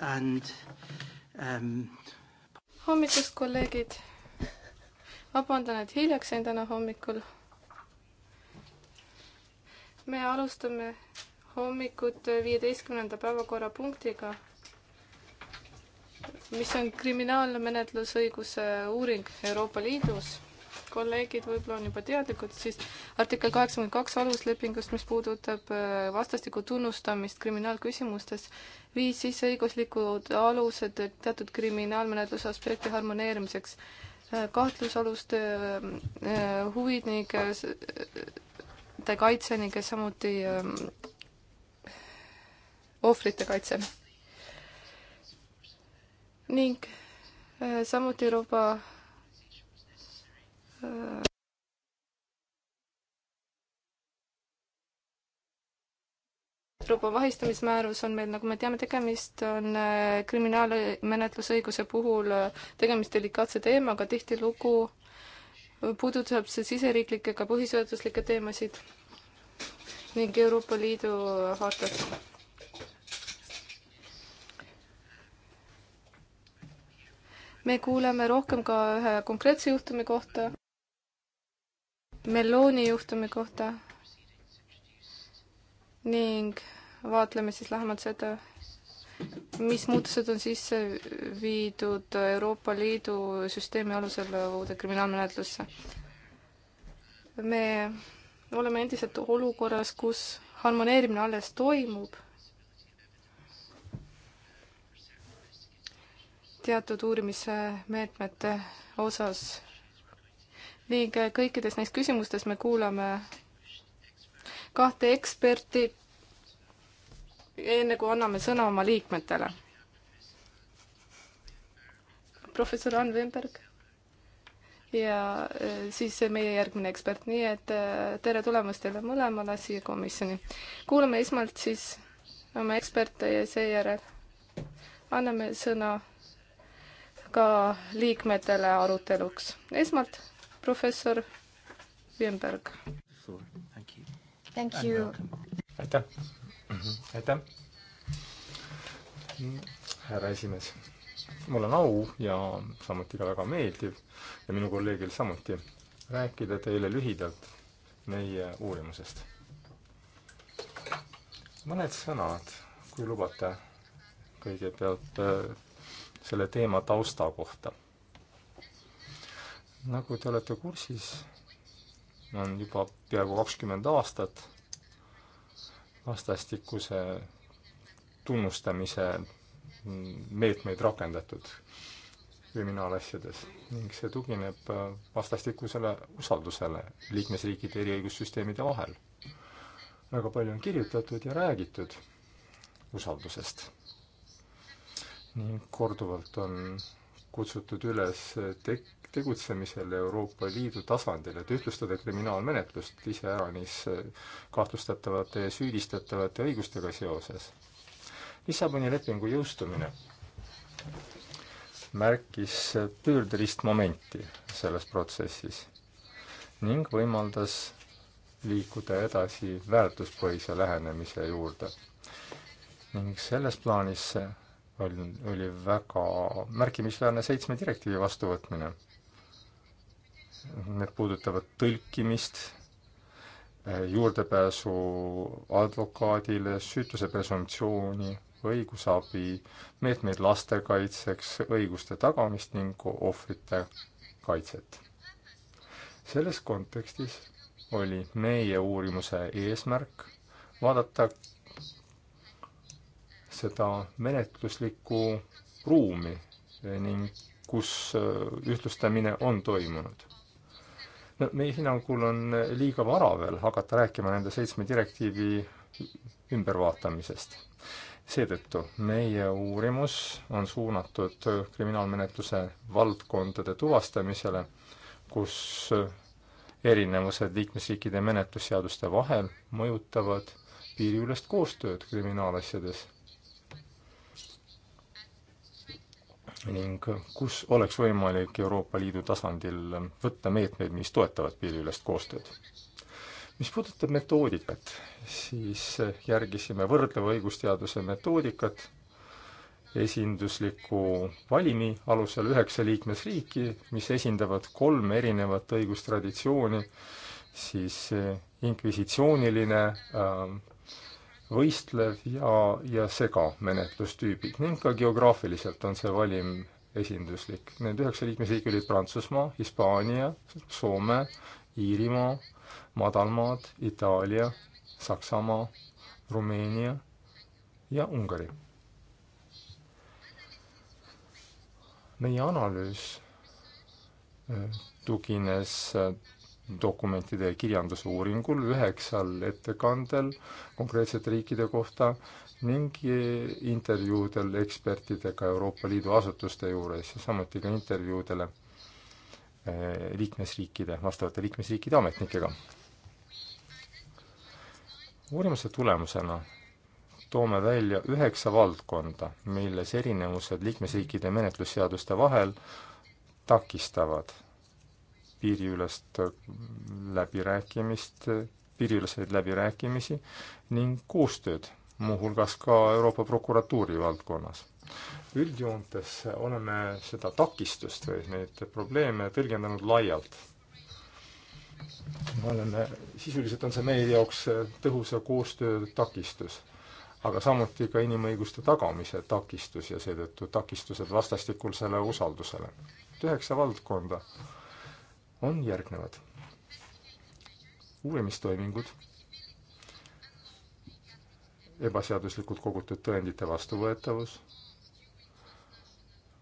And, um... hommikust, kolleegid. vabandan, et hiljaks jäin täna hommikul. me alustame hommikut viieteistkümnenda päevakorrapunktiga, mis on kriminaalmenetlusõiguse uuring Euroopa Liidus kolleegid võib-olla on juba teadlikud, siis artikkel kaheksakümmend kaks aluslepingust, mis puudutab äh, vastastikku tunnustamist kriminaalküsimustes, viis sisse õiguslikud alused teatud kriminaalmenetluse aspekti harmoneerimiseks. Äh, kahtlusaluste äh, huvid ning kaitse ning samuti ohvrite kaitse. ning samuti Euroopa Euroopa vahistamismäärus on meil, nagu me teame, tegemist on äh, kriminaalmenetlusõiguse puhul äh, tegemist delikaatse teemaga, tihtilugu äh, puudutab see siseriiklikke ega põhiseaduslikke teemasid ning Euroopa Liidu hartat. me kuuleme rohkem ka ühe konkreetse juhtumi kohta. Meloni juhtumi kohta ning vaatleme siis lähemalt seda, mis muutused on sisse viidud Euroopa Liidu süsteemi alusel uude kriminaalmenetlusse. me oleme endiselt olukorras, kus harmoneerimine alles toimub teatud uurimismeetmete osas ning äh, kõikides neis küsimustes me kuulame kahte eksperti, enne kui anname sõna oma liikmetele. professor Ann Wimberg ja äh, siis meie järgmine ekspert, nii et äh, tere tulemast teile mõlemale siia komisjoni. kuulame esmalt siis oma eksperte ja seejärel anname sõna ka liikmetele aruteluks. esmalt professor Wienberg. aitäh, mhm. aitäh, mm, härra esimees. mul on au ja samuti ka väga meeldiv ja minu kolleegil samuti rääkida teile lühidalt meie uurimusest. mõned sõnad, kui lubate, kõigepealt äh, selle teema tausta kohta nagu te olete kursis, on juba peaaegu kakskümmend aastat vastastikuse tunnustamise meetmeid rakendatud kriminaalasjades ning see tugineb äh, vastastikusele usaldusele liikmesriikide eriõigussüsteemide vahel. väga palju on kirjutatud ja räägitud usaldusest ning korduvalt on kutsutud üles tek-, tegutsemisel Euroopa Liidu tasandil, et ühtlustada kriminaalmenetlust iseäranis kahtlustatavate ja süüdistatavate õigustega seoses. Lissaboni lepingu jõustumine märkis pöördelist momenti selles protsessis ning võimaldas liikuda edasi väärtuspõhise lähenemise juurde. ning selles plaanis oli, oli väga märkimisväärne seitsme direktiivi vastuvõtmine need puudutavad tõlkimist, eh, juurdepääsu advokaadile, süütuse presumptsiooni, õigusabi, meetmeid laste kaitseks, õiguste tagamist ning ohvrite kaitset. selles kontekstis oli meie uurimuse eesmärk vaadata seda menetluslikku ruumi eh, ning kus eh, ühtlustamine on toimunud no meie hinnangul on liiga vara veel hakata rääkima nende seitsme direktiivi ümbervaatamisest. seetõttu meie uurimus on suunatud kriminaalmenetluse valdkondade tuvastamisele, kus erinevused liikmesriikide menetlusseaduste vahel mõjutavad piiriülest koostööd kriminaalasjades ning kus oleks võimalik Euroopa Liidu tasandil võtta meetmeid, mis toetavad piiriülest koostööd. mis puudutab metoodikat, siis järgisime võrdleva õigusteaduse metoodikat esindusliku valimi alusel üheksa liikmesriiki, mis esindavad kolme erinevat õigustraditsiooni, siis inkvisitsiooniline äh, võistlev ja, ja segav menetlustüübid ning ka geograafiliselt on see valim esinduslik. Need üheksa liikmesriiki olid Prantsusmaa, Hispaania, Soome, Iirimaa, Madalmaad, Itaalia, Saksamaa, Rumeenia ja Ungari. meie analüüs eh, tugines eh, dokumentide ja kirjanduse uuringul, üheksal ettekandel konkreetsete riikide kohta ning e, intervjuudel ekspertidega Euroopa Liidu asutuste juures ja samuti ka intervjuudele e, liikmesriikide, vastavate liikmesriikide ametnikega. uurimuse tulemusena toome välja üheksa valdkonda, milles erinevused liikmesriikide menetlusseaduste vahel takistavad piiriülest äh, läbirääkimist, piiriüleseid läbirääkimisi ning koostööd, muuhulgas ka Euroopa prokuratuuri valdkonnas. üldjoontes oleme seda takistust või neid probleeme tõlgendanud laialt me oleme, sisuliselt on see meie jaoks äh, tõhusa koostöö takistus. aga samuti ka inimõiguste tagamise takistus ja seetõttu takistused vastastikusele usaldusele. üheksa valdkonda, on järgnevad. uurimistoimingud, ebaseaduslikult kogutud tõendite vastuvõetavus,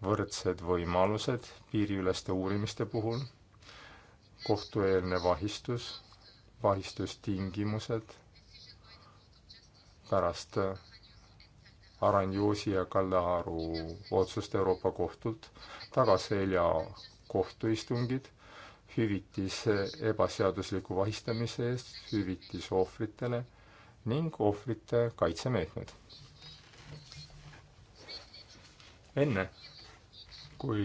võrdsed võimalused piiriüleste uurimiste puhul, kohtueelne vahistus, vahistustingimused pärast Aranjusi ja Kallaaru otsust Euroopa Kohtult, tagaselja kohtuistungid hüvitis ebaseadusliku vahistamise eest, hüvitis ohvritele ning ohvrite kaitsemeetmed. enne, kui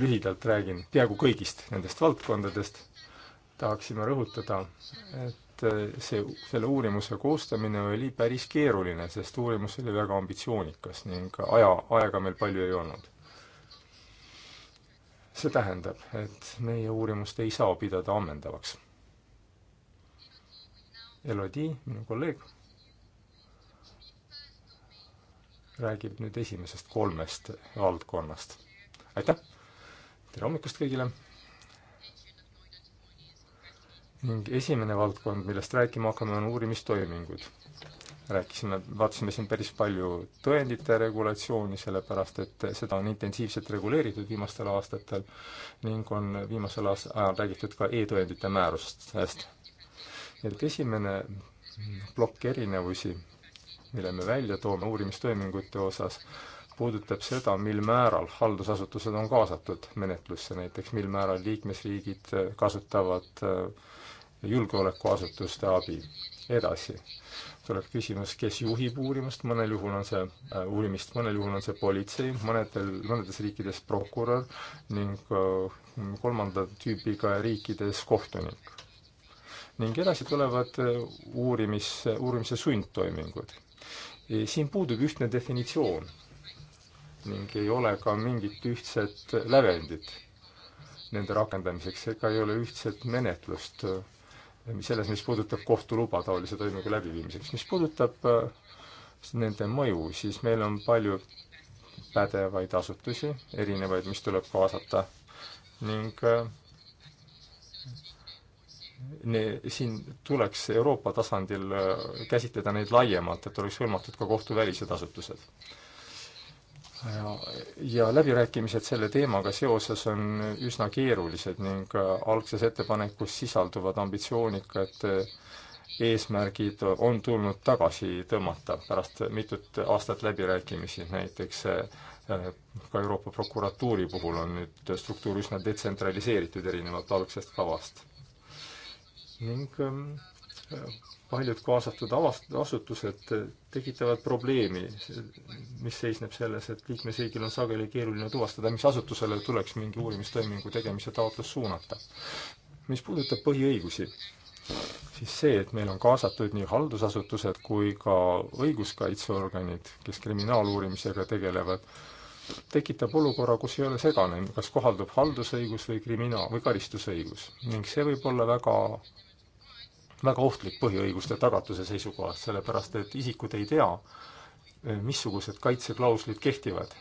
lühidalt räägin peaaegu kõigist nendest valdkondadest, tahaksime rõhutada, et see, selle uurimuse koostamine oli päris keeruline, sest uurimus oli väga ambitsioonikas ning aja, aega meil palju ei olnud see tähendab, et meie uurimust ei saa pidada ammendavaks. Elodii, minu kolleeg, räägib nüüd esimesest kolmest valdkonnast. aitäh! tere hommikust kõigile! ning esimene valdkond, millest rääkima hakkame, on uurimistoimingud rääkisime, vaatasime siin päris palju tõendite regulatsiooni, sellepärast et seda on intensiivselt reguleeritud viimastel aastatel ning on viimasel ajal räägitud ka e-tõendite määrustest. et esimene plokk erinevusi, mille me välja toome uurimistoimingute osas, puudutab seda, mil määral haldusasutused on kaasatud menetlusse, näiteks mil määral liikmesriigid kasutavad äh, julgeolekuasutuste abi. edasi tuleb küsimus, kes juhib uurimust, mõnel juhul on see äh, uurimist, mõnel juhul on see politsei, mõnedel, mõnedes riikides prokurör ning äh, kolmanda tüübiga riikides kohtunik. ning edasi tulevad äh, uurimis, uurimise sundtoimingud. E, siin puudub ühtne definitsioon ning ei ole ka mingit ühtset lävendit nende rakendamiseks ega ei ole ühtset menetlust äh, selles, mis puudutab kohtuluba taolise toimingu läbiviimiseks. mis puudutab äh, nende mõju, siis meil on palju pädevaid asutusi, erinevaid, mis tuleb kaasata ning äh, ne, siin tuleks Euroopa tasandil äh, käsitleda neid laiemalt, et oleks hõlmatud ka kohtuvälised asutused ja, ja läbirääkimised selle teemaga seoses on üsna keerulised ning äh, algses ettepanekus sisalduvad ambitsioonikad äh, eesmärgid on tulnud tagasi tõmmata pärast mitut aastat läbirääkimisi, näiteks äh, ka Euroopa prokuratuuri puhul on nüüd struktuur üsna detsentraliseeritud erinevalt algsest kavast. ning ähm, paljud kaasatud avast-, asutused tekitavad probleemi, mis seisneb selles, et liikmesriigil on sageli keeruline tuvastada, mis asutusele tuleks mingi uurimistoimingu tegemise taotlus suunata. mis puudutab põhiõigusi, siis see, et meil on kaasatud nii haldusasutused kui ka õiguskaitseorganid, kes kriminaaluurimisega tegelevad, tekitab olukorra, kus ei ole segane, kas kohaldub haldusõigus või kriminaal- või karistusõigus. ning see võib olla väga väga ohtlik põhiõiguste tagatuse seisukohast, sellepärast et isikud ei tea, missugused kaitseklauslid kehtivad.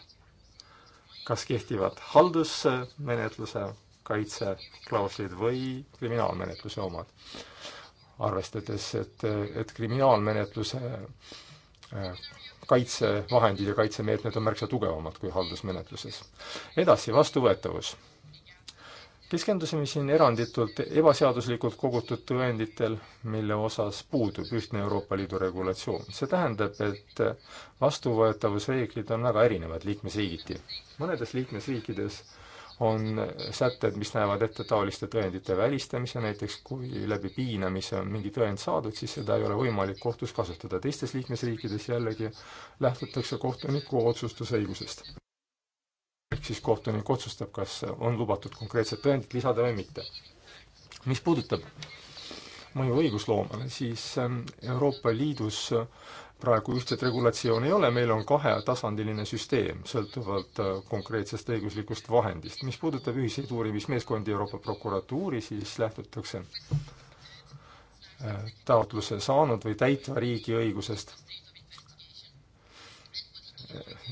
kas kehtivad haldusmenetluse kaitseklauslid või kriminaalmenetluse omad. arvestades, et, et kriminaalmenetluse äh, kaitsevahendid ja kaitsemeetmed on märksa tugevamad kui haldusmenetluses. edasi, vastuvõetavus keskendusime siin eranditult ebaseaduslikult kogutud tõenditel, mille osas puudub ühtne Euroopa Liidu regulatsioon. see tähendab, et vastuvõetavusreeglid on väga erinevad liikmesriigiti. mõnedes liikmesriikides on sätted, mis näevad ette taoliste tõendite välistamise, näiteks kui läbi piinamise on mingi tõend saadud, siis seda ei ole võimalik kohtus kasutada. teistes liikmesriikides jällegi lähtutakse kohtuniku otsustusõigusest ehk siis kohtunik otsustab, kas on lubatud konkreetset tõendit lisada või mitte. mis puudutab mõju õigusloomele, siis ähm, Euroopa Liidus äh, praegu ühtset regulatsiooni ei ole, meil on kahetasandiline süsteem, sõltuvalt äh, konkreetsest õiguslikust vahendist. mis puudutab ühiseid uurimismeeskondi Euroopa prokuratuuri, siis lähtutakse äh, taotluse saanud või täitva riigi õigusest,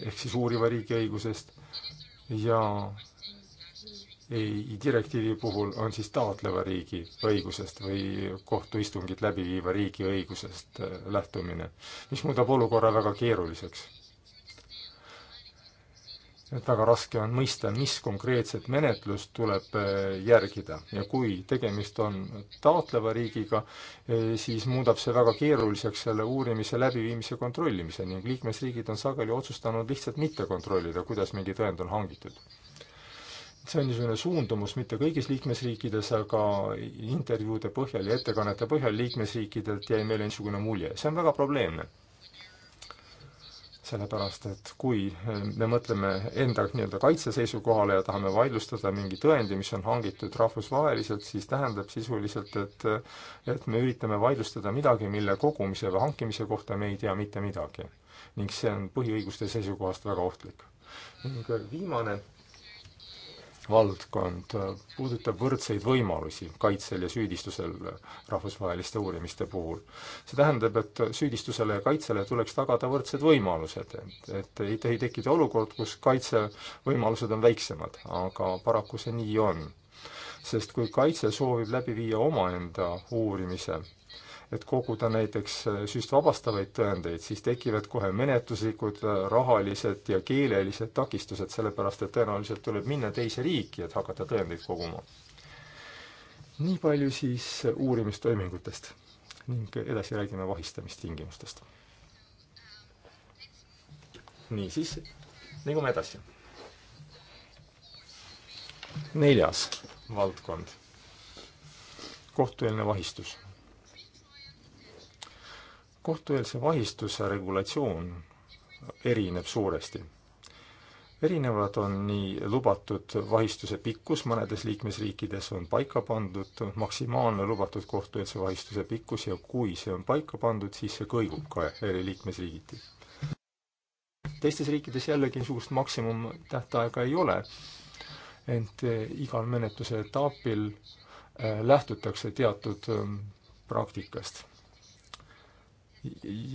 ehk siis uuriva riigi õigusest ja ei, direktiivi puhul on siis taotleva riigi õigusest või kohtuistungit läbi viiva riigi õigusest äh, lähtumine, mis muudab olukorra väga keeruliseks et väga raske on mõista, mis konkreetset menetlust tuleb äh, järgida ja kui tegemist on taotleva riigiga, äh, siis muudab see väga keeruliseks selle uurimise läbiviimise kontrollimise ning liikmesriigid on sageli otsustanud lihtsalt mitte kontrollida, kuidas mingi tõend on hangitud. see on niisugune suundumus mitte kõigis liikmesriikides, aga intervjuude põhjal ja ettekannete põhjal liikmesriikidelt jäi meile niisugune mulje, see on väga probleemne sellepärast et kui me mõtleme enda nii-öelda kaitse seisukohale ja tahame vaidlustada mingi tõendi, mis on hangitud rahvusvaheliselt, siis tähendab sisuliselt, et et me üritame vaidlustada midagi, mille kogumise või hankimise kohta me ei tea mitte midagi. ning see on põhiõiguste seisukohast väga ohtlik. ning viimane valdkond äh, puudutab võrdseid võimalusi kaitsel ja süüdistusel rahvusvaheliste uurimiste puhul. see tähendab, et süüdistusele ja kaitsele tuleks tagada võrdsed võimalused, et, et ei tohi tekkida olukord, kus kaitsevõimalused on väiksemad, aga paraku see nii on. sest kui kaitse soovib läbi viia omaenda uurimise, et koguda näiteks äh, süüst vabastavaid tõendeid, siis tekivad kohe menetluslikud, äh, rahalised ja keelelised takistused, sellepärast et tõenäoliselt tuleb minna teise riiki, et hakata tõendeid koguma. nii palju siis äh, uurimistoimingutest ning edasi räägime vahistamistingimustest. niisiis, liigume edasi. neljas valdkond, kohtueelne vahistus kohtueelse vahistuse regulatsioon erineb suuresti. erinevad on nii lubatud vahistuse pikkus, mõnedes liikmesriikides on paika pandud maksimaalne lubatud kohtueelse vahistuse pikkus ja kui see on paika pandud, siis see kõigub ka eri liikmesriigiti. teistes riikides jällegi niisugust maksimumtähtaega ei ole, ent igal menetluse etapil äh, lähtutakse teatud ähm, praktikast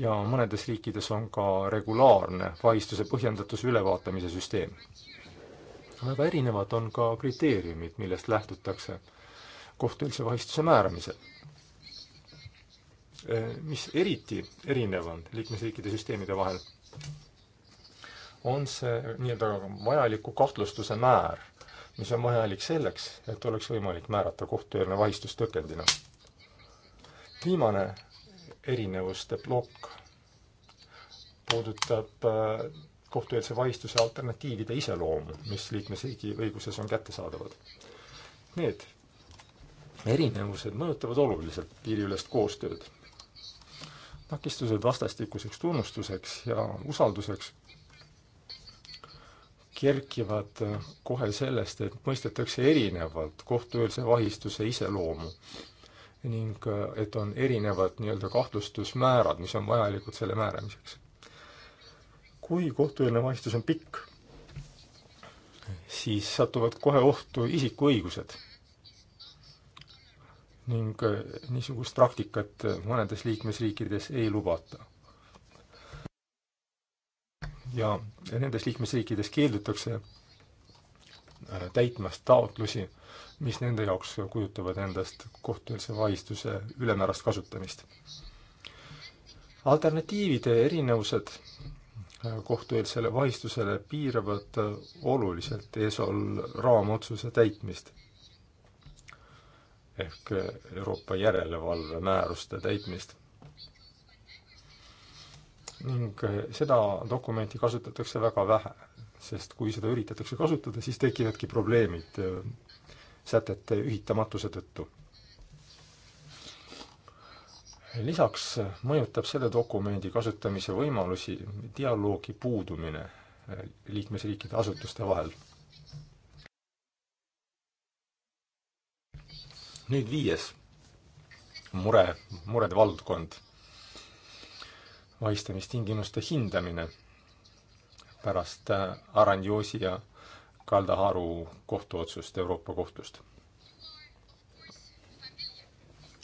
ja mõnedes riikides on ka regulaarne vahistuse põhjendatuse ülevaatamise süsteem. väga erinevad on ka kriteeriumid, millest lähtutakse kohtueelse vahistuse määramisel. Eh, mis eriti erinev on liikmesriikide süsteemide vahel, on see nii-öelda vajaliku kahtlustuse määr, mis on vajalik selleks, et oleks võimalik määrata kohtueelne vahistus tõkendina. viimane erinevuste plokk puudutab äh, kohtueelse vaistuse alternatiivide iseloomu, mis liikmesriigi õiguses on kättesaadavad. Need erinevused mõjutavad oluliselt piiriülest koostööd. takistused vastastikuseks tunnustuseks ja usalduseks kerkivad äh, kohe sellest, et mõistetakse erinevalt kohtueelse vahistuse iseloomu ning äh, et on erinevad nii-öelda kahtlustusmäärad, mis on vajalikud selle määramiseks. kui kohtueelne vahistus on pikk, siis satuvad kohe ohtu isikuõigused ning äh, niisugust praktikat äh, mõnedes liikmesriikides ei lubata. ja nendes liikmesriikides keeldutakse Äh, täitmas taotlusi, mis nende jaoks kujutavad endast kohtueelse vahistuse ülemäärast kasutamist. alternatiivide erinevused äh, kohtueelsele vahistusele piiravad äh, oluliselt ESOL raamotsuse täitmist ehk Euroopa järelevalvemääruste täitmist. ning seda dokumenti kasutatakse väga vähe sest kui seda üritatakse kasutada, siis tekivadki probleemid äh, sätete ühitamatuse tõttu. lisaks mõjutab selle dokumendi kasutamise võimalusi dialoogi puudumine äh, liikmesriikide asutuste vahel. nüüd viies mure, murede valdkond. vahistamistingimuste hindamine pärast äh, Aranjosi ja Kaldaharu kohtuotsust Euroopa Kohtust.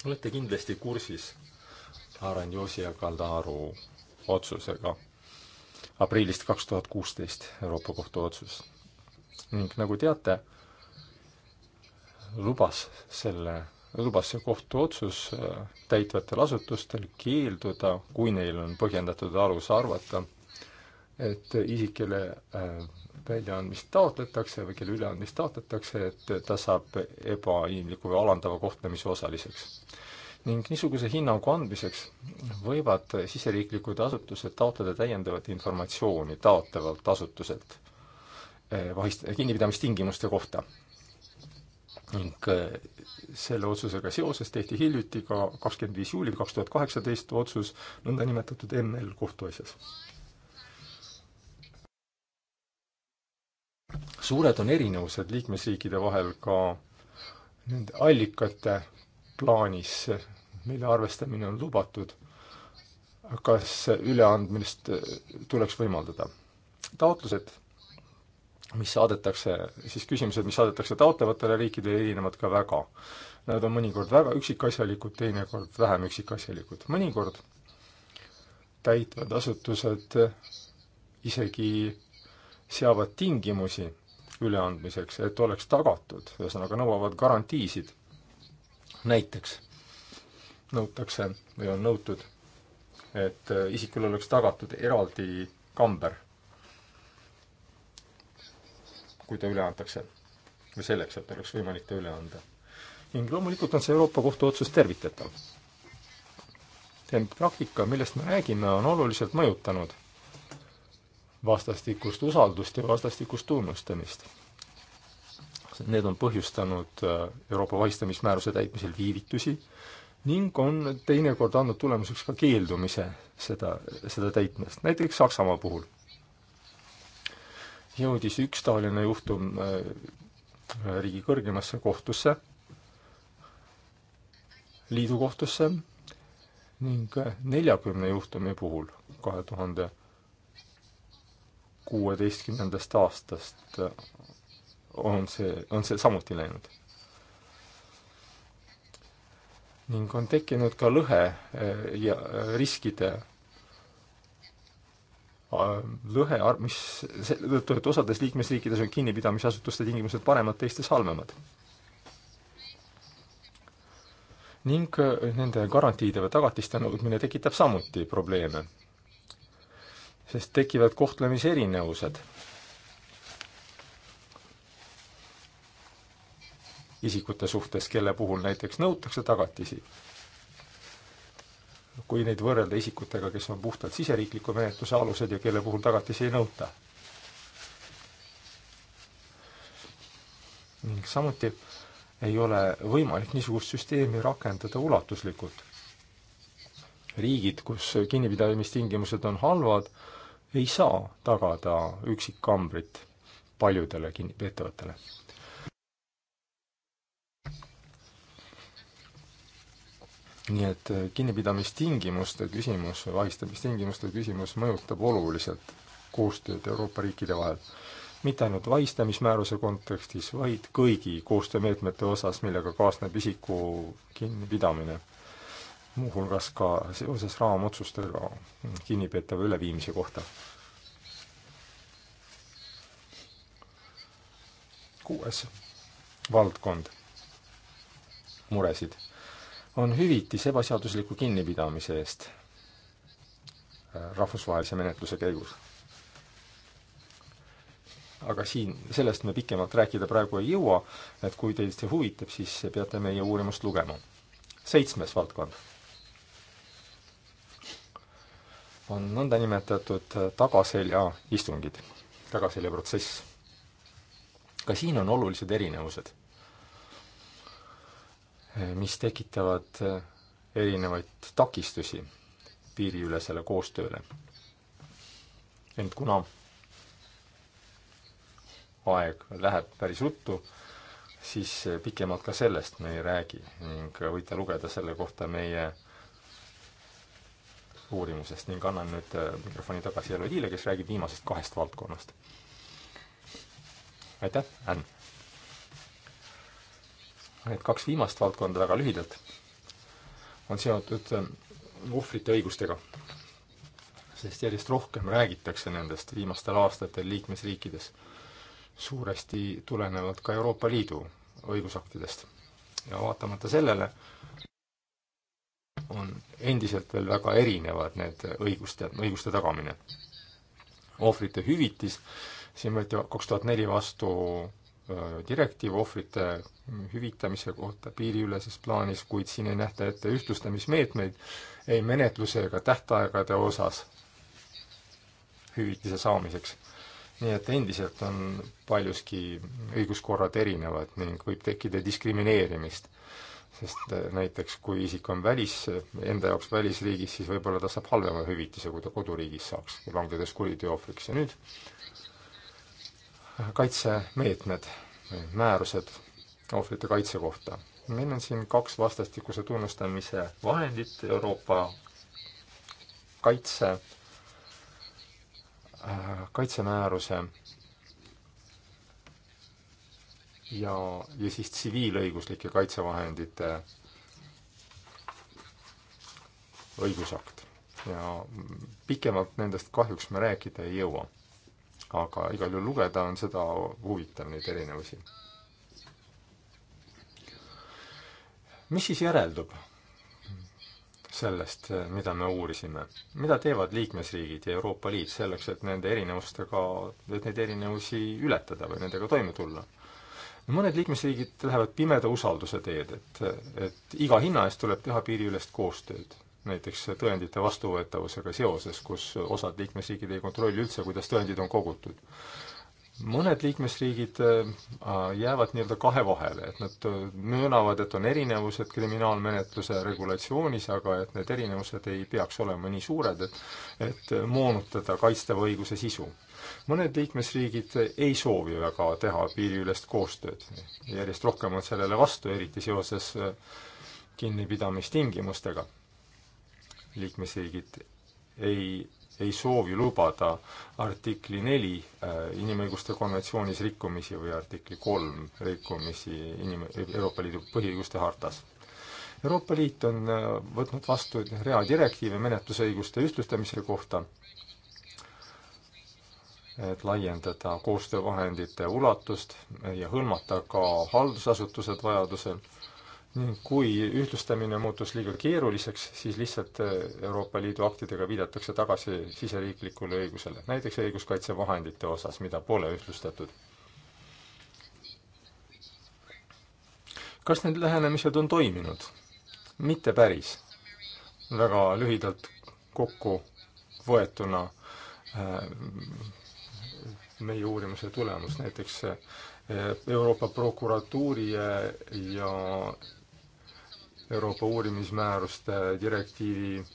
olete kindlasti kursis Aranjosi ja Kaldaharu otsusega aprillist kaks tuhat kuusteist Euroopa Kohtu otsus. ning nagu teate, lubas selle, lubas see kohtuotsus äh, täitvatel asutustel keelduda, kui neil on põhjendatud alus arvata, et isik, kelle äh, väljaandmist taotletakse või kelle üleandmist taotletakse, et ta saab ebainimliku või alandava kohtlemise osaliseks ning niisuguse hinnangu andmiseks võivad siseriiklikud asutused taotleda täiendavat informatsiooni taotlevalt asutuselt äh, vahist-, kinnipidamistingimuste kohta. ning äh, selle otsusega seoses tehti hiljuti ka kakskümmend viis juuli kaks tuhat kaheksateist otsus nõndanimetatud ML kohtuasjas. suured on erinevused liikmesriikide vahel ka nende allikate plaanis, mille arvestamine on lubatud, kas üleandmist tuleks võimaldada. taotlused, mis saadetakse, siis küsimused, mis saadetakse taotlevatele riikidele, erinevad ka väga. Nad on mõnikord väga üksikasjalikud, teinekord vähem üksikasjalikud. mõnikord täitvad asutused isegi seavad tingimusi üleandmiseks, et oleks tagatud, ühesõnaga nõuavad garantiisid. näiteks nõutakse või on nõutud, et isikul oleks tagatud eraldi kamber, kui ta üle antakse. või selleks, et oleks võimalik ta üle anda. ning loomulikult on see Euroopa Kohtu otsus tervitatav. ent praktika, millest me räägime, on oluliselt mõjutanud vastastikust usaldust ja vastastikust tunnustamist. Need on põhjustanud äh, Euroopa vahistamismääruse täitmisel viivitusi ning on teinekord andnud tulemuseks ka keeldumise seda, seda täitmist, näiteks Saksamaa puhul. jõudis üks taoline juhtum äh, riigi kõrgemasse kohtusse, liidukohtusse ning äh, neljakümne juhtumi puhul kahe tuhande kuueteistkümnendast aastast on see, on see samuti läinud. ning on tekkinud ka lõhe eh, ja eh, riskide lõhe, mis seetõttu, et osades liikmesriikides on kinnipidamisasutuste tingimused paremad, teistes halvemad. ning eh, nende garantiide või tagatiste nõudmine tekitab samuti probleeme sest tekivad kohtlemiserinevused. isikute suhtes, kelle puhul näiteks nõutakse tagatisi, kui neid võrrelda isikutega, kes on puhtalt siseriikliku menetluse alused ja kelle puhul tagatisi ei nõuta. ning samuti ei ole võimalik niisugust süsteemi rakendada ulatuslikult. riigid, kus kinnipidamistingimused on halvad, ei saa tagada üksikkambrit paljudele kinnipeetavatele. nii et äh, kinnipidamistingimuste küsimus, vahistamistingimuste küsimus mõjutab oluliselt koostööd Euroopa riikide vahel. mitte ainult vahistamismääruse kontekstis, vaid kõigi koostöömeetmete osas, millega kaasneb isiku kinnipidamine muuhulgas ka seoses raamotsustega kinnipeetava üleviimise kohta. kuues valdkond muresid on hüvitis ebaseadusliku kinnipidamise eest äh, rahvusvahelise menetluse käigus. aga siin, sellest me pikemalt rääkida praegu ei jõua, et kui teid see huvitab, siis peate meie uurimust lugema. seitsmes valdkond on nõndanimetatud äh, tagaselja istungid, tagaseljaprotsess. ka siin on olulised erinevused, äh, mis tekitavad äh, erinevaid takistusi piiriülesele koostööle. ent kuna aeg läheb päris ruttu, siis pikemalt ka sellest me ei räägi ning võite lugeda selle kohta meie äh, uurimusest ning annan nüüd äh, mikrofoni tagasi Elodiile, kes räägib viimasest kahest valdkonnast. aitäh, Ann! Need kaks viimast valdkonda väga lühidalt on seotud äh, ohvrite õigustega, sest järjest rohkem räägitakse nendest viimastel aastatel liikmesriikides, suuresti tulenevalt ka Euroopa Liidu õigusaktidest. ja vaatamata sellele on endiselt veel väga erinevad, need õiguste, õiguste tagamine. ohvrite hüvitis, siin võeti kaks tuhat neli vastu direktiiv ohvrite hüvitamise kohta piiriüleses plaanis, kuid siin ei nähta ette ühtlustamismeetmeid ei menetluse ega tähtaegade osas hüvitise saamiseks. nii et endiselt on paljuski õiguskorrad erinevad ning võib tekkida diskrimineerimist sest eh, näiteks kui isik on välis, eh, enda jaoks välisriigis, siis võib-olla ta saab halvema hüvitise, kui ta koduriigis saaks, langedes kuriteo ohvriks. ja nüüd kaitsemeetmed, määrused ohvrite kaitse kohta. meil on siin kaks vastastikuse tunnustamise vahendit, Euroopa kaitse, äh, kaitsemääruse ja, ja siis tsiviilõiguslike kaitsevahendite õigusakt. ja pikemalt nendest kahjuks me rääkida ei jõua. aga igal juhul lugeda on seda huvitav, neid erinevusi. mis siis järeldub? sellest, mida me uurisime. mida teevad liikmesriigid ja Euroopa Liit selleks, et nende erinevustega, et neid erinevusi ületada või nendega toime tulla? mõned liikmesriigid lähevad pimeda usalduse teed, et, et iga hinna eest tuleb teha piiriülest koostööd. näiteks tõendite vastuvõetavusega seoses, kus osad liikmesriigid ei kontrolli üldse, kuidas tõendid on kogutud. mõned liikmesriigid äh, jäävad nii-öelda kahe vahele, et nad möönavad, et on erinevused kriminaalmenetluse regulatsioonis, aga et need erinevused ei peaks olema nii suured, et, et moonutada kaitstava õiguse sisu mõned liikmesriigid ei soovi väga teha piiriülest koostööd. järjest rohkem on sellele vastu, eriti seoses äh, kinnipidamistingimustega. liikmesriigid ei, ei soovi lubada artikli neli äh, inimõiguste konventsioonis rikkumisi või artikli kolm rikkumisi inim-, Euroopa Liidu põhiõiguste hartas Euroopa Liit on äh, võtnud vastu rea direktiive menetlusõiguste ühtlustamise kohta et laiendada koostöövahendite ulatust ja hõlmata ka haldusasutused vajadusel ning kui ühtlustamine muutus liiga keeruliseks, siis lihtsalt äh, Euroopa Liidu aktidega viidatakse tagasi siseriiklikule õigusele, näiteks õiguskaitsevahendite osas, mida pole ühtlustatud. kas need lähenemised on toiminud? mitte päris. väga lühidalt kokku võetuna äh, meie uurimuse tulemus, näiteks eh, Euroopa prokuratuuri eh, ja Euroopa uurimismääruste direktiivi eh,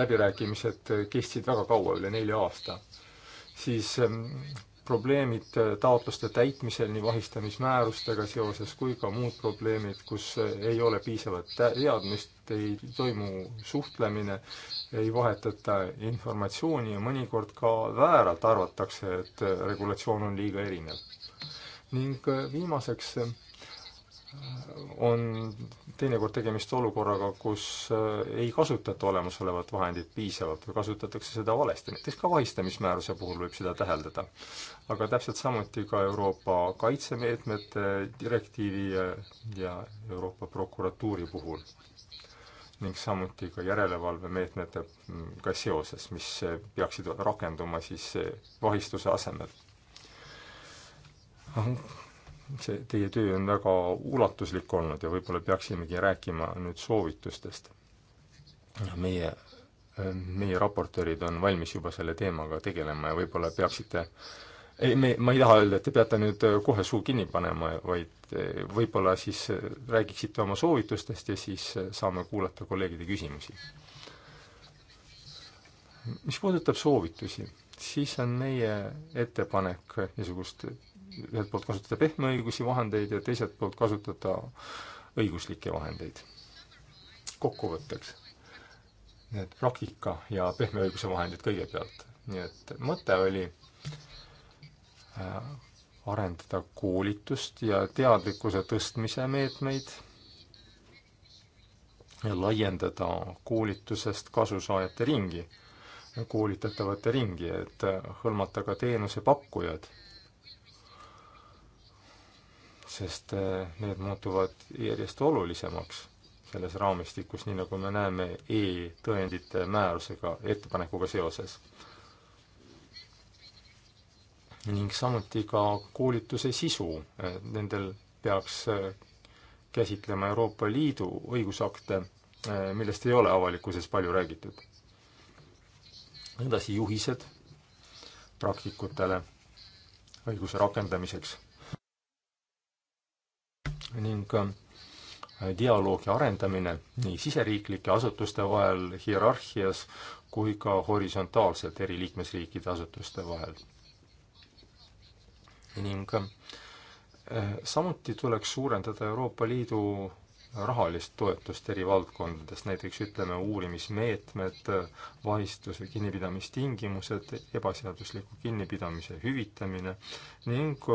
läbirääkimised kestsid väga kaua, üle nelja aasta. siis probleemid taotluste täitmisel nii vahistamismäärustega seoses kui ka muud probleemid, kus ei ole piisavat teadmist, ei toimu suhtlemine ei vahetata informatsiooni ja mõnikord ka vääralt arvatakse, et regulatsioon on liiga erinev. ning äh, viimaseks äh, on teinekord tegemist olukorraga, kus äh, ei kasutata olemasolevat vahendit piisavalt või kasutatakse seda valesti, näiteks ka vahistamismääruse puhul võib seda täheldada. aga täpselt samuti ka Euroopa kaitsemeetmete direktiivi ja, ja Euroopa prokuratuuri puhul ning samuti ka järelevalvemeetmetega mm, seoses, mis eh, peaksid rakenduma siis eh, vahistuse asemel. see, teie töö on väga ulatuslik olnud ja võib-olla peaksimegi rääkima nüüd soovitustest. meie, eh, meie raportöörid on valmis juba selle teemaga tegelema ja võib-olla peaksite äh, ei, me, ma ei taha öelda, et te peate nüüd äh, kohe suu kinni panema, vaid äh, võib-olla siis äh, räägiksite oma soovitustest ja siis saame kuulata kolleegide küsimusi. mis puudutab soovitusi, siis on meie ettepanek niisugust, ühelt poolt kasutada pehme õigusi vahendeid ja teiselt poolt kasutada õiguslikke vahendeid. kokkuvõtteks, need praktika ja pehme õiguse vahendid kõigepealt. nii et mõte oli Äh, arendada koolitust ja teadlikkuse tõstmise meetmeid ja laiendada koolitusest kasusaajate ringi, koolitatavate ringi, et äh, hõlmata ka teenusepakkujad. sest äh, need muutuvad järjest olulisemaks selles raamistikus, nii nagu me näeme e-tõendite määrusega, ettepanekuga seoses ning samuti ka koolituse sisu, äh, nendel peaks äh, käsitlema Euroopa Liidu õigusakte, äh, millest ei ole avalikkuses palju räägitud. edasi juhised praktikutele õiguse rakendamiseks ning dialoogi arendamine nii siseriiklike asutuste vahel hierarhias kui ka horisontaalselt eri liikmesriikide asutuste vahel ning äh, samuti tuleks suurendada Euroopa Liidu rahalist toetust eri valdkondades, näiteks ütleme, uurimismeetmed, vahistuse kinnipidamistingimused, ebaseadusliku kinnipidamise hüvitamine ning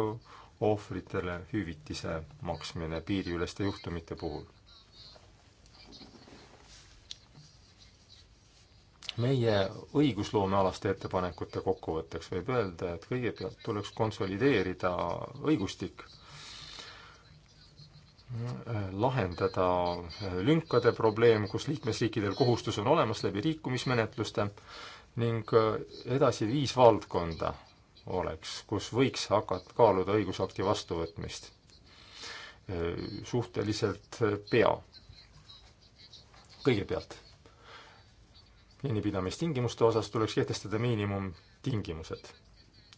ohvritele hüvitise maksmine piiriüleste juhtumite puhul meie õigusloomealaste ettepanekute kokkuvõtteks võib öelda, et kõigepealt tuleks konsolideerida õigustik, lahendada lünkade probleem, kus liikmesriikidel kohustus on olemas läbi liikumismenetluste ning edasi viis valdkonda oleks, kus võiks hakata kaaluda õigusakti vastuvõtmist suhteliselt pea. kõigepealt kinnipidamistingimuste osas tuleks kehtestada miinimumtingimused.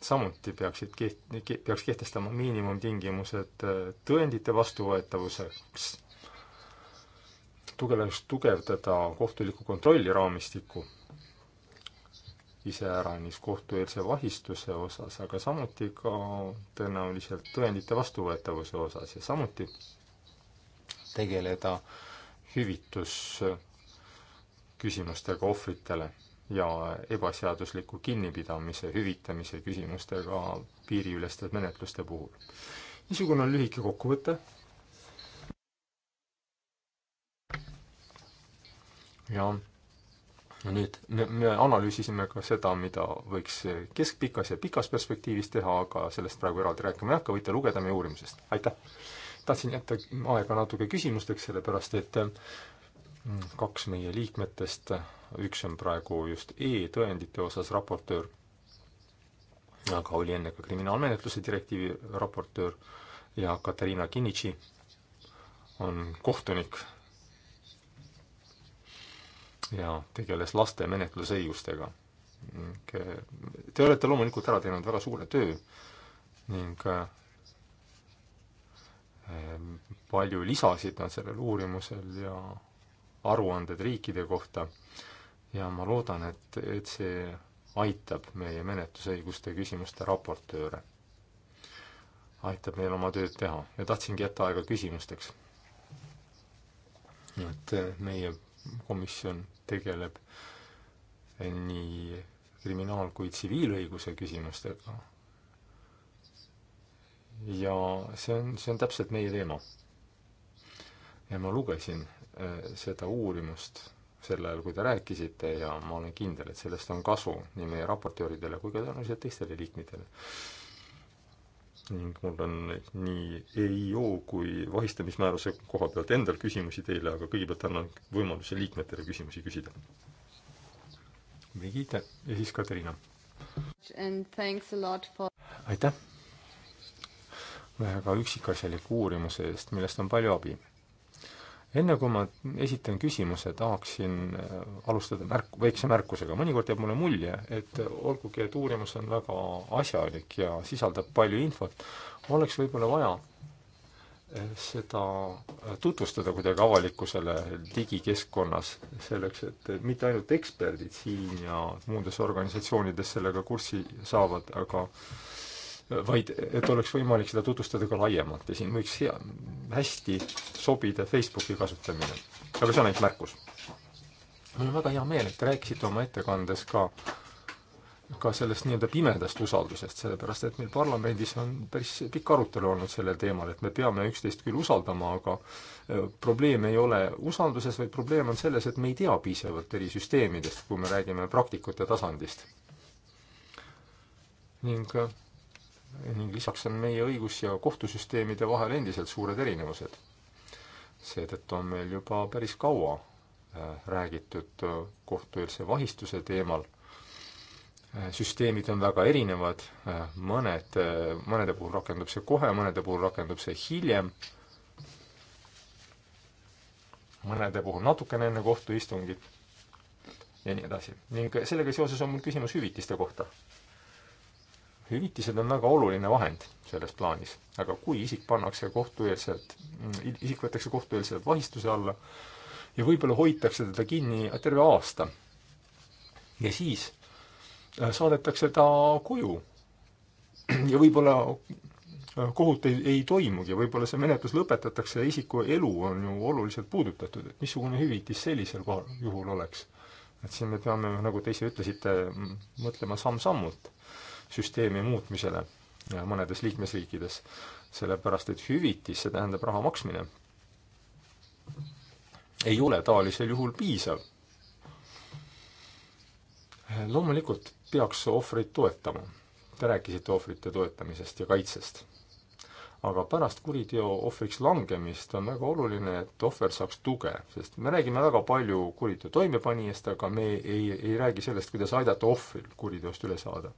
samuti peaksid keht-, peaks kehtestama miinimumtingimused äh, tõendite vastuvõetavuseks, tuleks tugevdada kohtuliku kontrolli raamistikku, iseäranis kohtueelse vahistuse osas, aga samuti ka tõenäoliselt tõendite vastuvõetavuse osas ja samuti tegeleda hüvitus küsimustega ohvritele ja ebaseadusliku kinnipidamise hüvitamise küsimustega piiriüleste menetluste puhul. niisugune on lühike kokkuvõte. ja nüüd me, me analüüsisime ka seda, mida võiks keskpikas ja pikas perspektiivis teha, aga sellest praegu eraldi rääkima ei hakka, võite lugeda meie uurimusest, aitäh! tahtsin jätta aega natuke küsimusteks, sellepärast et Mm, kaks meie liikmetest, üks on praegu just e-tõendite osas raportöör, aga oli enne ka kriminaalmenetluse direktiivi raportöör ja Katariina Kinnitši on kohtunik ja tegeles laste menetlusõigustega. Eh, te olete loomulikult ära teinud väga suure töö ning eh, palju lisasid on sellel uurimusel ja aruanded riikide kohta ja ma loodan, et, et see aitab meie menetlusõiguste küsimuste raportööre. aitab neil oma tööd teha ja tahtsingi jätta aega küsimusteks. et eh, meie komisjon tegeleb nii kriminaal- kui tsiviilõiguse küsimustega. ja see on, see on täpselt meie teema. ja ma lugesin, Äh, seda uurimust sel ajal, kui te rääkisite ja ma olen kindel, et sellest on kasu nii meie raportööridele kui ka tõenäoliselt teistele liikmetele. ning mul on nii EIO kui vahistamismääruse koha pealt endal küsimusi teile, aga kõigepealt annan võimaluse liikmetele küsimusi küsida. Brigitte ja siis Katariina. For... aitäh väga üksikasjaliku uurimuse eest, millest on palju abi enne kui ma esitan küsimuse, tahaksin äh, alustada märk-, väikse märkusega. mõnikord jääb mulle mulje, et olgugi, et uurimus on väga asjalik ja sisaldab palju infot, oleks võib-olla vaja äh, seda äh, tutvustada kuidagi avalikkusele digikeskkonnas, selleks et mitte ainult eksperdid siin ja muudes organisatsioonides sellega kurssi saavad, aga vaid et oleks võimalik seda tutvustada ka laiemalt ja siin võiks hea, hästi sobida Facebooki kasutamine. aga see on ainult märkus. mul on väga hea meel, et te rääkisite oma ettekandes ka ka sellest nii-öelda pimedast usaldusest, sellepärast et meil parlamendis on päris pikk arutelu olnud sellel teemal, et me peame üksteist küll usaldama, aga äh, probleem ei ole usalduses, vaid probleem on selles, et me ei tea piisavalt eri süsteemidest, kui me räägime praktikute tasandist. ning äh, ning lisaks on meie õigus- ja kohtusüsteemide vahel endiselt suured erinevused. seetõttu on meil juba päris kaua äh, räägitud äh, kohtueelse vahistuse teemal. Äh, süsteemid on väga erinevad, mõned, mõnede puhul rakendub see kohe, mõnede puhul rakendub see hiljem, mõnede puhul natukene enne kohtuistungit ja nii edasi. ning sellega seoses on mul küsimus hüvitiste kohta hüvitised on väga oluline vahend selles plaanis, aga kui isik pannakse kohtueelselt, mm, isik võetakse kohtueelselt vahistuse alla ja võib-olla hoitakse teda kinni terve aasta ja siis äh, saadetakse ta koju ja võib-olla äh, kohut ei, ei toimugi, võib-olla see menetlus lõpetatakse ja isiku elu on ju oluliselt puudutatud, et missugune hüvitis sellisel kohal, juhul oleks? et siin me peame, nagu te ise ütlesite, mõtlema samm-sammult süsteemi muutmisele äh, mõnedes liikmesriikides, sellepärast et hüvitis, see tähendab raha maksmine, ei ole taolisel juhul piisav. loomulikult peaks ohvreid toetama. Te rääkisite ohvrite toetamisest ja kaitsest aga pärast kuriteo ohvriks langemist on väga oluline, et ohver saaks tuge, sest me räägime väga palju kuriteo toimepanijast, aga me ei, ei räägi sellest, kuidas aidata ohvril kuriteost üle saada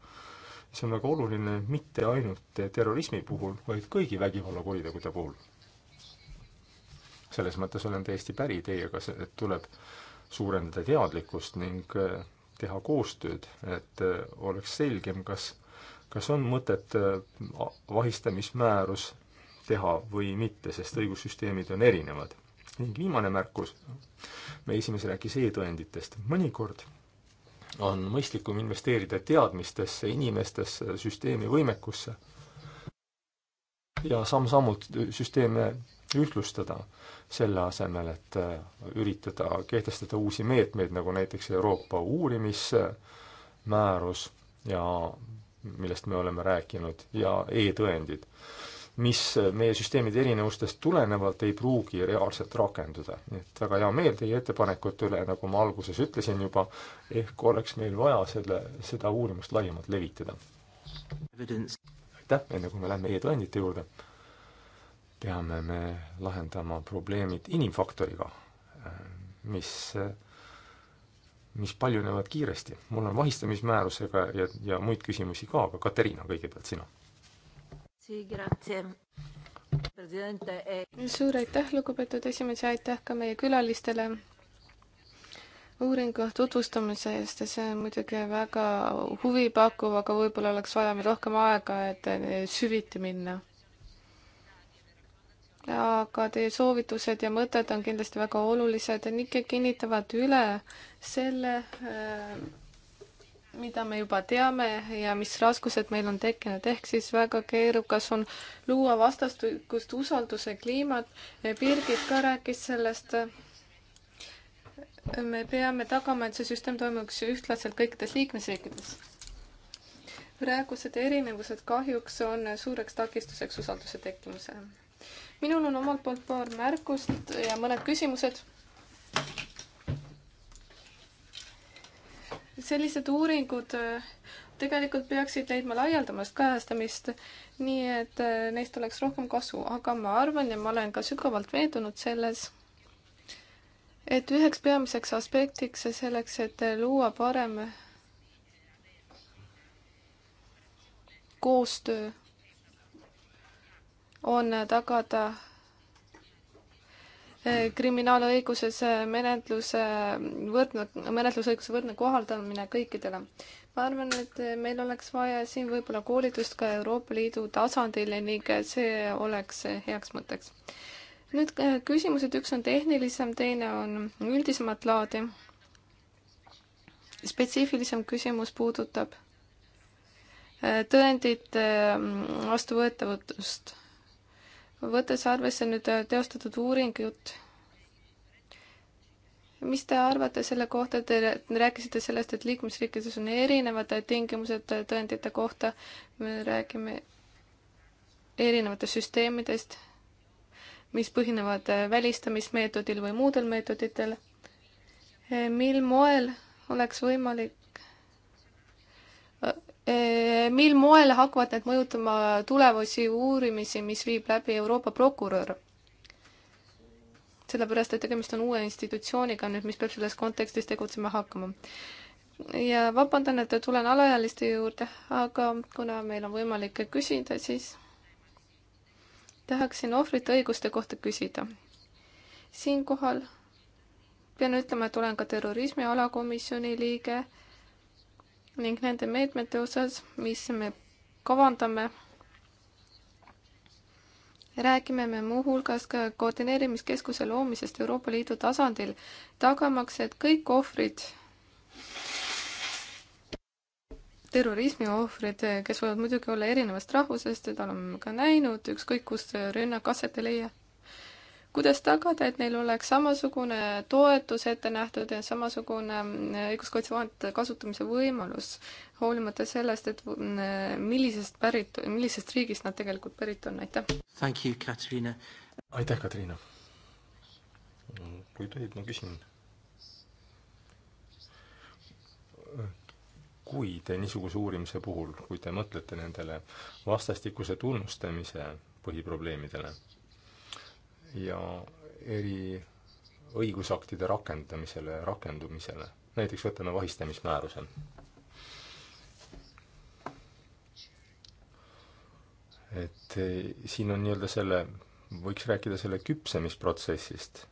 see on väga oluline mitte ainult terrorismi puhul, vaid kõigi vägivallakuritegude puhul. selles mõttes olen täiesti päri teiega, et tuleb suurendada teadlikkust ning eh, teha koostööd, et eh, oleks selgem, kas, kas on mõtet eh, vahistamismäärus teha või mitte, sest õigussüsteemid on erinevad. ning viimane märkus, meie esimees rääkis e-tõenditest, mõnikord on mõistlikum investeerida teadmistesse, inimestesse, süsteemi võimekusse ja samm-sammult süsteeme ühtlustada, selle asemel, et äh, üritada kehtestada uusi meetmeid, nagu näiteks Euroopa uurimismäärus ja millest me oleme rääkinud, ja e-tõendid mis äh, meie süsteemide erinevustest tulenevalt ei pruugi reaalselt rakenduda. nii et väga hea meel teie ettepanekute üle, nagu ma alguses ütlesin juba, ehk oleks meil vaja selle, seda uurimust laiemalt levitada. aitäh, enne kui me lähme e-tõendite juurde, peame me lahendama probleemid inimfaktoriga, äh, mis äh, mis paljunevad kiiresti. mul on vahistamismäärusega ja, ja muid küsimusi ka, aga Katariina, kõigepealt sina Eh. suur aitäh, lugupeetud esimees ja aitäh ka meie külalistele uuringu tutvustamise eest ja see on muidugi väga huvipakkuv, aga võib-olla oleks vaja meil rohkem aega, et eh, süviti minna. aga teie soovitused ja mõtted on kindlasti väga olulised ja ikka kinnitavad üle selle äh, mida me juba teame ja mis raskused meil on tekkinud, ehk siis väga keerukas on luua vastastikust usalduse kliimat. Birgit ka rääkis sellest. me peame tagama, et see süsteem toimuks ühtlaselt kõikides liikmesriikides. praegused erinevused kahjuks on suureks takistuseks usalduse tekkimisele. minul on omalt poolt paar märkust ja mõned küsimused sellised uuringud äh, tegelikult peaksid leidma laialdamast kajastamist, nii et äh, neist oleks rohkem kasu, aga ma arvan ja ma olen ka sügavalt veendunud selles, et üheks peamiseks aspektiks ja selleks, et äh, luua parem koostöö, on tagada kriminaalõiguses äh, menetluse äh, võrdne, menetlusõiguse võrdne kohaldamine kõikidele. ma arvan, et äh, meil oleks vaja siin võib-olla koolitust ka Euroopa Liidu tasandil ning see oleks heaks mõtteks. nüüd küsimused, üks on tehnilisem, teine on üldisemat laadi. spetsiifilisem küsimus puudutab tõendite vastuvõetavust võttes arvesse nüüd äh, teostatud uuringut, mis te arvate selle kohta, te rääkisite sellest, et liikmesriikides on erinevad tingimused äh, tõendite kohta, me räägime erinevatest süsteemidest, mis põhinevad äh, välistamismeetodil või muudel meetoditel. mil moel oleks võimalik mil moel hakkavad need mõjutama tulevasi uurimisi, mis viib läbi Euroopa prokurör? sellepärast, et tegemist on uue institutsiooniga nüüd, mis peab selles kontekstis tegutsema hakkama. ja vabandan, et tulen alaealiste juurde, aga kuna meil on võimalik küsida, siis tahaksin ohvrite õiguste kohta küsida. siinkohal pean ütlema, et olen ka terrorismi alakomisjoni liige ning nende meetmete osas, mis me kavandame, räägime me muuhulgas ka koordineerimiskeskuse loomisest Euroopa Liidu tasandil, tagamaks, et kõik ohvrid, terrorismi ohvrid, kes võivad muidugi olla erinevast rahvusest, seda oleme ka näinud, ükskõik kust rünnak aset ei leia kuidas tagada, et neil oleks samasugune toetus ette nähtud ja samasugune mm, õiguskaitsevahendite kasutamise võimalus, hoolimata sellest, et mm, millisest pärit, millisest riigist nad tegelikult pärit on, aitäh! aitäh, Katriina! kui tohib, ma küsin, kui te niisuguse uurimise puhul, kui te mõtlete nendele vastastikuse tunnustamise põhiprobleemidele, ja eri õigusaktide rakendamisele ja rakendumisele. näiteks võtame vahistamismääruse. et eh, siin on nii-öelda selle, võiks rääkida selle küpsemisprotsessist,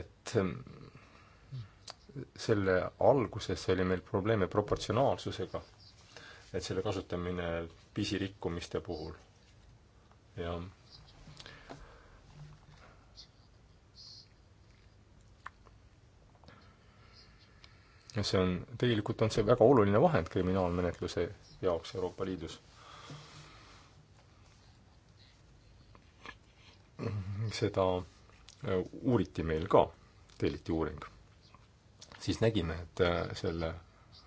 et eh, selle alguses oli meil probleeme proportsionaalsusega, et selle kasutamine pisirikkumiste puhul ja ja see on, tegelikult on see väga oluline vahend kriminaalmenetluse jaoks Euroopa Liidus. seda äh, uuriti meil ka, telliti uuring. siis nägime, et äh, selle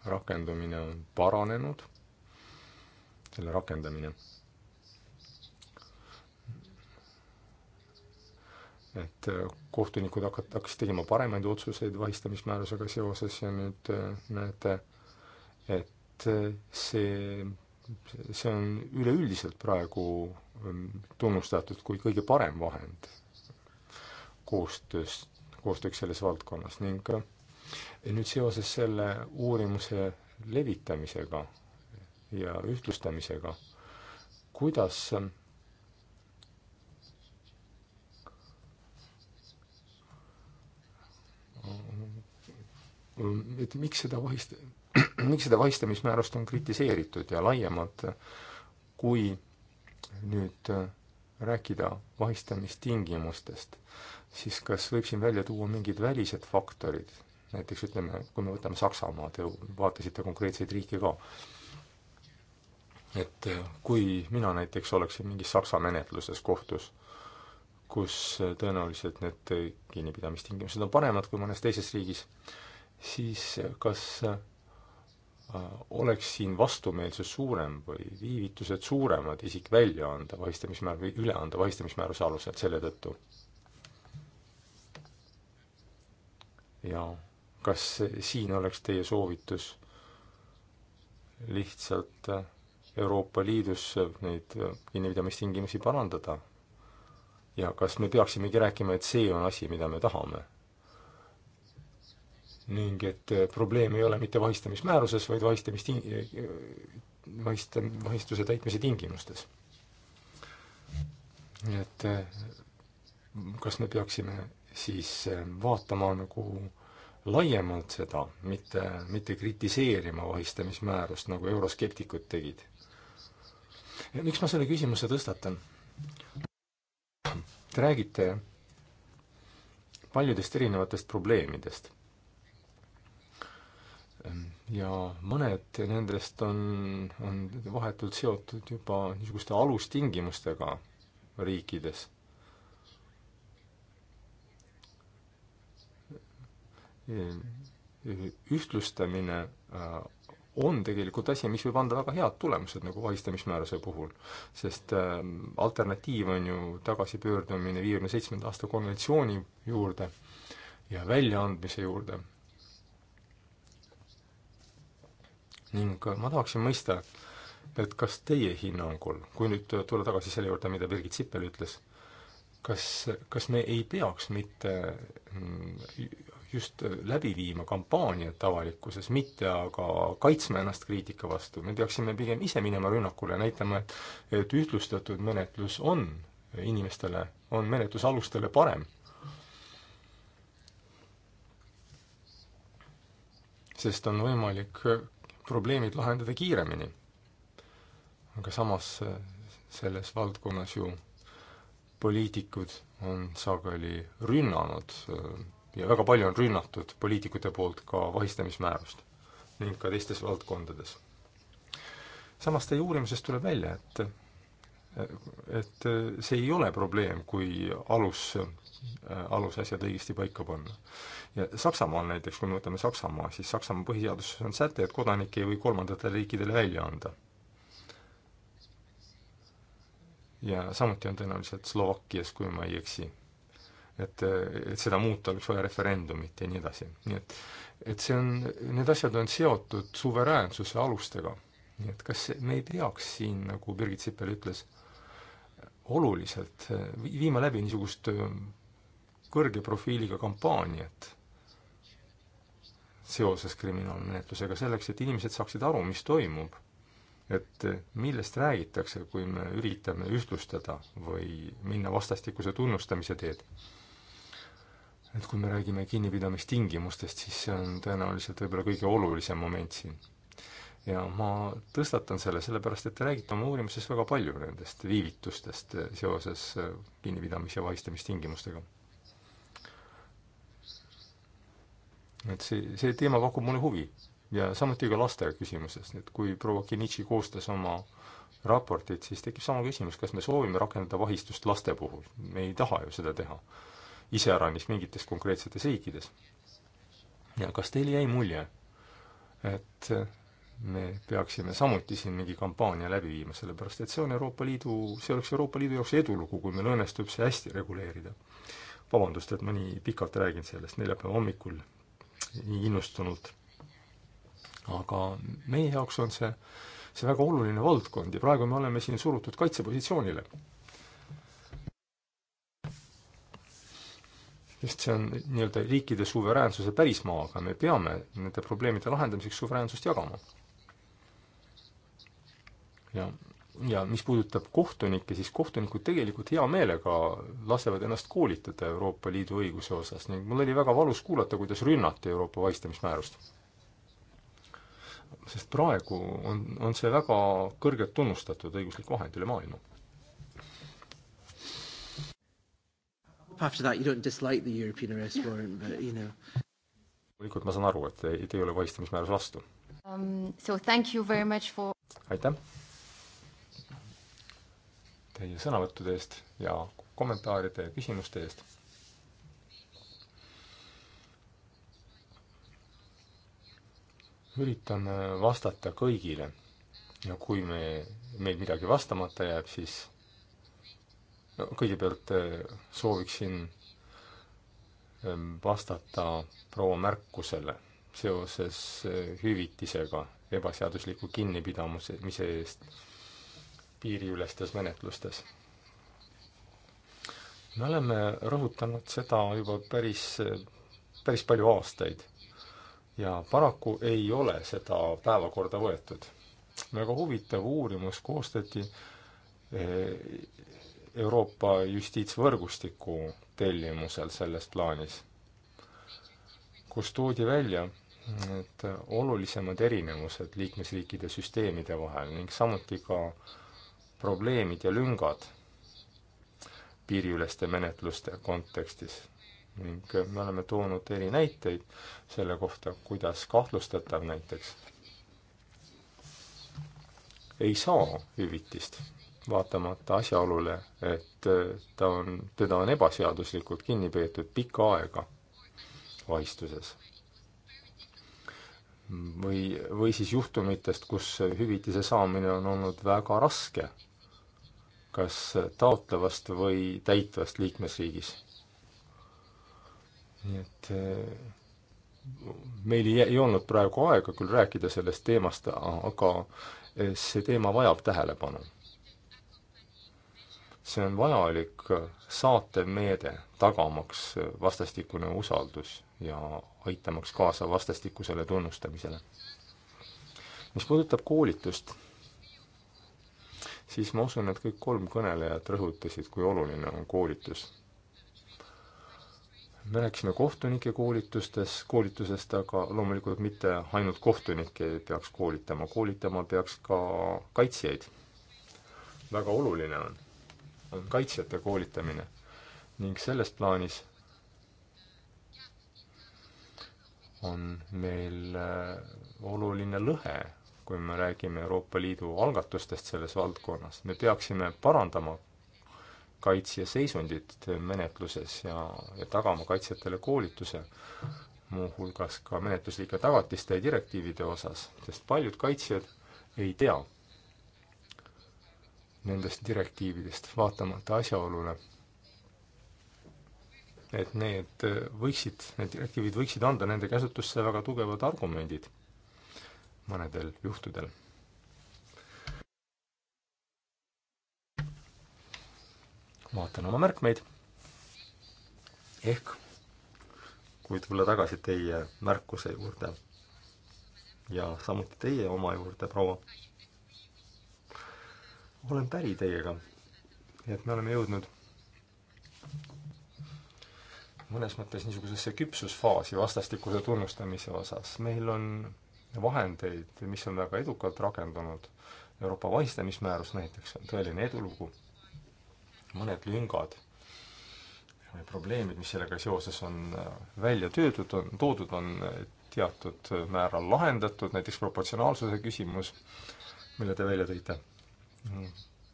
rakendumine on paranenud, selle rakendamine et äh, kohtunikud hakataks tegema paremaid otsuseid vahistamismäärusega seoses ja nüüd äh, näete, et äh, see, see on üleüldiselt praegu ähm, tunnustatud kui kõige parem vahend koostöös, koostööks selles valdkonnas ning nüüd seoses selle uurimuse levitamisega ja ühtlustamisega, kuidas Mm, et miks seda vahist-, miks seda vahistamismäärust on kritiseeritud ja laiemalt, kui nüüd äh, rääkida vahistamistingimustest, siis kas võib siin välja tuua mingid välised faktorid, näiteks ütleme, kui me võtame Saksamaa, te vaatasite konkreetseid riike ka, et äh, kui mina näiteks oleksin mingis Saksa menetluses kohtus, kus äh, tõenäoliselt need kinnipidamistingimused on paremad kui mõnes teises riigis, siis kas äh, oleks siin vastumeelsus suurem või viivitused suuremad isik välja anda vahistamismäär- või üle anda vahistamismääruse alusel selle tõttu? ja kas siin oleks teie soovitus lihtsalt äh, Euroopa Liidus neid äh, kinnipidamistingimusi parandada? ja kas me peaksimegi rääkima, et see on asi, mida me tahame? ning et äh, probleem ei ole mitte vahistamismääruses, vaid vahistamist, äh, vahist-, vahistuse täitmise tingimustes. nii et äh, kas me peaksime siis vaatama nagu laiemalt seda, mitte, mitte kritiseerima vahistamismäärust, nagu euroskeptikud tegid? miks ma selle küsimuse tõstatan? Te räägite paljudest erinevatest probleemidest ja mõned nendest on, on vahetult seotud juba niisuguste alustingimustega riikides. ühtlustamine äh, on tegelikult asi, mis võib anda väga head tulemused, nagu vahistamismääruse puhul. sest äh, alternatiiv on ju tagasipöördumine viiekümne seitsmenda aasta konventsiooni juurde ja väljaandmise juurde ning äh, ma tahaksin mõista, et kas teie hinnangul, kui nüüd tulla tagasi selle juurde, mida Birgit Sippel ütles, kas, kas me ei peaks mitte mm, just läbi viima kampaaniat avalikkuses, mitte aga kaitsma ennast kriitika vastu, me peaksime pigem ise minema rünnakule ja näitama, et et ühtlustatud menetlus on inimestele, on menetlusalustele parem. sest on võimalik probleemid lahendada kiiremini. aga samas eh, selles valdkonnas ju poliitikud on sageli rünnanud eh, ja väga palju on rünnatud poliitikute poolt ka vahistamismäärust ning ka teistes valdkondades. samas teie uurimusest tuleb välja, et eh, et see ei ole probleem, kui alus Äh, alusasjad õigesti paika panna. ja Saksamaal näiteks, kui me võtame Saksamaa, siis Saksamaa põhiseaduses on säte, et kodanikke ei või kolmandatele riikidele välja anda. ja samuti on tõenäoliselt Slovakkias, kui ma ei eksi. et, et seda muuta oleks vaja referendumit ja nii edasi, nii et et see on, need asjad on seotud suveräänsuse alustega. nii et kas me ei peaks siin, nagu Birgit Sipel ütles, oluliselt viima läbi niisugust kõrge profiiliga kampaaniat seoses kriminaalmenetlusega, selleks et inimesed saaksid aru, mis toimub. et millest räägitakse, kui me üritame ühtlustada või minna vastastikuse tunnustamise teed. et kui me räägime kinnipidamistingimustest, siis see on tõenäoliselt võib-olla kõige olulisem moment siin ja ma tõstatan selle sellepärast, et te räägite oma uurimuses väga palju nendest viivitustest seoses kinnipidamis- ja vahistamistingimustega. et see, see teema pakub mulle huvi ja samuti ka laste küsimuses, et kui proua Kinitši koostas oma raportit, siis tekib sama küsimus, kas me soovime rakendada vahistust laste puhul. me ei taha ju seda teha iseäranis mingites konkreetsetes riikides. ja kas teile jäi mulje, et me peaksime samuti siin mingi kampaania läbi viima, sellepärast et see on Euroopa Liidu, see oleks Euroopa Liidu jaoks edulugu, kui meil õnnestub see hästi reguleerida. vabandust, et ma nii pikalt räägin sellest neljapäeva hommikul nii innustunult. aga meie jaoks on see, see väga oluline valdkond ja praegu me oleme siin surutud kaitsepositsioonile. sest see on nii-öelda riikide suveräänsuse pärismaa, aga me peame nende probleemide lahendamiseks suveräänsust jagama. ja ja mis puudutab kohtunikke, siis kohtunikud tegelikult hea meelega lasevad ennast koolitada Euroopa Liidu õiguse osas ning mul oli väga valus kuulata, kuidas rünnati Euroopa vaistamismäärust. sest praegu on, on see väga kõrgelt tunnustatud õiguslik vahend üle maailma. After that you don't dislike the European arrest warrant, but you know. loomulikult ma saan aru, et te, te ei ole vaistamismääruse vastu um,. So thank you very much for aitäh! teie sõnavõttude eest ja kommentaaride ja küsimuste eest. üritan äh, vastata kõigile ja kui me, meil midagi vastamata jääb, siis no kõigepealt äh, sooviksin äh, vastata proua märkusele seoses hüvitisega ebaseadusliku kinnipidamise eest piiriülestes menetlustes. me oleme rõhutanud seda juba päris, päris palju aastaid ja paraku ei ole seda päevakorda võetud. väga huvitav uurimus koostati eh, Euroopa justiitsvõrgustiku tellimusel selles plaanis, kus toodi välja, et olulisemad erinevused liikmesriikide süsteemide vahel ning samuti ka äh, probleemid ja lüngad piiriüleste menetluste kontekstis ning me oleme toonud eri näiteid selle kohta, kuidas kahtlustatav näiteks ei saa hüvitist, vaatamata asjaolule, et ta on, teda on ebaseaduslikult kinni peetud pikka aega vaistuses või, või siis juhtumitest, kus hüvitise saamine on olnud väga raske, kas taotlevast või täitvast liikmesriigis. nii et meil ei, ei olnud praegu aega küll rääkida sellest teemast, aga eh, see teema vajab tähelepanu. see on vajalik saatev meede, tagamaks vastastikune usaldus ja aitamaks kaasa vastastikusele tunnustamisele. mis puudutab koolitust, siis ma usun, et kõik kolm kõnelejat rõhutasid, kui oluline on koolitus. me rääkisime kohtunike koolitustes, koolitusest, aga loomulikult mitte ainult kohtunikke ei peaks koolitama, koolitama peaks ka kaitsjaid. väga oluline on, on kaitsjate koolitamine ning selles plaanis on meil äh, oluline lõhe, kui me räägime Euroopa Liidu algatustest selles valdkonnas. me peaksime parandama kaitsja seisundit menetluses ja, ja tagama kaitsjatele koolituse, muuhulgas ka menetluslike tagatiste ja direktiivide osas, sest paljud kaitsjad ei tea nendest direktiividest, vaatamata asjaolule, et need võiksid, need direktiivid võiksid anda nende käsutusse väga tugevad argumendid mõnedel juhtudel. vaatan oma märkmeid. ehk kui tulla tagasi teie märkuse juurde ja samuti teie oma juurde, proua, olen päri teiega, et me oleme jõudnud mõnes mõttes niisugusesse küpsusfaasi vastastikuse tunnustamise osas. meil on vahendeid, mis on väga edukalt rakendunud, Euroopa vahistamismäärus näiteks on tõeline edulugu, mõned lüngad või probleemid, mis sellega seoses on äh, välja töötud, on, toodud, on äh, teatud äh, määral lahendatud, näiteks proportsionaalsuse küsimus, mille te välja tõite. Mm.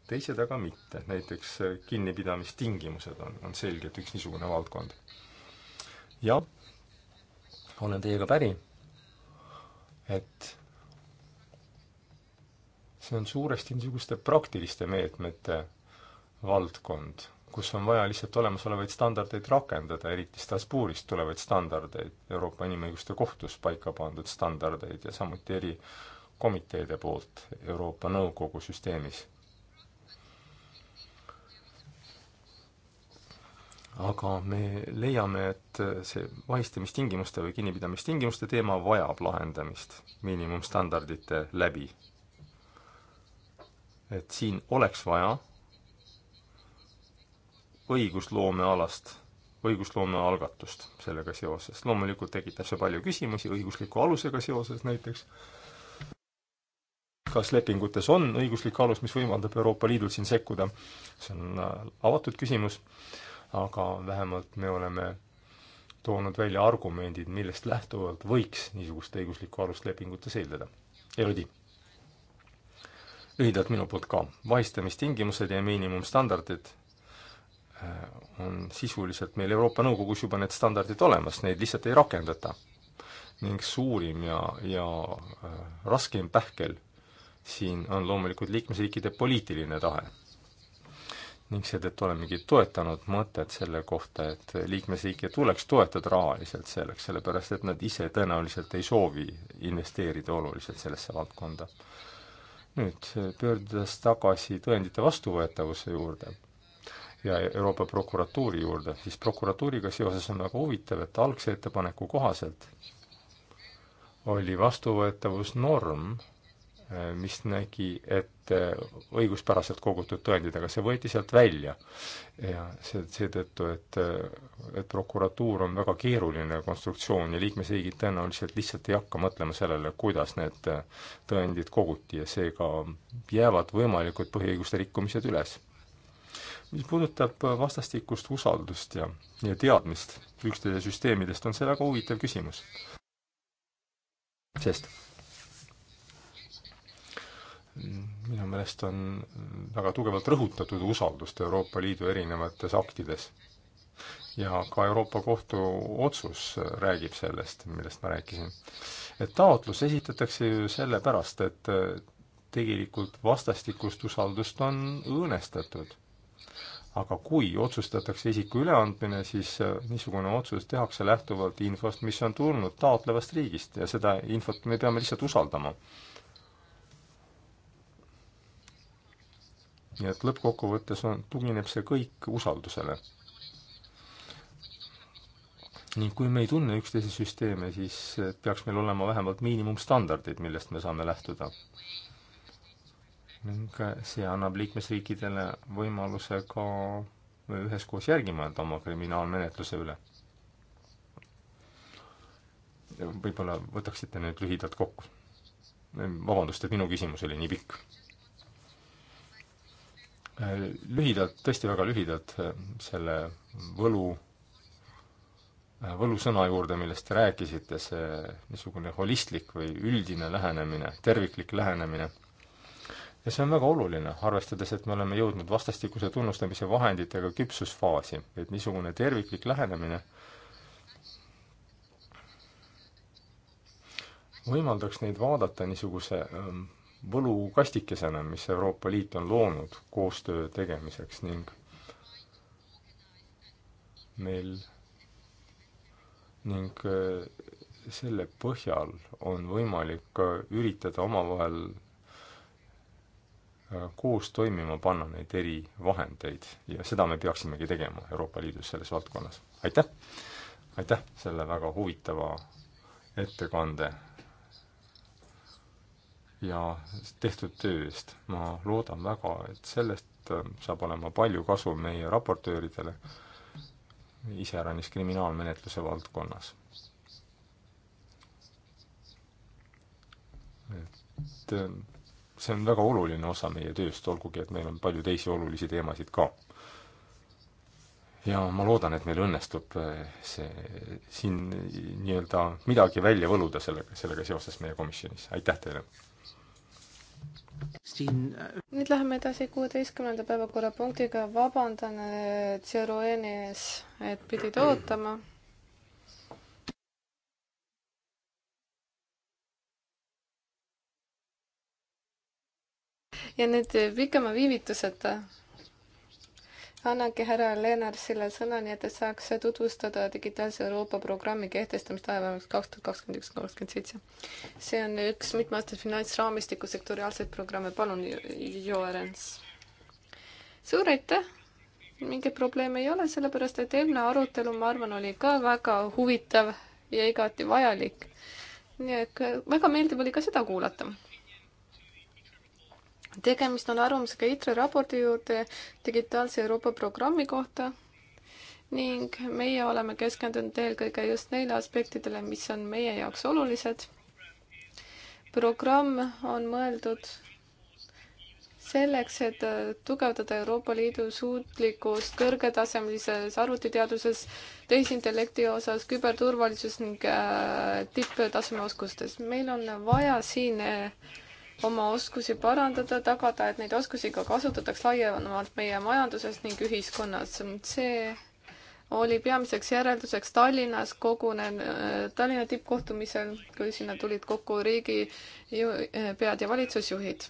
teised aga mitte, näiteks kinnipidamistingimused on, on selgelt üks niisugune valdkond jah, olen teiega päri, et see on suuresti niisuguste praktiliste meetmete valdkond, kus on vaja lihtsalt olemasolevaid standardeid rakendada, eriti Strasbourgist tulevaid standardeid, Euroopa Inimõiguste Kohtus paika pandud standardeid ja samuti eri komiteede poolt Euroopa Nõukogu süsteemis aga me leiame, et see vahistamistingimuste või kinnipidamistingimuste teema vajab lahendamist miinimumstandardite läbi. et siin oleks vaja õigusloomealast, õigusloome algatust sellega seoses. loomulikult tekitab see palju küsimusi õigusliku alusega seoses näiteks, kas lepingutes on õiguslik alus, mis võimaldab Euroopa Liidul siin sekkuda, see on äh, avatud küsimus aga vähemalt me oleme toonud välja argumendid, millest lähtuvalt võiks niisugust õiguslikku alust lepingutes eeldada. Elodi. lühidalt minu poolt ka. vahistamistingimused ja miinimumstandardid äh, on sisuliselt meil Euroopa Nõukogus juba need standardid olemas, neid lihtsalt ei rakendata. ning suurim ja, ja äh, raskem pähkel siin on loomulikult liikmesriikide poliitiline tahe ning seetõttu olemegi toetanud mõtet selle kohta, et liikmesriike tuleks toetada rahaliselt selleks, sellepärast et nad ise tõenäoliselt ei soovi investeerida oluliselt sellesse valdkonda. nüüd, pöördudes tagasi tõendite vastuvõetavuse juurde ja Euroopa Prokuratuuri juurde, siis prokuratuuriga seoses on väga huvitav, et algse ettepaneku kohaselt oli vastuvõetavusnorm Äh, mis nägi ette äh, õiguspäraselt kogutud tõendid, aga see võeti sealt välja. ja see, seetõttu, et, äh, et prokuratuur on väga keeruline konstruktsioon ja liikmesriigid tõenäoliselt lihtsalt ei hakka mõtlema sellele, kuidas need tõendid koguti ja seega jäävad võimalikud põhiõiguste rikkumised üles. mis puudutab vastastikust usaldust ja, ja teadmist üksteise süsteemidest, on see väga huvitav küsimus. sest minu meelest on väga tugevalt rõhutatud usaldust Euroopa Liidu erinevates aktides. ja ka Euroopa Kohtu otsus räägib sellest, millest ma rääkisin. et taotlus esitatakse ju sellepärast, et tegelikult vastastikust usaldust on õõnestatud. aga kui otsustatakse isiku üleandmine, siis niisugune otsus tehakse lähtuvalt infost, mis on tulnud taotlevast riigist ja seda infot me peame lihtsalt usaldama nii et lõppkokkuvõttes on, tugineb see kõik usaldusele. ning kui me ei tunne üksteise süsteeme, siis peaks meil olema vähemalt miinimumstandardid, millest me saame lähtuda. ning see annab liikmesriikidele võimaluse ka üheskoos järgi mõelda oma kriminaalmenetluse üle. võib-olla võtaksite nüüd lühidalt kokku? vabandust, et minu küsimus oli nii pikk Äh, lühidalt, tõesti väga lühidalt äh, selle võlu, äh, võlusõna juurde, millest te rääkisite, see niisugune holistlik või üldine lähenemine, terviklik lähenemine. ja see on väga oluline, arvestades, et me oleme jõudnud vastastikuse tunnustamise vahenditega küpsusfaasi, et niisugune terviklik lähenemine võimaldaks neid vaadata niisuguse ähm, võlukastikesena, mis Euroopa Liit on loonud koostöö tegemiseks ning meil ning äh, selle põhjal on võimalik ka äh, üritada omavahel äh, koos toimima panna neid eri vahendeid ja seda me peaksimegi tegema Euroopa Liidus selles valdkonnas. aitäh! aitäh selle väga huvitava ettekande ja tehtud töö eest. ma loodan väga, et sellest ähm, saab olema palju kasu meie raportööridele, iseäranis kriminaalmenetluse valdkonnas. et ähm, see on väga oluline osa meie tööst, olgugi et meil on palju teisi olulisi teemasid ka. ja ma loodan, et meil õnnestub äh, see siin nii-öelda midagi välja võluda sellega, sellega seoses meie komisjonis, aitäh teile! siin. Äh, nüüd läheme edasi kuueteistkümnenda päevakorrapunktiga, vabandan äh, Tseroeni ees, et pidid ootama. ja nüüd äh, pikema viivituseta annangi härra Leenarsile sõna, nii et ta saaks tutvustada Digitaalse Euroopa programmi kehtestamist ajavahemiks kaks tuhat kakskümmend üks, kakskümmend seitse. see on üks mitmeaastase finantsraamistiku sektoriaalseid programme, palun, Joe Erens. suur aitäh! mingeid probleeme ei ole, sellepärast et eelmine arutelu, ma arvan, oli ka väga huvitav ja igati vajalik. nii et väga meeldiv oli ka seda kuulata tegemist on arvamusega ITRE raporti juurde digitaalse Euroopa programmi kohta ning meie oleme keskendunud eelkõige just neile aspektidele, mis on meie jaoks olulised. programm on mõeldud selleks, et tugevdada Euroopa Liidu suutlikkust kõrgetasemelises arvutiteaduses, tehisintellekti osas, küberturvalisuses ning äh, tipptaseme oskustes. meil on vaja siin äh, oma oskusi parandada, tagada, et neid oskusi ka kasutataks laiemalt meie majanduses ning ühiskonnas. see oli peamiseks järelduseks Tallinnas kogunen-, äh, Tallinna tippkohtumisel, kui sinna tulid kokku riigipead äh, ja valitsusjuhid.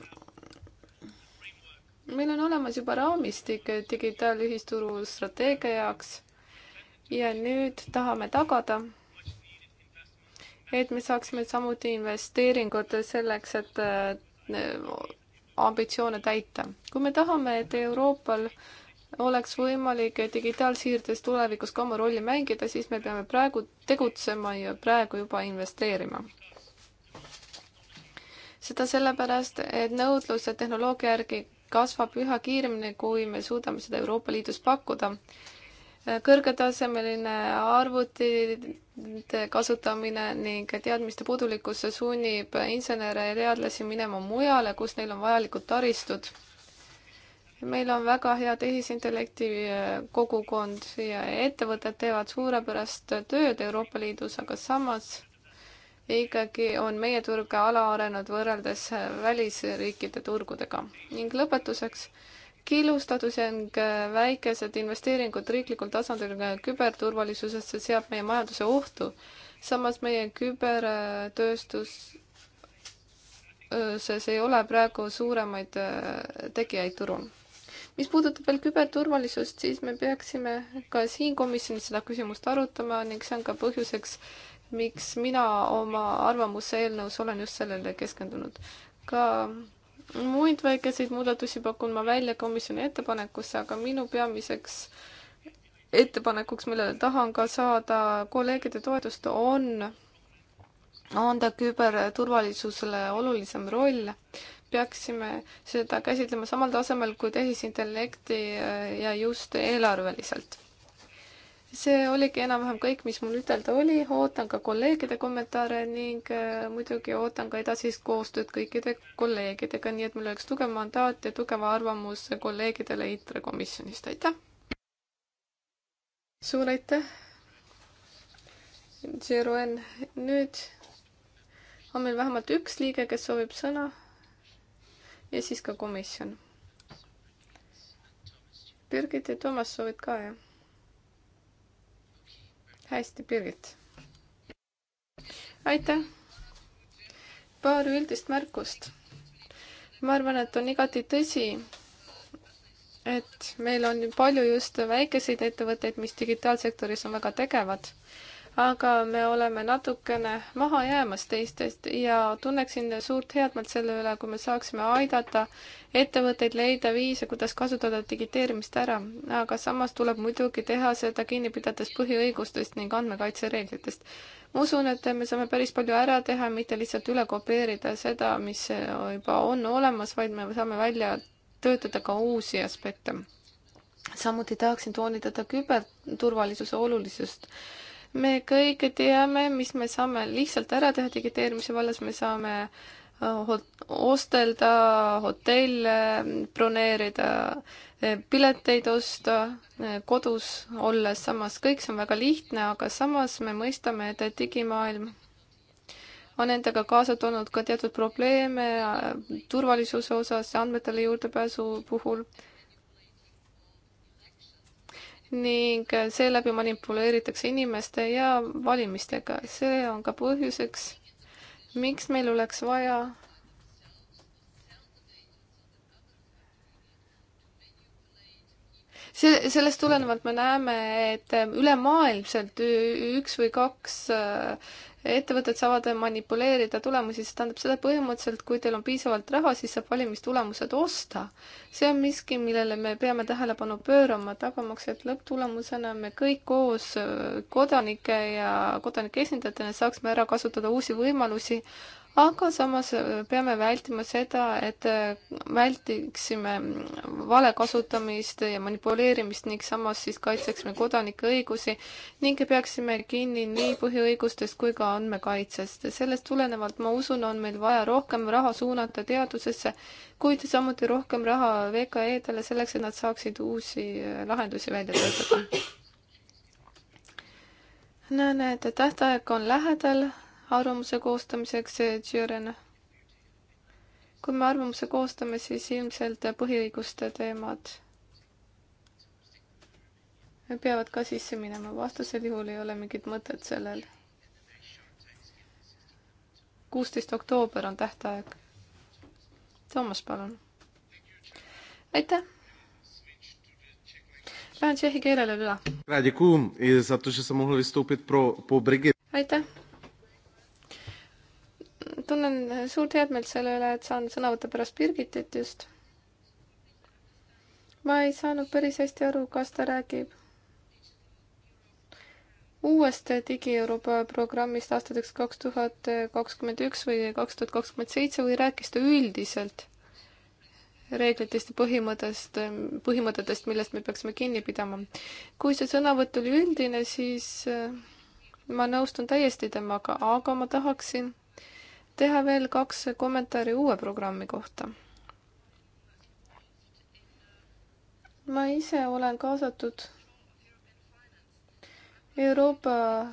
meil on olemas juba raamistik digitaalühisturu strateegia jaoks ja nüüd tahame tagada et me saaksime samuti investeeringud selleks, et äh, ambitsioone täita. kui me tahame, et Euroopal oleks võimalik digitaalsiirdes tulevikus ka oma rolli mängida, siis me peame praegu tegutsema ja praegu juba investeerima. seda sellepärast, et nõudlus tehnoloogia järgi kasvab üha kiiremini, kui me suudame seda Euroopa Liidus pakkuda kõrgetasemeline arvutite kasutamine ning teadmiste puudulikkus sunnib insenere ja teadlasi minema mujale, kus neil on vajalikud taristud. meil on väga hea tehisintellekti äh, kogukond ja ettevõtted teevad suurepärast tööd Euroopa Liidus, aga samas ikkagi on meie turg alaarenenud võrreldes äh, välisriikide turgudega. ning lõpetuseks killustatus ning äh, väikesed investeeringud riiklikul tasandil küberturvalisusesse seab meie majanduse ohtu. samas meie kübertööstuses ei ole praegu suuremaid tegijaid turul. mis puudutab veel küberturvalisust, siis me peaksime ka siin komisjonis seda küsimust arutama ning see on ka põhjuseks, miks mina oma arvamuse eelnõus olen just sellele keskendunud. ka muid väikeseid muudatusi pakun ma välja komisjoni ettepanekusse, aga minu peamiseks ettepanekuks, millele tahan ka saada kolleegide toetust, on anda küberturvalisusele olulisem roll. peaksime seda käsitlema samal tasemel kui tehisintellekti ja just eelarveliselt see oligi enam-vähem kõik, mis mul ütelda oli, ootan ka kolleegide kommentaare ning äh, muidugi ootan ka edasist koostööd kõikide kolleegidega, nii et mul oleks tugev mandaat ja tugev arvamus kolleegidele ITRE komisjonist, aitäh! suur aitäh! Zero N, nüüd on meil vähemalt üks liige, kes soovib sõna ja siis ka komisjon. Birgit ja Toomas soovid ka, jah? hästi, Birgit. aitäh. paar üldist märkust. ma arvan, et on igati tõsi, et meil on palju just väikeseid ettevõtteid, mis digitaalsektoris on väga tegevad aga me oleme natukene maha jäämas teistest ja tunneksin suurt headmalt selle üle, kui me saaksime aidata ettevõtteid leida viise, kuidas kasutada digiteerimist ära, aga samas tuleb muidugi teha seda kinni pidades põhiõigustest ning andmekaitsereeglitest. ma usun, et me saame päris palju ära teha, mitte lihtsalt üle kopeerida seda, mis juba on olemas, vaid me saame välja töötada ka uusi aspekte. samuti tahaksin toonitada küberturvalisuse olulisust me kõik teame, mis me saame lihtsalt ära teha digiteerimise vallas, me saame äh, hot-, ostelda, hotelle broneerida, äh, pileteid osta, äh, kodus olles samas, kõik see on väga lihtne, aga samas me mõistame, et digimaailm on endaga kaasa toonud ka teatud probleeme turvalisuse osas, andmetele juurdepääsu puhul ning seeläbi manipuleeritakse inimeste ja valimistega. see on ka põhjuseks, miks meil oleks vaja see, sellest tulenevalt me näeme, et ülemaailmselt üks või kaks äh, ettevõtted saavad manipuleerida tulemusi, see tähendab seda põhimõtteliselt, kui teil on piisavalt raha, siis saab valimistulemused osta. see on miski, millele me peame tähelepanu pöörama, tagamaks, et lõpptulemusena me kõik koos äh, kodanike ja kodanike esindajatena saaksime ära kasutada uusi võimalusi aga samas äh, peame vältima seda, et äh, vältiksime vale kasutamist ja manipuleerimist ning samas siis kaitseksime kodanike õigusi ning peaksime kinni nii põhiõigustest kui ka andmekaitsest. sellest tulenevalt ma usun, on meil vaja rohkem raha suunata teadusesse, kuid samuti rohkem raha VKE-dele selleks, et nad saaksid uusi äh, lahendusi välja töötada näen, et tähtaeg on lähedal arvamuse koostamiseks, eh, Jüren? kui me arvamuse koostame, siis ilmselt põhiõiguste teemad peavad ka sisse minema, vastasel juhul ei ole mingit mõtet sellel. kuusteist oktoober on tähtaeg. Toomas, palun. aitäh. Lähen tšehhi keelele üle. aitäh tunnen suurt headmeelt selle üle, et saan sõna võtta pärast Birgitit just. ma ei saanud päris hästi aru, kas ta räägib uuest Digi-Euroopa programmist aastateks kaks tuhat kakskümmend üks või kaks tuhat kakskümmend seitse või rääkis ta üldiselt reeglitest ja põhimõttest, põhimõtetest, millest me peaksime kinni pidama. kui see sõnavõtt oli üldine, siis äh, ma nõustun täiesti temaga, aga ma tahaksin teha veel kaks kommentaari uue programmi kohta. ma ise olen kaasatud Euroopa äh,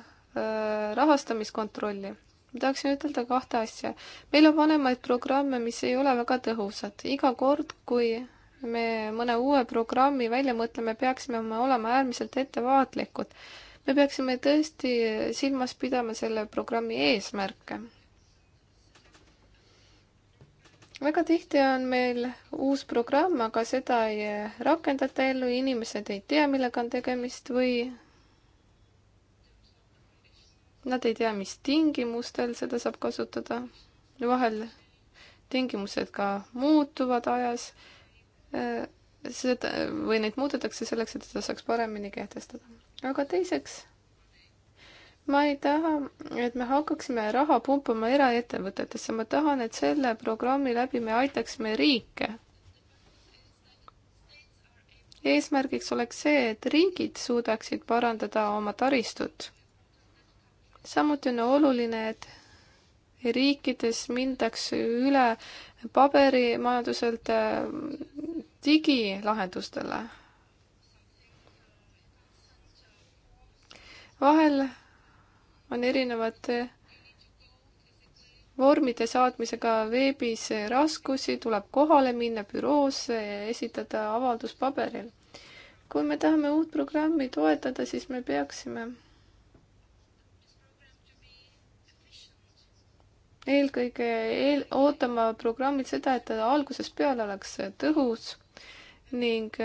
rahastamiskontrolli. ma tahaksin ütelda kahte asja. meil on vanemaid programme, mis ei ole väga tõhusad. iga kord, kui me mõne uue programmi välja mõtleme, peaksime me olema äärmiselt ettevaatlikud. me peaksime tõesti silmas pidama selle programmi eesmärke väga tihti on meil uus programm, aga seda ei rakendata ellu, inimesed ei tea, millega on tegemist või nad ei tea, mis tingimustel seda saab kasutada. vahel tingimused ka muutuvad ajas. Äh, seda või neid muudetakse selleks, et seda saaks paremini kehtestada. aga teiseks ma ei taha, et me hakkaksime raha pumpama eraettevõtetesse, ma tahan, et selle programmi läbi me aitaksime riike. eesmärgiks oleks see, et riigid suudaksid parandada oma taristut. samuti on oluline, et riikides mindakse üle paberimajanduselt äh, digilahendustele. vahel on erinevate vormide saatmisega veebis raskusi, tuleb kohale minna büroosse ja esitada avaldus paberil. kui me tahame uut programmi toetada, siis me peaksime eelkõige eel, ootama programmilt seda, et ta algusest peale oleks tõhus ning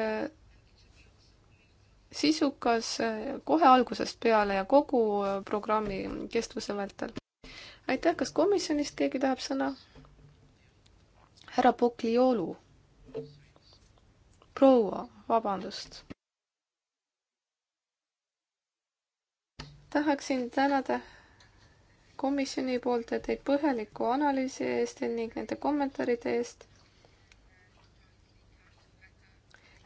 sisukas eh, kohe algusest peale ja kogu eh, programmi kestvuse vältel. aitäh, kas komisjonist keegi tahab sõna? härra Pokliolu. proua, vabandust. tahaksin tänada komisjoni poolt teid põhjaliku analüüsi eest ning nende kommentaaride eest.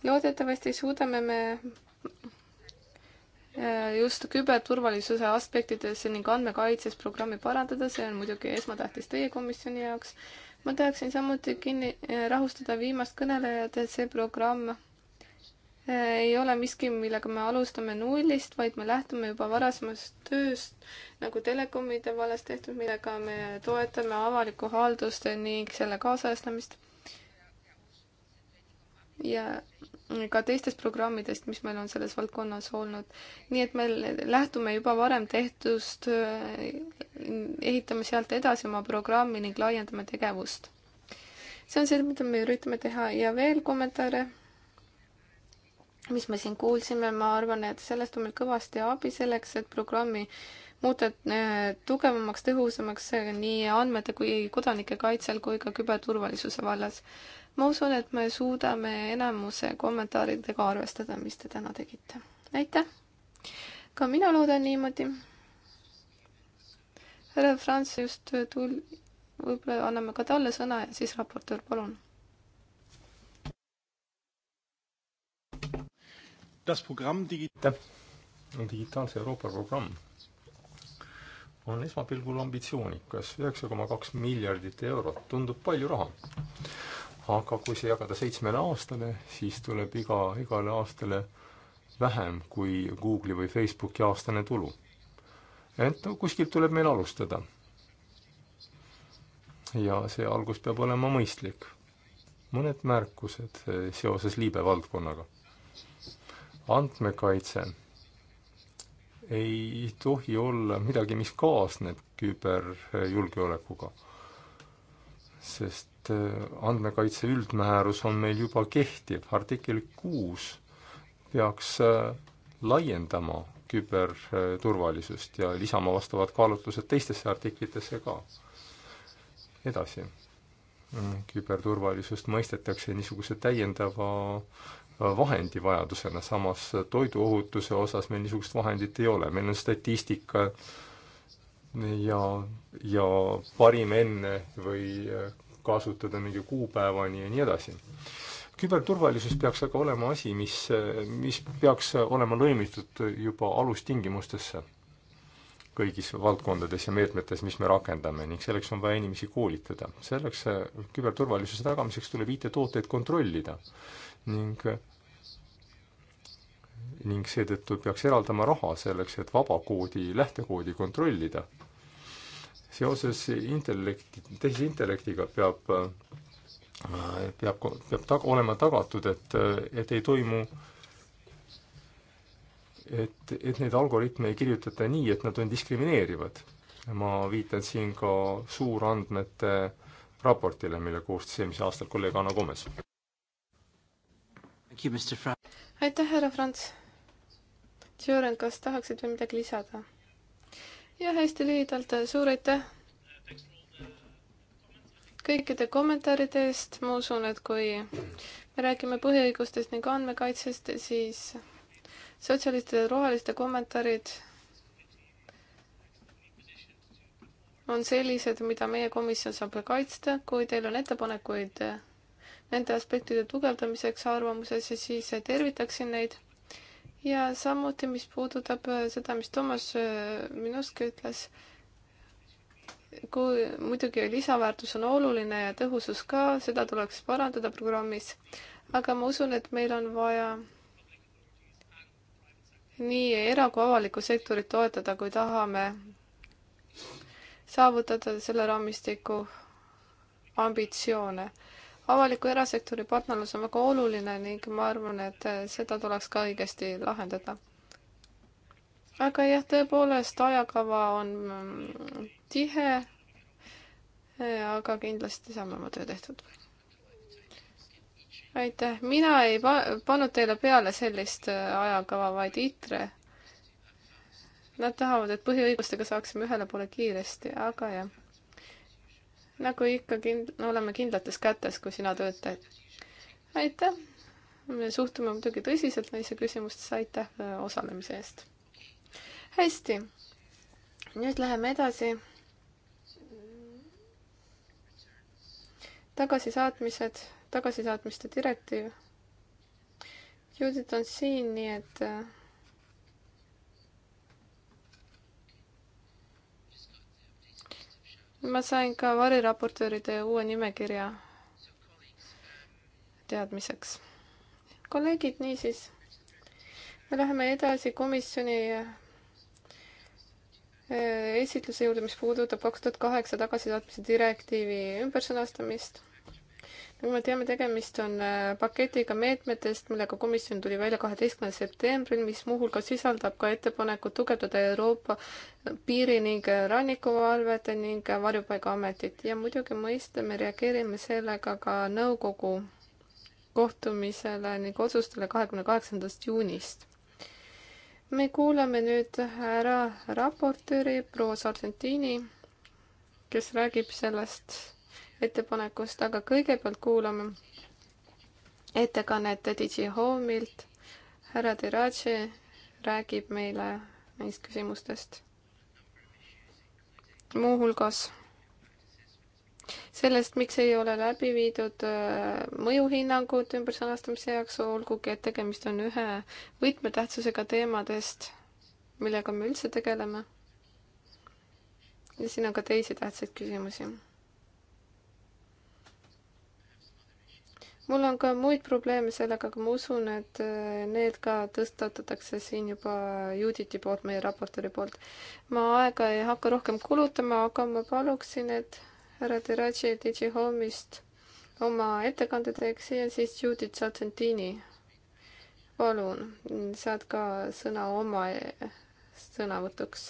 loodetavasti suudame me just küberturvalisuse aspektides ning andmekaitses programmi parandada, see on muidugi esmatähtis teie komisjoni jaoks. ma tahaksin samuti kinni, äh, rahustada viimast kõnelejat, et see programm äh, ei ole miski, millega me alustame nullist, vaid me lähtume juba varasemast tööst nagu telekomide vallas tehtud, millega me toetame avalikku haldust ning selle kaasajastamist ja ka teistest programmidest, mis meil on selles valdkonnas olnud. nii et me lähtume juba varem tehtust, ehitame sealt edasi oma programmi ning laiendame tegevust. see on see, mida me üritame teha ja veel kommentaare, mis me siin kuulsime, ma arvan, et sellest on meil kõvasti abi selleks, et programmi muuta äh, tugevamaks, tõhusamaks nii andmete kui kodanike kaitsel kui ka küberturvalisuse vallas ma usun, et me suudame enamuse kommentaaridega arvestada, mis te täna tegite. aitäh! ka mina loodan niimoodi. härra Franz just tul-, võib-olla anname ka talle sõna ja siis raportöör, palun. aitäh! digitaalse Euroopa programm on esmapilgul ambitsioonikas, üheksa koma kaks miljardit eurot, tundub palju raha aga kui see jagada seitsmele aastale, siis tuleb iga, igale aastale vähem kui Google'i või Facebooki aastane tulu. ent no kuskilt tuleb meil alustada. ja see algus peab olema mõistlik. mõned märkused eh, seoses liibe valdkonnaga. andmekaitse ei tohi olla midagi, mis kaasneb küberjulgeolekuga. sest Äh, andmekaitse üldmäärus on meil juba kehtiv, artikkel kuus peaks äh, laiendama küberturvalisust äh, ja lisama vastavad kaalutlused teistesse artiklitesse ka. edasi, mm, küberturvalisust mõistetakse niisuguse täiendava vahendi vajadusena, samas toiduohutuse osas meil niisugust vahendit ei ole, meil on statistika ja, ja parim enne või kasutada mingi kuupäevani ja nii edasi. küberturvalisus peaks aga olema asi, mis, mis peaks olema lõimitud juba alustingimustesse kõigis valdkondades ja meetmetes, mis me rakendame ning selleks on vaja inimesi koolitada. selleks küberturvalisuse tagamiseks tuleb IT-tooteid kontrollida ning ning seetõttu peaks eraldama raha selleks, et vaba koodi lähtekoodi kontrollida seoses intellekti, tehisintellektiga peab, äh, peab, peab tag-, olema tagatud, et, et ei toimu et, et neid algoritme ei kirjutata nii, et nad on diskrimineerivad. ma viitan siin ka suurandmete raportile, mille koostas eelmisel aastal kolleeg Anna Komes. aitäh, härra Franz! Sören, kas tahaksid veel midagi lisada? ja hästi lühidalt suur aitäh kõikide kommentaaride eest, ma usun, et kui me räägime põhiõigustest ning andmekaitsest, siis sotsialistide ja roheliste kommentaarid on sellised, mida meie komisjon saab kaitsta, kui teil on ettepanekuid nende aspektide tugevdamiseks arvamuses, siis tervitaksin neid ja samuti, mis puudutab äh, seda, mis Toomas äh, Minuski ütles, kui muidugi lisaväärtus on oluline ja tõhusus ka, seda tuleks parandada programmis, aga ma usun, et meil on vaja nii era- kui avalikku sektorit toetada, kui tahame saavutada selle raamistiku ambitsioone avaliku erasektori partnerlus on väga oluline ning ma arvan, et eh, seda tuleks ka õigesti lahendada. aga jah, tõepoolest, ajakava on mm, tihe, eh, aga kindlasti saame oma töö tehtud. aitäh, mina ei pa-, pannud teile peale sellist eh, ajakava, vaid ITRE Nad tahavad, et põhiõigustega saaksime ühele poole kiiresti, aga jah nagu ikka kind-, oleme kindlates kätes, kui sina töötad. aitäh! me suhtume muidugi tõsiselt neisse küsimustesse, aitäh äh, osalemise eest! hästi, nüüd läheme edasi. tagasisaatmised, tagasisaatmiste direktiiv. Judith on siin, nii et äh, ma sain ka variraportööride uue nimekirja teadmiseks. kolleegid, niisiis, me läheme edasi komisjoni äh, esitluse juurde, mis puudutab kaks tuhat kaheksa tagasisaatmise direktiivi ümbersõnastamist nagu me teame, tegemist on äh, paketiga meetmetest, millega komisjon tuli välja kaheteistkümnendal septembril, mis muuhulgas sisaldab ka ettepanekut tugevdada Euroopa äh, piiri ning äh, rannikuvalvet ning varjupaigaametit ja muidugi mõista, me reageerime sellega ka nõukogu kohtumisele ning otsustele kahekümne kaheksandast juunist. me kuulame nüüd ära raportööri proua Sargentini, kes räägib sellest ettepanekust, aga kõigepealt kuulame ettekannet DigiHome'ilt. härra Derace räägib meile neist küsimustest muuhulgas sellest, miks ei ole läbi viidud äh, mõjuhinnangud ümbersõnastamise jaoks, olgugi et tegemist on ühe võtmetähtsusega teemadest, millega me üldse tegeleme. ja siin on ka teisi tähtsaid küsimusi. mul on ka muid probleeme sellega, aga ma usun, et äh, need ka tõstatatakse siin juba Juditi poolt, meie raportööri poolt. ma aega ei hakka rohkem kulutama, aga ma paluksin, et härra Teraci Digihome'ist oma ettekande teeks ja siis Judith Sargentini. palun, saad ka sõna oma äh, sõnavõtuks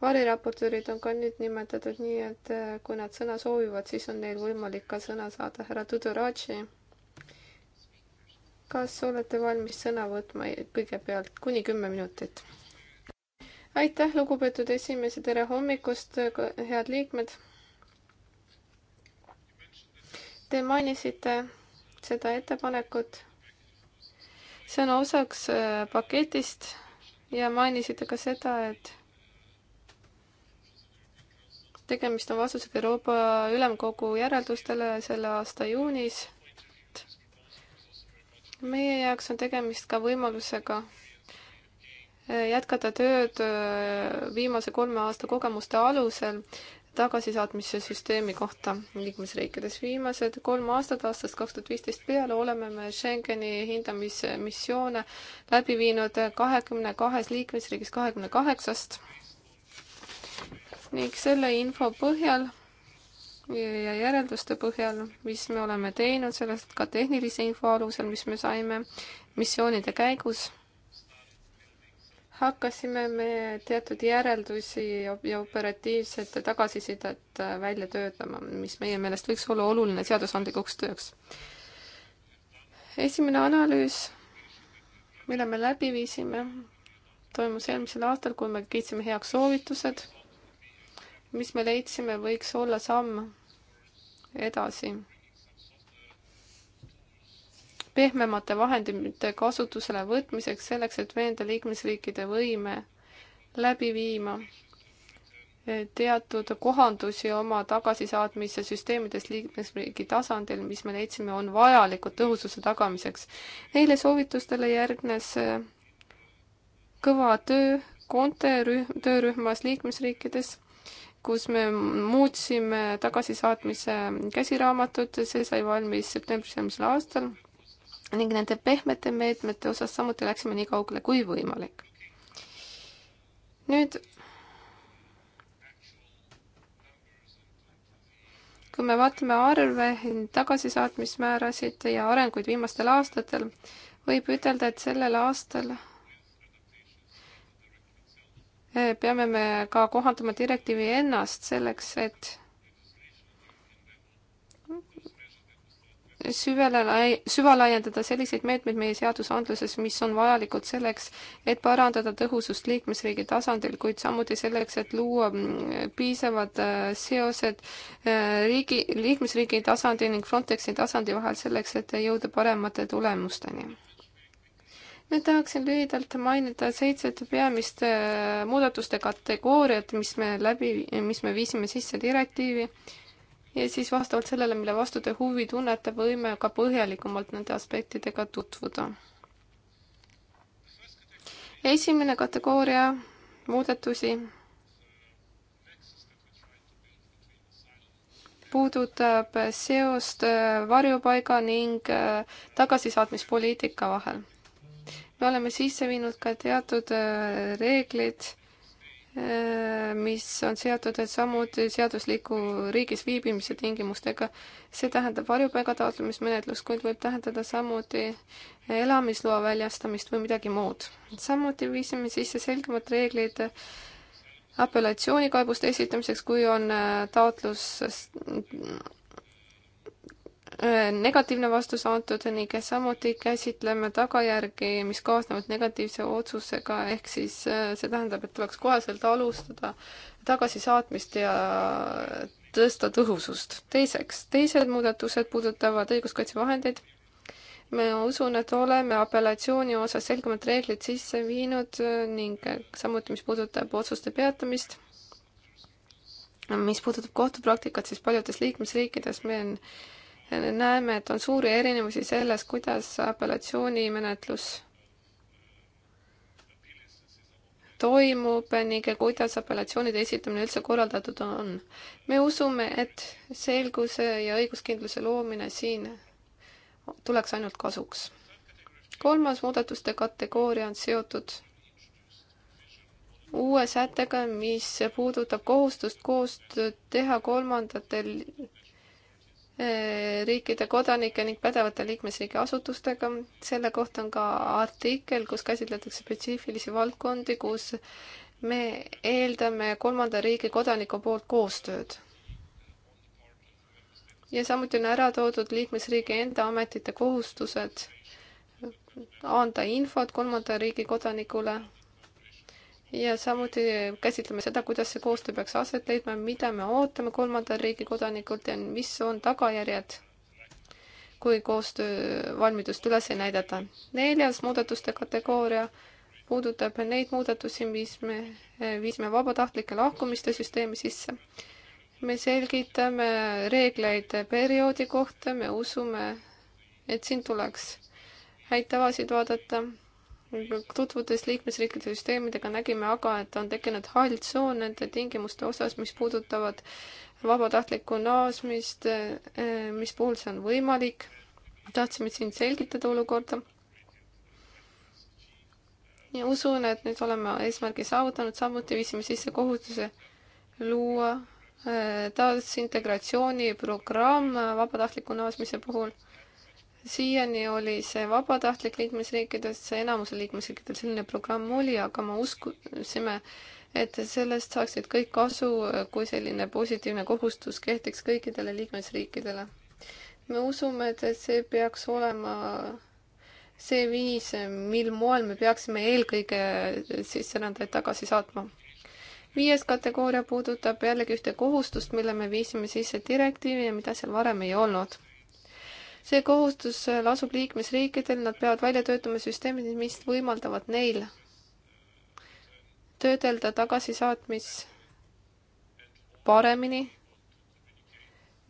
variraportöörid on ka nüüd nimetatud nii, et äh, kui nad sõna soovivad, siis on neil võimalik ka sõna saada. härra Tudoraci, kas olete valmis sõna võtma kõigepealt kuni kümme minutit? aitäh, lugupeetud esimees ja tere hommikust, äh, head liikmed. Te mainisite seda ettepanekut. see on osaks äh, paketist ja mainisite ka seda, et tegemist on vastusega Euroopa Ülemkogu järeldustele selle aasta juunis. meie jaoks on tegemist ka võimalusega eh, jätkata tööd eh, viimase kolme aasta kogemuste alusel tagasisaatmise süsteemi kohta liikmesriikides. viimased kolm aastat, aastast kaks tuhat viisteist peale, oleme me Schengeni hindamismissioone läbi viinud kahekümne kahes liikmesriigis kahekümne kaheksast ning selle info põhjal ja järelduste põhjal, mis me oleme teinud, sellest ka tehnilise info alusel, mis me saime missioonide käigus, hakkasime me teatud järeldusi ja operatiivset tagasisidet välja töötama, mis meie meelest võiks olla oluline seadusandlikuks tööks. esimene analüüs, mille me läbi viisime, toimus eelmisel aastal, kui me kiitsime heaks soovitused mis me leidsime, võiks olla samm edasi. pehmemate vahendite kasutusele võtmiseks, selleks et veenda liikmesriikide võime läbi viima teatud kohandusi oma tagasisaatmise süsteemides liikmesriigi tasandil, mis me leidsime, on vajalikud tõhususe tagamiseks. Neile soovitustele järgnes kõva töö konte rühm, töörühmas liikmesriikides kus me muutsime tagasisaatmise käsiraamatut, see sai valmis septembris eelmisel aastal ning nende pehmete meetmete osas samuti läksime nii kaugele kui võimalik. nüüd kui me vaatame arve, tagasisaatmismäärasid ja arenguid viimastel aastatel, võib ütelda, et sellel aastal peame me ka kohandama direktiivi ennast selleks, et süvelai-, süvalaiendada selliseid meetmeid meie seadusandluses, mis on vajalikud selleks, et parandada tõhusust liikmesriigi tasandil, kuid samuti selleks, et luua mm, piisavad äh, seosed äh, riigi, liikmesriigi tasandi ning Frontexi tasandi vahel selleks, et jõuda paremate tulemusteni nüüd tahaksin lühidalt mainida seitset peamist äh, muudatuste kategooriat, mis me läbi, mis me viisime sisse direktiivi ja siis vastavalt sellele, mille vastu te huvi tunnete, võime ka põhjalikumalt nende aspektidega tutvuda. esimene kategooria muudatusi puudutab seost äh, varjupaiga ning äh, tagasisaatmispoliitika vahel me oleme sisse viinud ka teatud äh, reeglid, äh, mis on seotud samuti seadusliku riigis viibimise tingimustega. see tähendab varjupaiga taotlemismenetlust, kuid võib tähendada samuti elamisloa väljastamist või midagi muud. samuti viisime sisse selgemad reeglid apellatsioonikaebuste esitamiseks, kui on äh, taotlus negatiivne vastus antud ning samuti käsitleme tagajärgi, mis kaasnevad negatiivse otsusega, ehk siis see tähendab, et tuleks koheselt alustada tagasisaatmist ja tõsta tõhusust. teiseks, teised muudatused puudutavad õiguskaitsevahendeid. ma usun, et oleme apellatsiooni osas selgemad reeglid sisse viinud ning samuti, mis puudutab otsuste peatamist. mis puudutab kohtupraktikat, siis paljudes liikmesriikides meil on näeme, et on suuri erinevusi selles, kuidas apellatsioonimenetlus toimub ning kuidas apellatsioonide esitamine üldse korraldatud on. me usume, et selguse ja õiguskindluse loomine siin tuleks ainult kasuks. kolmas muudatuste kategooria on seotud uue sättega, mis puudutab kohustust koostööd teha kolmandatel Eh, riikide kodanike ning pädevate liikmesriigi asutustega. selle kohta on ka artikkel, kus käsitletakse spetsiifilisi valdkondi, kus me eeldame kolmanda riigi kodaniku poolt koostööd. ja samuti on ära toodud liikmesriigi enda ametite kohustused anda infot kolmanda riigi kodanikule ja samuti käsitleme seda, kuidas see koostöö peaks aset leidma, mida me ootame kolmanda riigi kodanikult ja mis on tagajärjed, kui koostöövalmidust üles ei näidata. neljas muudatuste kategooria puudutab neid muudatusi, mis me viisime vabatahtlike lahkumiste süsteemi sisse. me selgitame reegleid perioodi kohta, me usume, et siin tuleks häid tavasid vaadata tutvudes liikmesriikide süsteemidega nägime aga, et on tekkinud hall tsoon nende tingimuste osas, mis puudutavad vabatahtlikku naasmist, eh, mis puhul see on võimalik. tahtsime siin selgitada olukorda. ja usun, et nüüd oleme eesmärgi saavutanud, samuti viisime sisse kohustuse luua eh, taasintegratsiooniprogramm vabatahtliku naasmise puhul siiani oli see vabatahtlik liikmesriikides, enamusel liikmesriikidel selline programm oli, aga me uskusime, et sellest saaksid kõik kasu, kui selline positiivne kohustus kehtiks kõikidele liikmesriikidele. me usume, et see peaks olema see viis, mil moel me peaksime eelkõige sisserändajaid tagasi saatma. viies kategooria puudutab jällegi ühte kohustust, mille me viisime sisse direktiivi ja mida seal varem ei olnud see kohustus lasub liikmesriikidel, nad peavad välja töötama süsteemid, mis võimaldavad neil töödelda tagasisaatmis paremini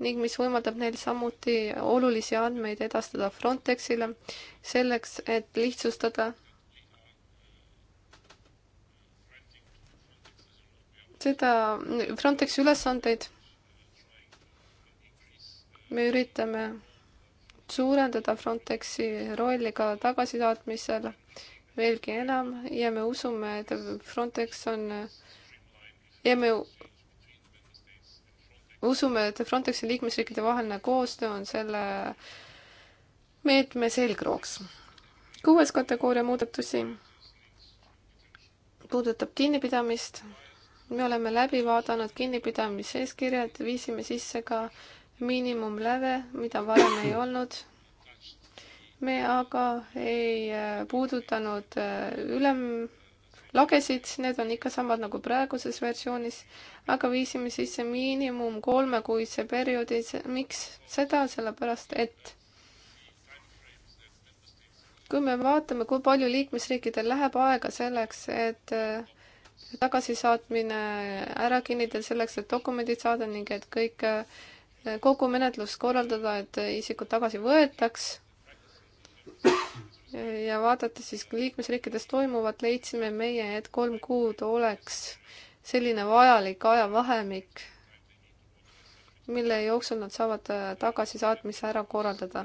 ning mis võimaldab neil samuti olulisi andmeid edastada Frontexile selleks, et lihtsustada seda Frontexi ülesandeid. me üritame suurendada Frontexi rolli ka tagasisaatmisel veelgi enam ja me usume, et Frontex on ja me usume, et Frontexi liikmesriikide vaheline koostöö on selle meetme selgrooks. kuues kategooria muudatusi puudutab kinnipidamist me oleme läbi vaadanud kinnipidamiseeskirjad, viisime sisse ka miinimumläve, mida varem ei olnud. me aga ei äh, puudutanud äh, ülemlagesid, need on ikka samad nagu praeguses versioonis, aga viisime sisse miinimum kolmekuise perioodi, miks seda, sellepärast et kui me vaatame, kui palju liikmesriikidel läheb aega selleks, et äh, tagasisaatmine ära kinnitada, selleks et dokumendid saada ning et kõik kogu menetlust korraldada, et isikud tagasi võetaks. ja vaadates siis liikmesriikides toimuvat, leidsime meie, et kolm kuud oleks selline vajalik ajavahemik, mille jooksul nad saavad tagasisaatmise ära korraldada.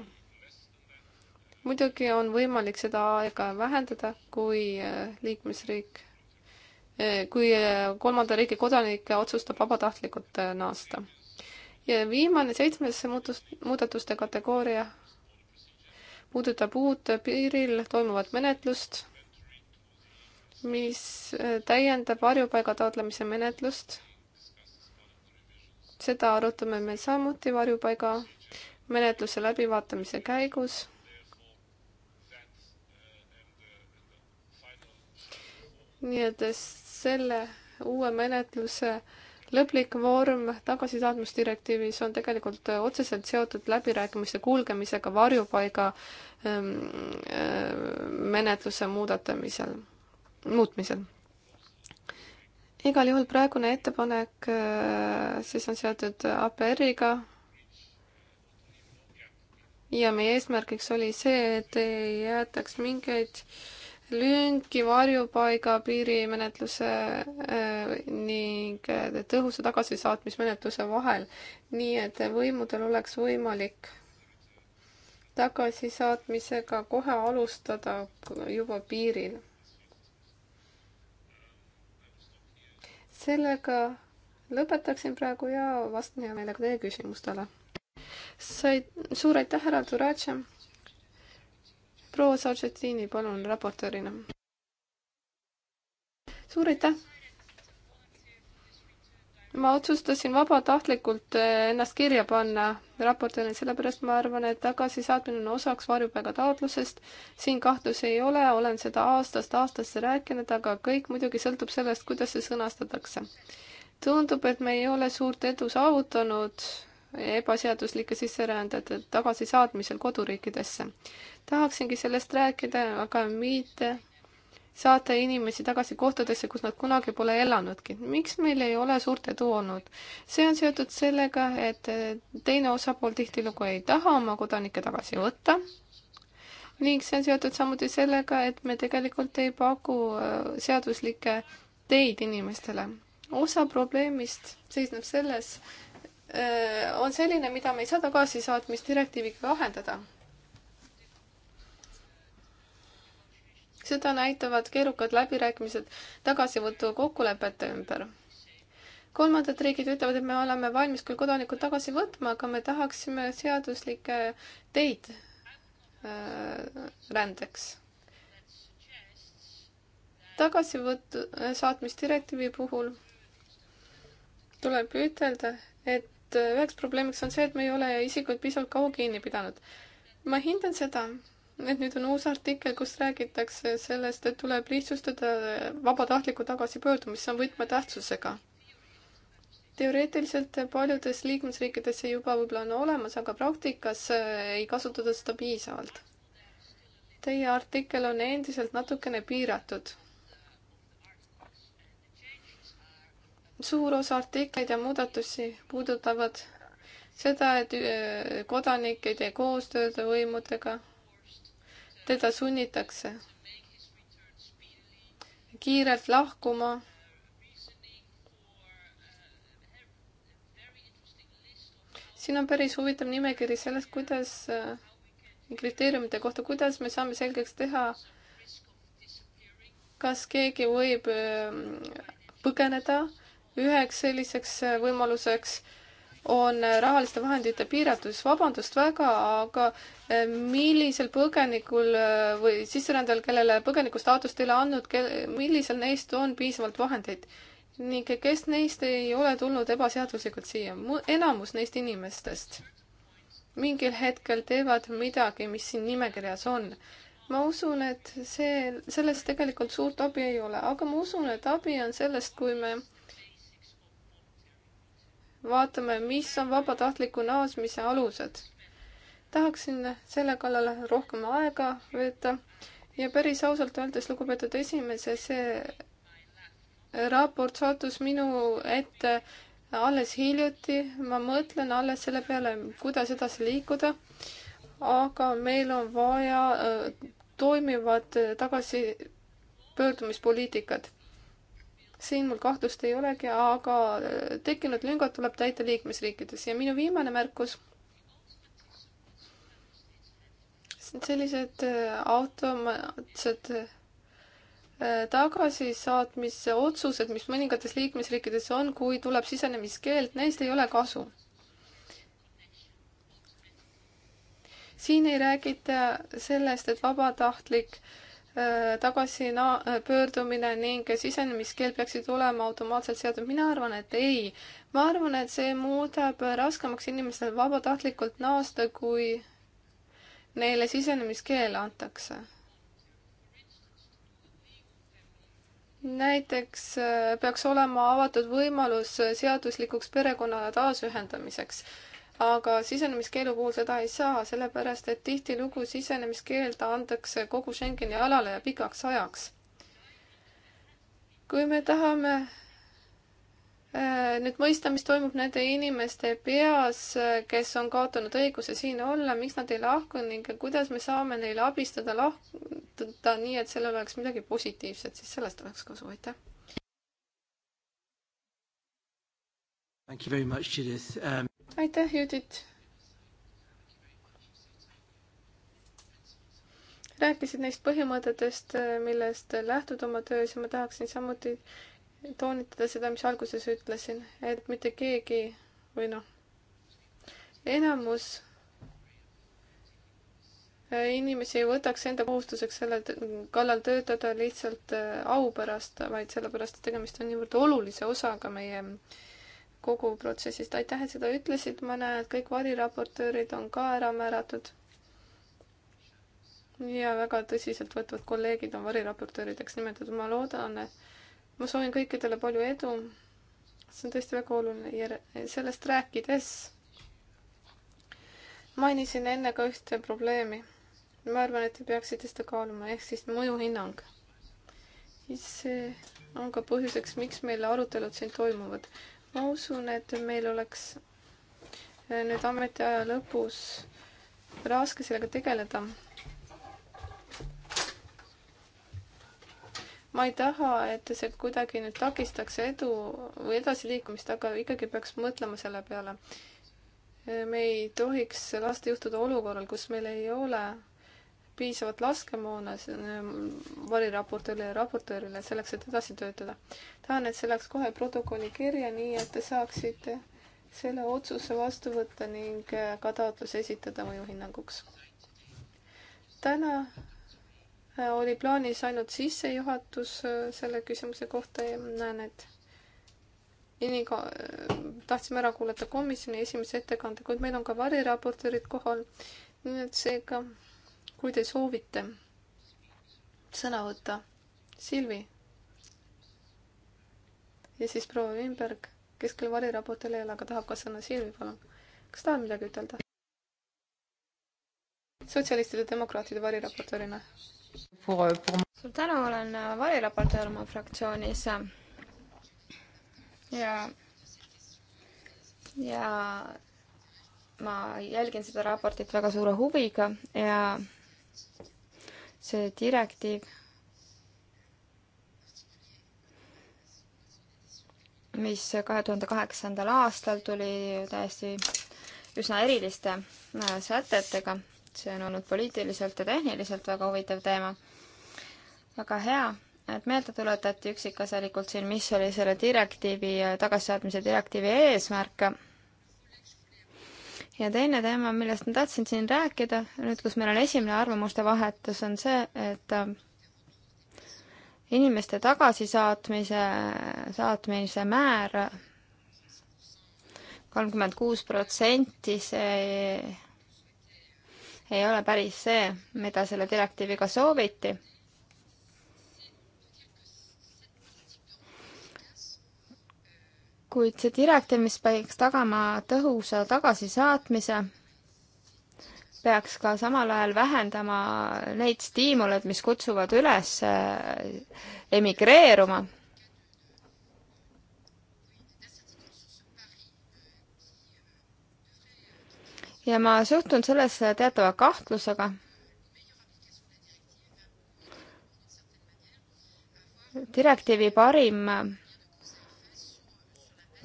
muidugi on võimalik seda aega vähendada, kui liikmesriik, kui kolmanda riigi kodanik otsustab vabatahtlikult naasta ja viimane, seitsmes muutus, muudatuste kategooria puudutab uut piiril toimuvat menetlust, mis täiendab varjupaiga taotlemise menetlust. seda arutame me samuti varjupaiga menetluse läbivaatamise käigus nii et selle uue menetluse lõplik vorm tagasisaatmisdirektiivis on tegelikult äh, otseselt seotud läbirääkimiste kulgemisega varjupaiga ähm, äh, menetluse muudatamisel, muutmisel igal juhul praegune ettepanek äh, siis on seotud APR-iga. ja meie eesmärgiks oli see, et ei jäetaks mingeid äh, lünki varjupaiga piirimenetluse äh, ning äh, tõhusa tagasisaatmismenetluse vahel, nii et võimudel oleks võimalik tagasisaatmisega kohe alustada juba piiril. sellega lõpetaksin praegu ja vastan hea meelega teie küsimustele. sai, suur aitäh, härra Turatšev! proua Sargentini, palun raportöörina. suur aitäh! ma otsustasin vabatahtlikult eh, ennast kirja panna raportööri, sellepärast ma arvan, et tagasisaatmine on osaks varjupaigataotlusest. siin kahtlusi ei ole, olen seda aastast aastasse rääkinud, aga kõik muidugi sõltub sellest, kuidas see sõnastatakse. tundub, et me ei ole suurt edu saavutanud ebaseaduslike sisserändajate tagasisaatmisel koduriikidesse. tahaksingi sellest rääkida, aga mitte saata inimesi tagasi kohtadesse, kus nad kunagi pole elanudki. miks meil ei ole suurt edu olnud? see on seotud sellega, et teine osapool tihtilugu ei taha oma kodanikke tagasi võtta ning see on seotud samuti sellega, et me tegelikult ei paku äh, seaduslikke teid inimestele. osa probleemist seisneb selles, Äh, on selline, mida me ei saa tagasisaatmisdirektiiviga lahendada. seda näitavad keerukad läbirääkimised tagasivõtu kokkulepete ümber. kolmandad riigid ütlevad, et me oleme valmis küll kodanikud tagasi võtma, aga me tahaksime seaduslikke teid äh, rändeks. tagasivõtu, äh, saatmisdirektiivi puhul tuleb ütelda, et üheks probleemiks on see, et me ei ole isikuid piisavalt kaua kinni pidanud. ma hindan seda, et nüüd on uus artikkel, kus räägitakse sellest, et tuleb lihtsustada vabatahtlikku tagasipöördumist, see on võtmetähtsusega. teoreetiliselt paljudes liikmesriikides see juba võib-olla on olemas, aga praktikas äh, ei kasutata seda piisavalt. Teie artikkel on endiselt natukene piiratud suur osa artikleid ja muudatusi puudutavad seda, et äh, kodanik ei tee koostööd võimudega. teda sunnitakse kiirelt lahkuma. siin on päris huvitav nimekiri sellest, kuidas, äh, kriteeriumite kohta, kuidas me saame selgeks teha, kas keegi võib äh, põgeneda üheks selliseks äh, võimaluseks on äh, rahaliste vahendite piiratus, vabandust väga, aga äh, millisel põgenikul või sisserändajal, kellele põgenikustaatust ei ole andnud, millisel neist on piisavalt vahendeid? ning kes neist ei ole tulnud ebaseaduslikult siia? enamus neist inimestest mingil hetkel teevad midagi, mis siin nimekirjas on. ma usun, et see, sellest tegelikult suurt abi ei ole, aga ma usun, et abi on sellest, kui me vaatame, mis on vabatahtliku naasmise alused. tahaksin selle kallal rohkem aega veeta ja päris ausalt öeldes, lugupeetud esimees, see raport sattus minu ette alles hiljuti, ma mõtlen alles selle peale, kuidas edasi liikuda. aga meil on vaja äh, toimivat tagasipöördumispoliitikat siin mul kahtlust ei olegi, aga äh, tekkinud lüngad tuleb täita liikmesriikides ja minu viimane märkus. sellised äh, automaatsed äh, tagasisaatmise otsused, mis mõningates liikmesriikides on, kui tuleb sisenemiskeeld, neist ei ole kasu. siin ei räägita sellest, et vabatahtlik äh, Äh, tagasipöördumine äh, ning sisenemiskeel peaksid olema automaatselt seatud, mina arvan, et ei. ma arvan, et see muudab raskemaks inimestel vabatahtlikult naasta, kui neile sisenemiskeel antakse. näiteks äh, peaks olema avatud võimalus seaduslikuks perekonnale taasühendamiseks aga sisenemiskeelu puhul seda ei saa, sellepärast et tihtilugu sisenemiskeeld antakse kogu Schengeni alale ja pikaks ajaks. kui me tahame äh, nüüd mõista, mis toimub nende inimeste peas, kes on kaotanud õiguse siin olla, miks nad ei lahku ning kuidas me saame neile abistada lahkuda nii, et sellel oleks midagi positiivset, siis sellest oleks kasu, aitäh! Much, Judith. Um... aitäh, Judith. rääkisid neist põhimõtetest, millest lähtud oma töös ja ma tahaksin samuti toonitada seda, mis alguses ütlesin, et mitte keegi või noh, enamus inimesi ei võtaks enda kohustuseks selle kallal töötada lihtsalt äh, au pärast, vaid sellepärast, et tegemist on niivõrd olulise osaga meie äh, kogu protsessist. aitäh, et seda ütlesid, ma näen, et kõik variraportöörid on ka ära määratud. ja väga tõsiseltvõtvad kolleegid on variraportöörideks nimetatud, ma loodan, ma soovin kõikidele palju edu. see on tõesti väga oluline ja sellest rääkides mainisin enne ka ühte probleemi. ma arvan, et te peaksite seda kaaluma, ehk siis mõjuhinnang. siis see on ka põhjuseks, miks meil arutelud siin toimuvad ma usun, et meil oleks äh, nüüd ametiaja lõpus raske sellega tegeleda. ma ei taha, et see kuidagi nüüd takistaks edu või edasiliikumist, aga ikkagi peaks mõtlema selle peale. Äh, me ei tohiks lasta juhtuda olukorral, kus meil ei ole piisavat laskemoona ähm, variraportöörile ja raportöörile selleks, et edasi töötada. tahan, et see läks kohe protokolli kirja, nii et te saaksite selle otsuse vastu võtta ning äh, ka taotluse esitada mõjuhinnanguks. täna äh, oli plaanis ainult sissejuhatus äh, selle küsimuse kohta ja näen, et Iniga tahtsime ära kuulata komisjoni esimese ettekande, kuid meil on ka variraportöörid kohal. nii et seega ka kui te soovite sõna võtta, Silvi. ja siis proua Wimberg, kes küll variraportil ei ole, aga tahab ka sõna, Silvi, palun. kas tahad midagi ütelda? sotsialistide demokraatide variraportöörina. suur tänu, olen variraportöör oma fraktsioonis. ja, ja ma jälgin seda raportit väga suure huviga ja see direktiiv, mis kahe tuhande kaheksandal aastal tuli täiesti üsna eriliste äh, sätetega, see on olnud poliitiliselt ja tehniliselt väga huvitav teema. väga hea, et meelde tuletati üksikasjalikult siin, mis oli selle direktiivi, äh, tagasisaatmise direktiivi eesmärk ja teine teema, millest ma tahtsin siin rääkida, nüüd kus meil on esimene arvamuste vahetus, on see, et äh, inimeste tagasisaatmise, saatmise määr kolmkümmend kuus protsenti, see ei ole päris see, mida selle direktiiviga sooviti kuid see direktiiv, mis peaks tagama tõhusa tagasisaatmise, peaks ka samal ajal vähendama neid stiimuleid, mis kutsuvad üles äh, emigreeruma. ja ma suhtun sellesse teatava kahtlusega. direktiivi parim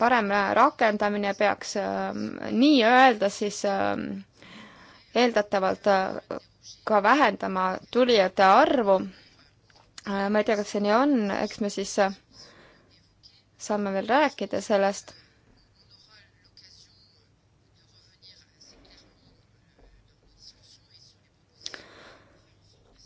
parem rakendamine peaks ähm, nii-öelda siis ähm, eeldatavalt äh, ka vähendama tulijate arvu. Äh, ma ei tea, kas see nii on, eks me siis äh, saame veel rääkida sellest.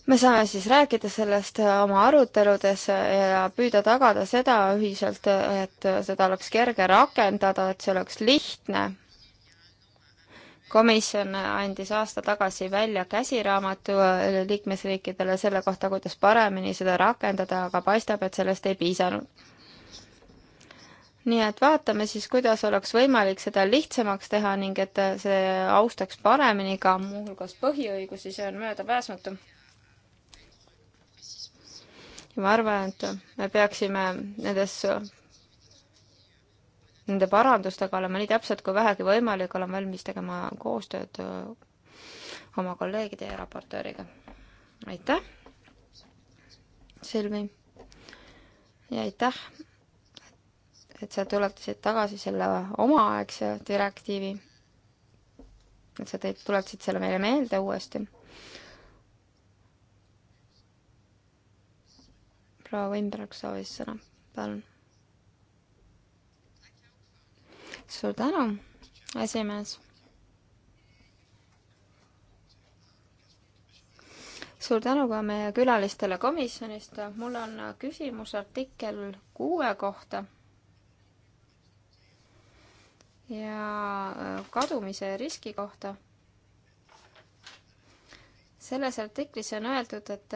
me saame siis rääkida sellest äh, oma aruteludes äh, ja püüda tagada seda ühiselt, äh, et seda oleks kerge rakendada, et see oleks lihtne. komisjon andis aasta tagasi välja käsiraamatu liikmesriikidele selle kohta, kuidas paremini seda rakendada, aga paistab, et sellest ei piisanud nii et vaatame siis, kuidas oleks võimalik seda lihtsamaks teha ning et see austaks paremini ka muuhulgas põhiõigusi, see on möödapääsmatu ja ma arvan, et me peaksime nendes, nende parandustega olema nii täpsed kui vähegi võimalik, olen valmis tegema koostööd äh, oma kolleegide ja raportööriga. aitäh, Silvi! ja aitäh, et sa tuletasid tagasi selle omaaegse direktiivi. et sa teed, tuletasid selle meile meelde uuesti proua Wimberg soovis sõna, palun. suur tänu, esimees. suur tänu ka meie külalistele komisjonist, mul on küsimus artikkel kuue kohta ja kadumise riski kohta. selles artiklis on öeldud, et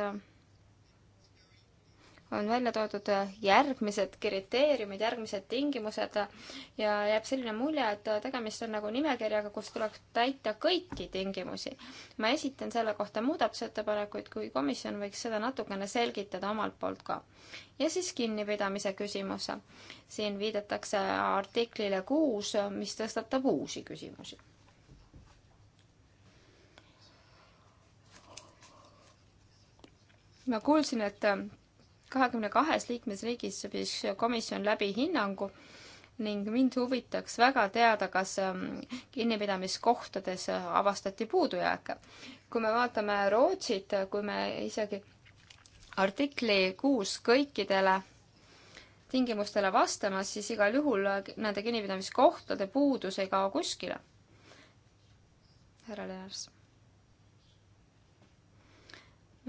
on välja toodud äh, järgmised kriteeriumid, järgmised tingimused ja jääb selline mulje, et äh, tegemist on nagu nimekirjaga, kus tuleks täita kõiki tingimusi. ma esitan selle kohta muudatusettepanekuid, kui komisjon võiks seda natukene selgitada omalt poolt ka. ja siis kinnipidamise küsimus. siin viidatakse artiklile kuus, mis tõstatab uusi küsimusi ma kuulsin, et äh, kahekümne kahes liikmesriigis viis komisjon läbi hinnangu ning mind huvitaks väga teada, kas ähm, kinnipidamiskohtades äh, avastati puudujääke. kui me vaatame Rootsit, kui me isegi artikli kuus kõikidele tingimustele vastamas, siis igal juhul äh, nende kinnipidamiskohtade puudus ei kao kuskile. härra Lennart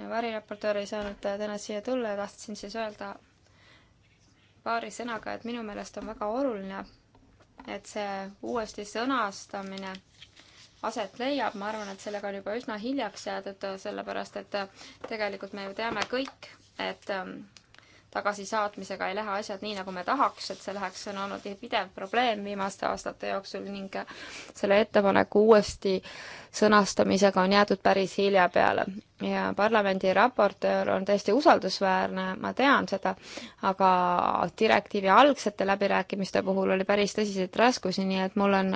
variraportöör ei saanud täna siia tulla ja tahtsin siis öelda paari sõnaga, et minu meelest on väga oluline, et see uuesti sõnastamine aset leiab, ma arvan, et sellega on juba üsna hiljaks jäädud, sellepärast et tegelikult me ju teame kõik, et ähm, tagasisaatmisega ei lähe asjad nii, nagu me tahaks, et see läheks, see on olnud pidev probleem viimaste aastate jooksul ning selle ettepaneku uuesti sõnastamisega on jäetud päris hilja peale. ja parlamendi raportöör on täiesti usaldusväärne, ma tean seda, aga direktiivi algsete läbirääkimiste puhul oli päris tõsiseid raskusi, nii et mul on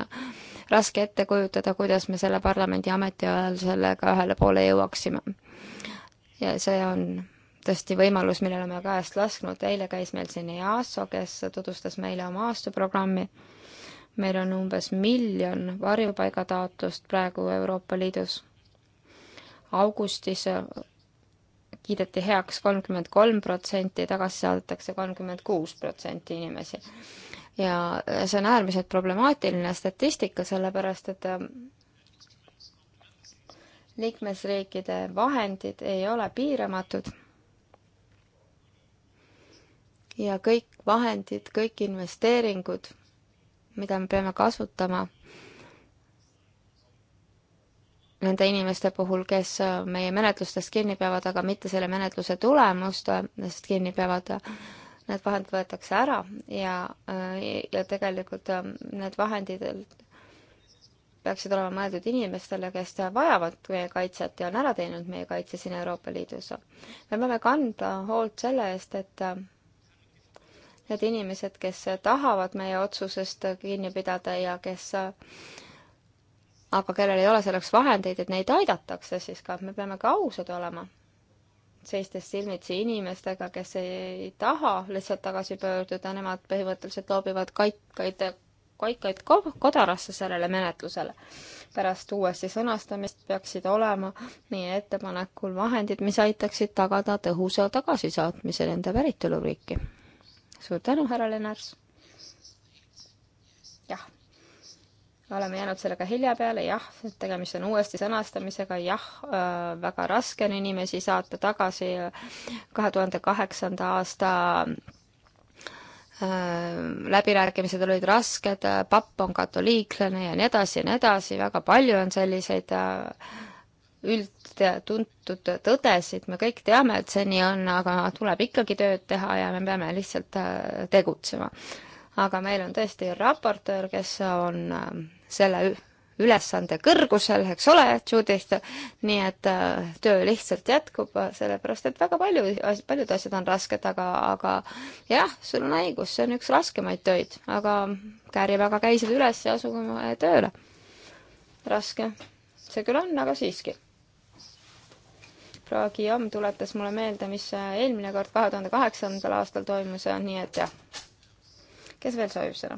raske ette kujutada, kuidas me selle parlamendi ametiajal sellega ühele poole jõuaksime. ja see on tõesti võimalus, mille oleme käest lasknud, eile käis meil siin EASO, kes tutvustas meile oma aastaprogrammi. meil on umbes miljon varjupaigataotlust praegu Euroopa Liidus. augustis kiideti heaks kolmkümmend kolm protsenti, tagasi saadetakse kolmkümmend kuus protsenti inimesi. ja see on äärmiselt problemaatiline statistika, sellepärast et äh, liikmesriikide vahendid ei ole piiramatud ja kõik vahendid, kõik investeeringud, mida me peame kasutama nende inimeste puhul, kes äh, meie menetlustest kinni peavad, aga mitte selle menetluse tulemustest äh, kinni peavad, äh, need vahendid võetakse ära ja, ja tegelikult need vahendid peaksid olema mõeldud inimestele, kes vajavad meie kaitset ja on ära teeninud meie kaitse siin Euroopa Liidus. me peame kandma hoolt selle eest, et need inimesed, kes tahavad meie otsusest kinni pidada ja kes aga kellel ei ole selleks vahendeid, et neid aidatakse, siis ka me peame ka ausad olema. seistes silmitsi inimestega, kes ei, ei taha lihtsalt tagasi pöörduda, nemad põhimõtteliselt loobivad kaikaid, kaikaid kodarasse sellele menetlusele. pärast uuesti sõnastamist peaksid olema meie ettepanekul vahendid, mis aitaksid tagada tõhusa tagasisaatmise nende päritoluriiki suur tänu, härra Lennarts. jah, oleme jäänud sellega hilja peale, jah, tegemist on uuesti sõnastamisega, jah, äh, väga raske on inimesi saata tagasi äh, kahe tuhande kaheksanda aasta äh, läbirääkimised olid rasked, papp on katoliiklane ja nii edasi ja nii edasi, väga palju on selliseid äh, üldtuntud tõdesid, me kõik teame, et see nii on, aga tuleb ikkagi tööd teha ja me peame lihtsalt äh, tegutsema. aga meil on tõesti raportöör, kes on äh, selle ülesande kõrgusel, eks ole, Judith, nii et äh, töö lihtsalt jätkub, sellepärast et väga palju, paljud asjad on rasked, aga, aga jah, sul on õigus, see on üks raskemaid töid, aga kääri väga käisid üles ja asume tööle. raske see küll on, aga siiski proua Guillaume tuletas mulle meelde, mis eelmine kord, kahe tuhande kaheksandal aastal toimus, nii et jah. kes veel soovib sõna?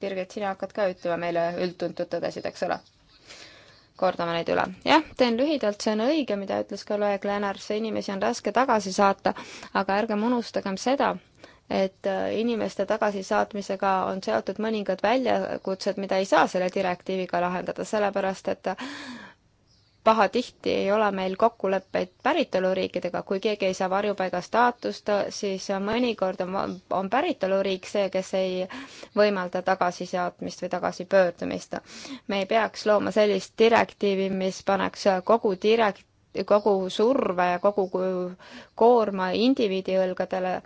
Birgit, sina hakkad ka ütlema meile üldtuntud tõdesid, eks ole? kordame neid üle. jah, teen lühidalt, see on õige, mida ütles kolleeg Lennart, inimesi on raske tagasi saata, aga ärgem unustagem seda, et äh, inimeste tagasisaatmisega on seotud mõningad väljakutsed, mida ei saa selle direktiiviga lahendada, sellepärast et pahatihti ei ole meil kokkuleppeid päritoluriikidega, kui keegi ei saa varjupaiga staatust, siis mõnikord on, on päritoluriik see, kes ei võimalda tagasiseadmist või tagasipöördumist. me ei peaks looma sellist direktiivi, mis paneks kogu direkt-, kogu surve ja kogu koorma indiviidi õlgadele,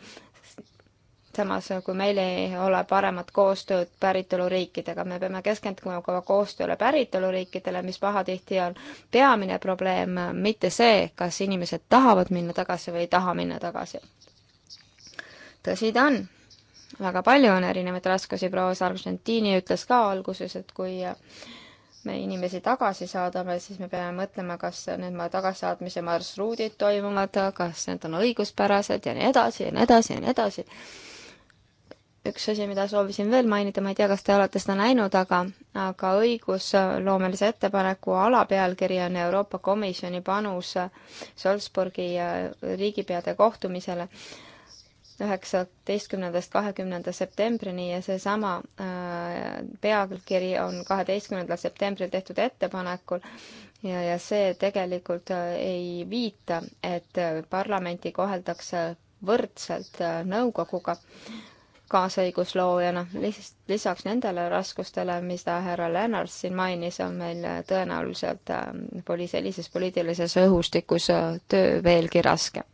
samas, kui meil ei ole paremat koostööd päritoluriikidega, me peame keskenduma ka koostööle päritoluriikidele, mis pahatihti on peamine probleem, mitte see, kas inimesed tahavad minna tagasi või ei taha minna tagasi. tõsi ta on, väga palju on erinevaid raskusi, proua Sargentini ütles ka alguses, et kui me inimesi tagasi saadame, siis me peame mõtlema, kas need tagasisaatmise marsruudid toimuvad, kas need on õiguspärased ja nii edasi ja nii edasi ja nii edasi üks asi, mida soovisin veel mainida, ma ei tea, kas te olete seda näinud, aga, aga õigusloomelise ettepaneku alapealkiri on Euroopa Komisjoni panus Salzburgi äh, riigipeade kohtumisele üheksateistkümnendast kahekümnenda septembrini ja seesama äh, pealkiri on kaheteistkümnendal septembril tehtud ettepanekul ja, ja see tegelikult äh, ei viita, et parlamenti koheldakse võrdselt nõukoguga kaasõigusloojana. lisaks nendele raskustele, mis ta härra Lennart siin mainis, on meil tõenäoliselt ähm, poli-, sellises poliitilises õhustikus äh, töö veelgi raskem.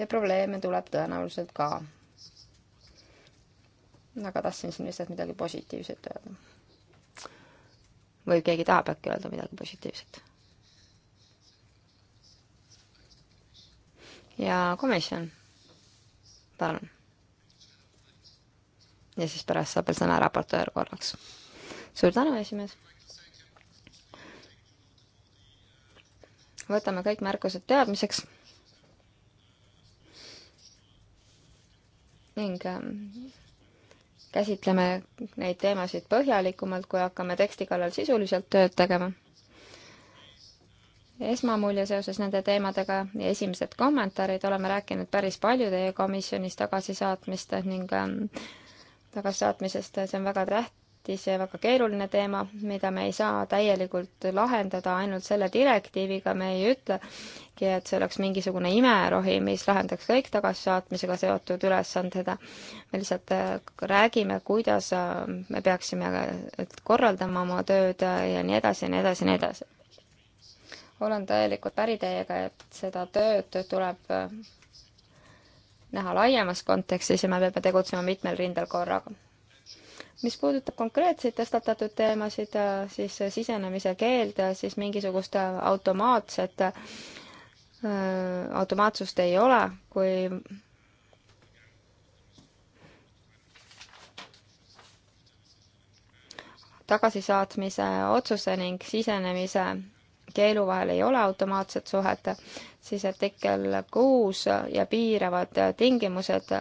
ja probleeme tuleb tõenäoliselt ka. aga tahtsin siin lihtsalt midagi positiivset öelda. või keegi tahab äkki öelda midagi positiivset? ja komisjon palun. ja siis pärast saab veel sõna raportöör korraks. suur tänu, esimees. võtame kõik märkused teadmiseks. ning ähm, käsitleme neid teemasid põhjalikumalt, kui hakkame teksti kallal sisuliselt tööd tegema esmamulje seoses nende teemadega ja esimesed kommentaarid, oleme rääkinud päris palju teie komisjonis tagasisaatmist ning ähm, tagasisaatmisest, see on väga tähtis ja väga keeruline teema, mida me ei saa täielikult lahendada ainult selle direktiiviga, me ei ütlegi, et see oleks mingisugune imerohi, mis lahendaks kõik tagasisaatmisega seotud ülesanded. me lihtsalt äh, räägime, kuidas äh, me peaksime äh, korraldama oma tööd ja nii edasi ja nii edasi ja nii edasi olen täielikult päri teiega, et seda tööd tuleb äh, näha laiemas kontekstis ja me peame tegutsema mitmel rindel korraga. mis puudutab konkreetseid tõstatatud teemasid, äh, siis äh, sisenemise keeld, siis mingisugust automaatset, automaatsust ei ole, kui tagasisaatmise otsuse ning sisenemise keelu vahel ei ole automaatset suhet, siis artikkel kuus ja piiravad tingimused.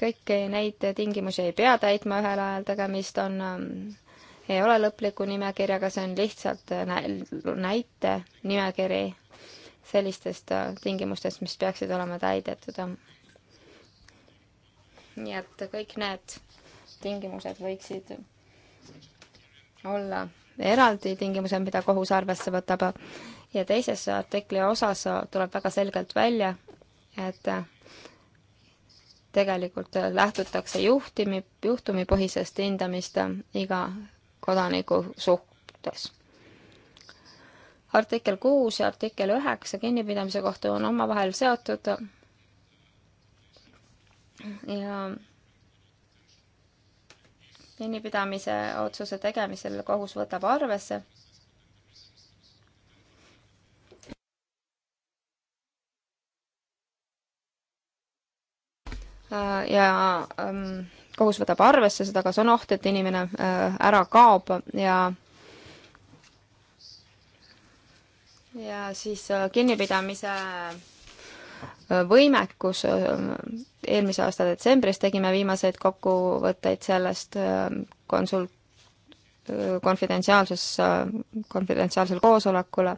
kõiki neid tingimusi ei pea täitma ühel ajal, tegemist on, ei ole lõpliku nimekirjaga, see on lihtsalt näite nimekiri sellistest tingimustest, mis peaksid olema täidetud. nii et kõik need tingimused võiksid olla eraldi tingimused, mida kohus arvesse võtab ja teises artikli osas tuleb väga selgelt välja, et tegelikult lähtutakse juhtimi, juhtumipõhisest hindamist iga kodaniku suhtes. artikkel kuus ja artikkel üheksa kinnipidamise kohta on omavahel seotud ja kinnipidamise otsuse tegemisel kohus võtab arvesse. ja ähm, kohus võtab arvesse seda, kas on oht, et inimene äh, ära kaob ja ja siis äh, kinnipidamise võimekus, ähm, eelmise aasta detsembris tegime viimaseid kokkuvõtteid sellest ähm, konsul-, äh, konfidentsiaalses, äh, konfidentsiaalsel koosolekul,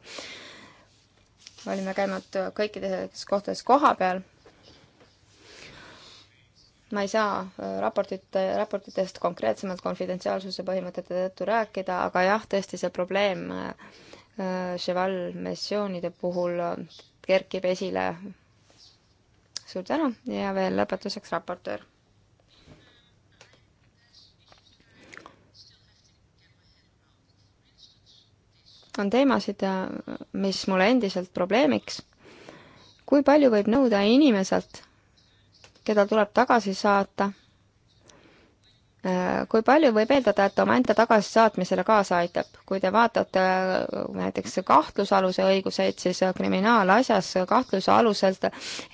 olime käinud äh, kõikides kohtades koha peal, ma ei saa raportite, raportitest konkreetsemalt konfidentsiaalsuse põhimõtete tõttu rääkida, aga jah, tõesti see probleem Cheval missioonide puhul kerkib esile suur tänu ja veel lõpetuseks raportöör. on teemasid, mis mulle endiselt probleemiks. kui palju võib nõuda inimeselt, keda tuleb tagasi saata Äh, kui palju võib eeldada, et oma enda tagasisaatmisele kaasa aitab? kui te vaatate äh, näiteks kahtlusaluse õiguseid, siis äh, kriminaalasjas kahtluse aluselt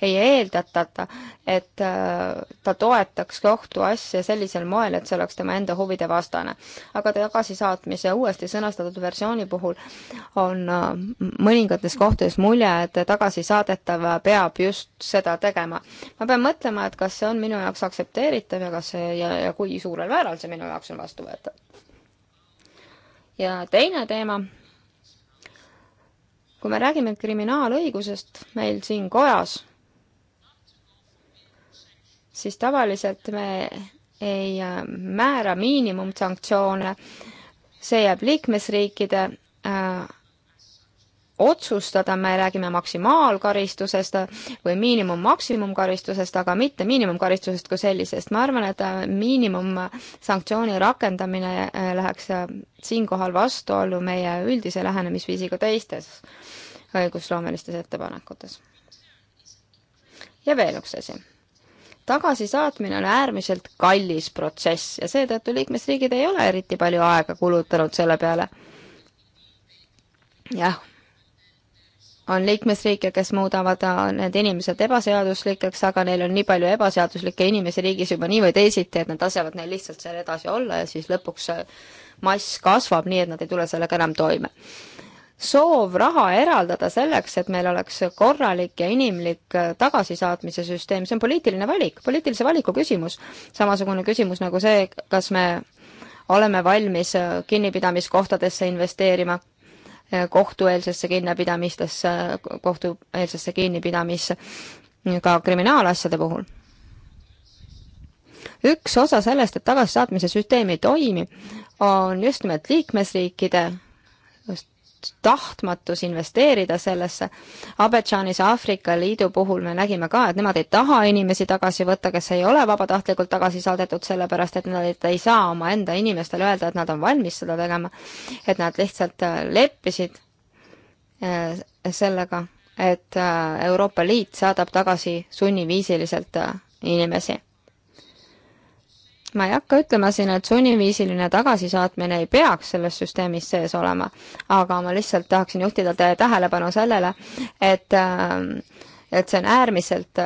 ei eeldatata, et ta toetaks kohtuasja sellisel moel, et see oleks tema enda huvide vastane. aga tagasisaatmise uuesti sõnastatud versiooni puhul on mõningates kohtades mulje, et tagasisaadetav peab just seda tegema. ma pean mõtlema, et kas see on minu jaoks aktsepteeritav ja kas see ja, ja kui suur suurel määral see minu jaoks on vastuvõetav. ja teine teema, kui me räägime kriminaalõigusest meil siin kojas, siis tavaliselt me ei äh, määra miinimumsanktsioone, see jääb liikmesriikide äh, otsustada, me räägime maksimaalkaristusest või miinimum-maksimumkaristusest, aga mitte miinimumkaristusest kui sellisest. ma arvan, et äh, miinimumsanktsiooni rakendamine äh, läheks äh, siinkohal vastuollu meie üldise lähenemisviisiga teistes õigusloomelistes ettepanekutes. ja veel üks asi tagasisaatmine on äärmiselt kallis protsess ja seetõttu liikmesriigid ei ole eriti palju aega kulutanud selle peale. jah on liikmesriike, kes muudavad äh, need inimesed ebaseaduslikeks, aga neil on nii palju ebaseaduslikke inimesi riigis juba nii või teisiti, et nad lasevad neil lihtsalt seal edasi olla ja siis lõpuks mass kasvab nii, et nad ei tule sellega enam toime. soov raha eraldada selleks, et meil oleks korralik ja inimlik äh, tagasisaatmise süsteem, see on poliitiline valik, poliitilise valiku küsimus. samasugune küsimus nagu see, kas me oleme valmis äh, kinnipidamiskohtadesse investeerima kohtueelsesse kinnipidamistesse, kohtueelsesse kinnipidamisse ka kriminaalasjade puhul. üks osa sellest, et tagasisaatmise süsteem ei toimi, on just nimelt liikmesriikide tahtmatus investeerida sellesse. Abidžaanis Aafrika Liidu puhul me nägime ka, et nemad ei taha inimesi tagasi võtta, kes ei ole vabatahtlikult tagasi saadetud, sellepärast et nad ei saa omaenda inimestele öelda, et nad on valmis seda tegema. et nad lihtsalt äh, leppisid äh, sellega, et äh, Euroopa Liit saadab tagasi sunniviisiliselt inimesi ma ei hakka ütlema siin, et sunniviisiline tagasisaatmine ei peaks selles süsteemis sees olema, aga ma lihtsalt tahaksin juhtida teie tähelepanu sellele, et, äh, et see on äärmiselt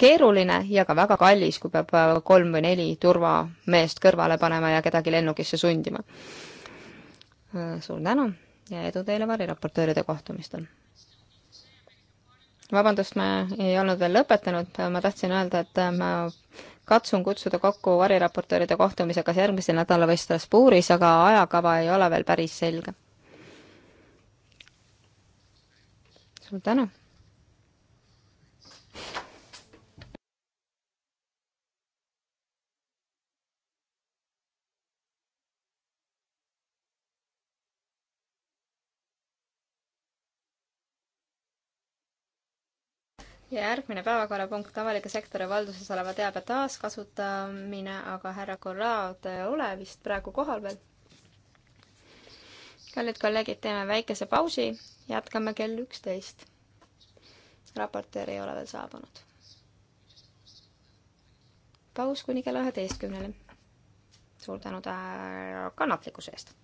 keeruline ja ka väga kallis, kui peab äh, kolm või neli turvameest kõrvale panema ja kedagi lennukisse sundima. Äh, suur tänu ja edu teile variraportööride kohtumistel! vabandust, ma ei olnud veel lõpetanud, ma tahtsin öelda, et ma katsun kutsuda kokku variraportööride kohtumise kas järgmisel nädalal või Strasbourgis, aga ajakava ei ole veel päris selge. suur tänu! ja järgmine päevakorrapunkt, avaliku sektori valduses oleva teabe taaskasutamine, aga härra Corrao, te ei ole vist praegu kohal veel? kallid kolleegid, teeme väikese pausi, jätkame kell üksteist. raportöör ei ole veel saabunud. paus kuni kella üheteistkümneni. suur tänu tähelepanu kannatlikkuse eest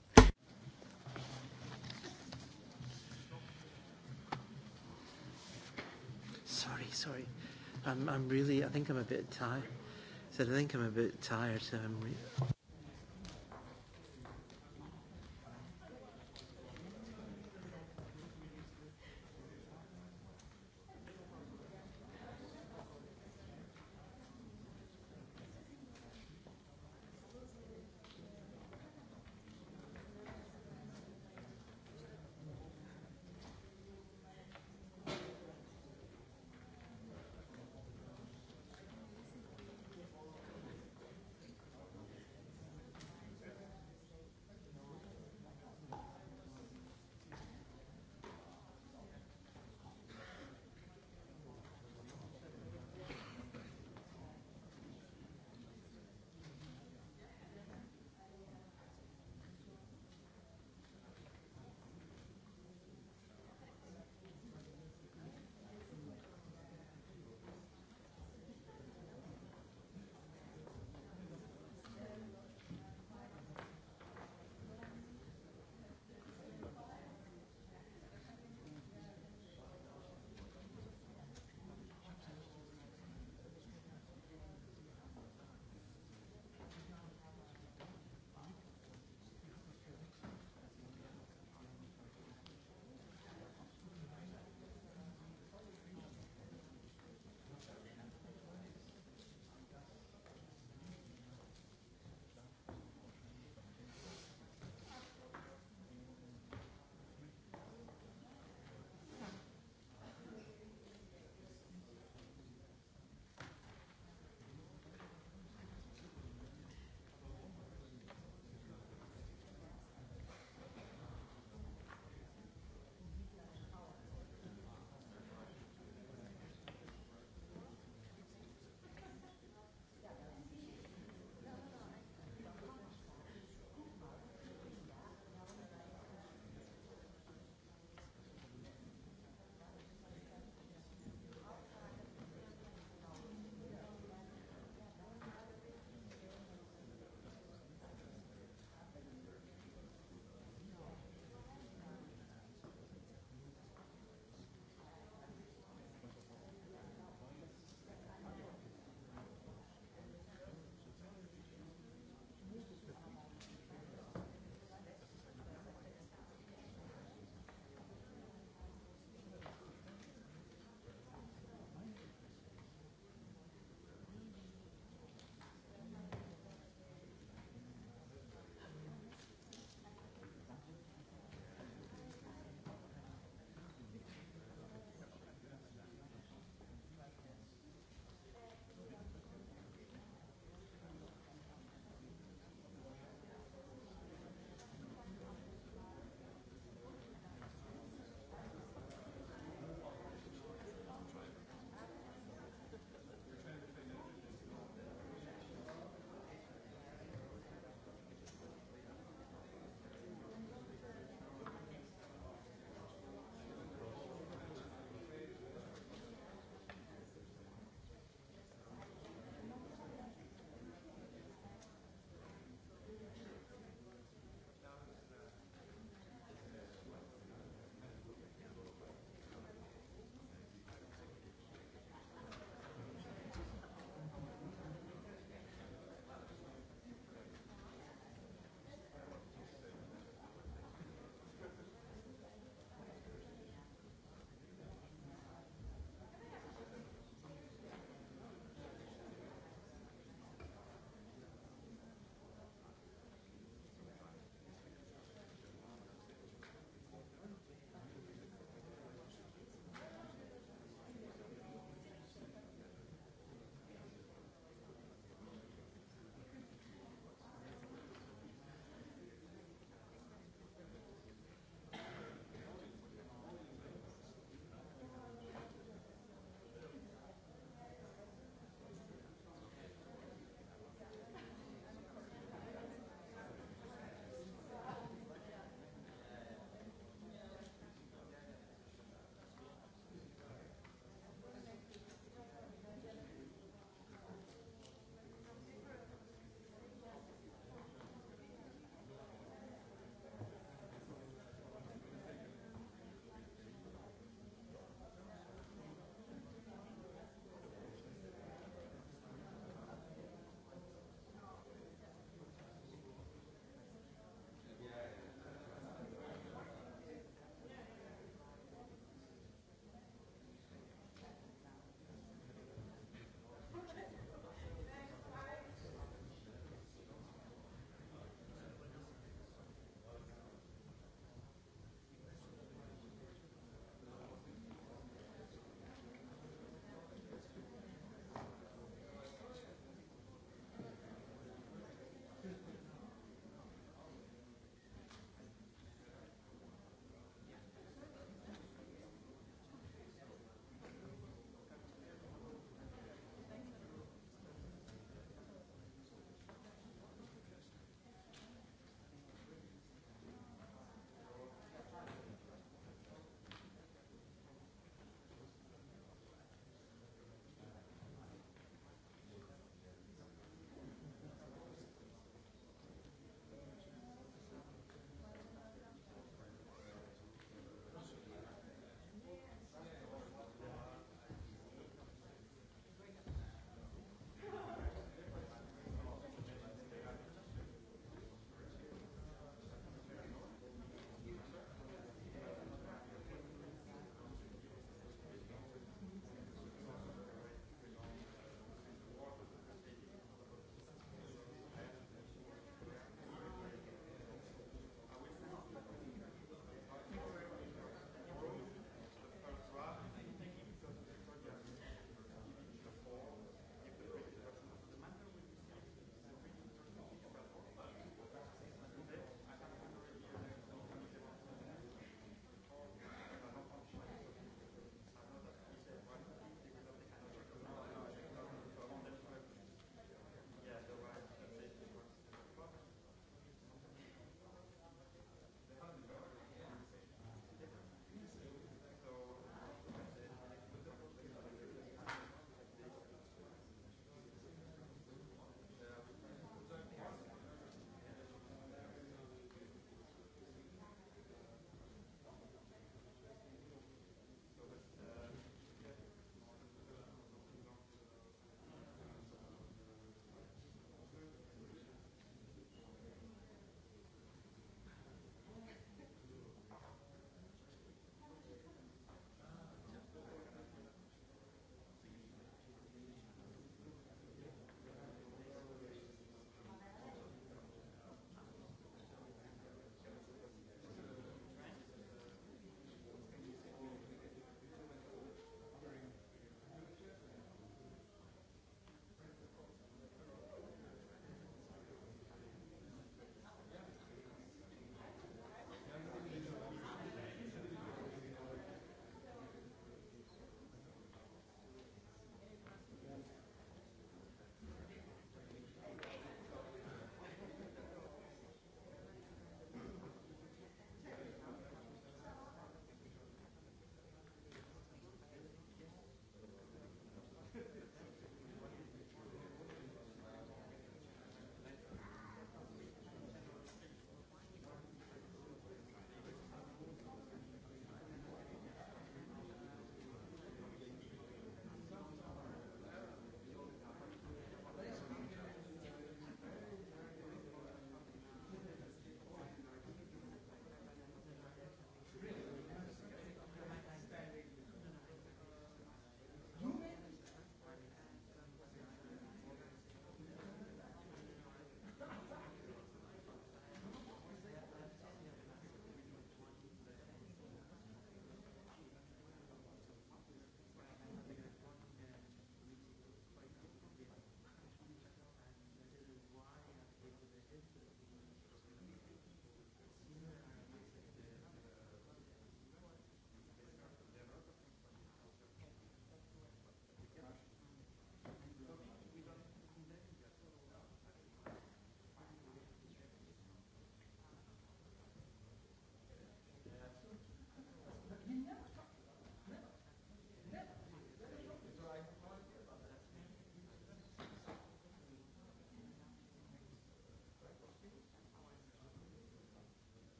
sorry. I'm, I'm really, I think I'm a bit tired. So I think I'm a bit tired, so I'm. Re-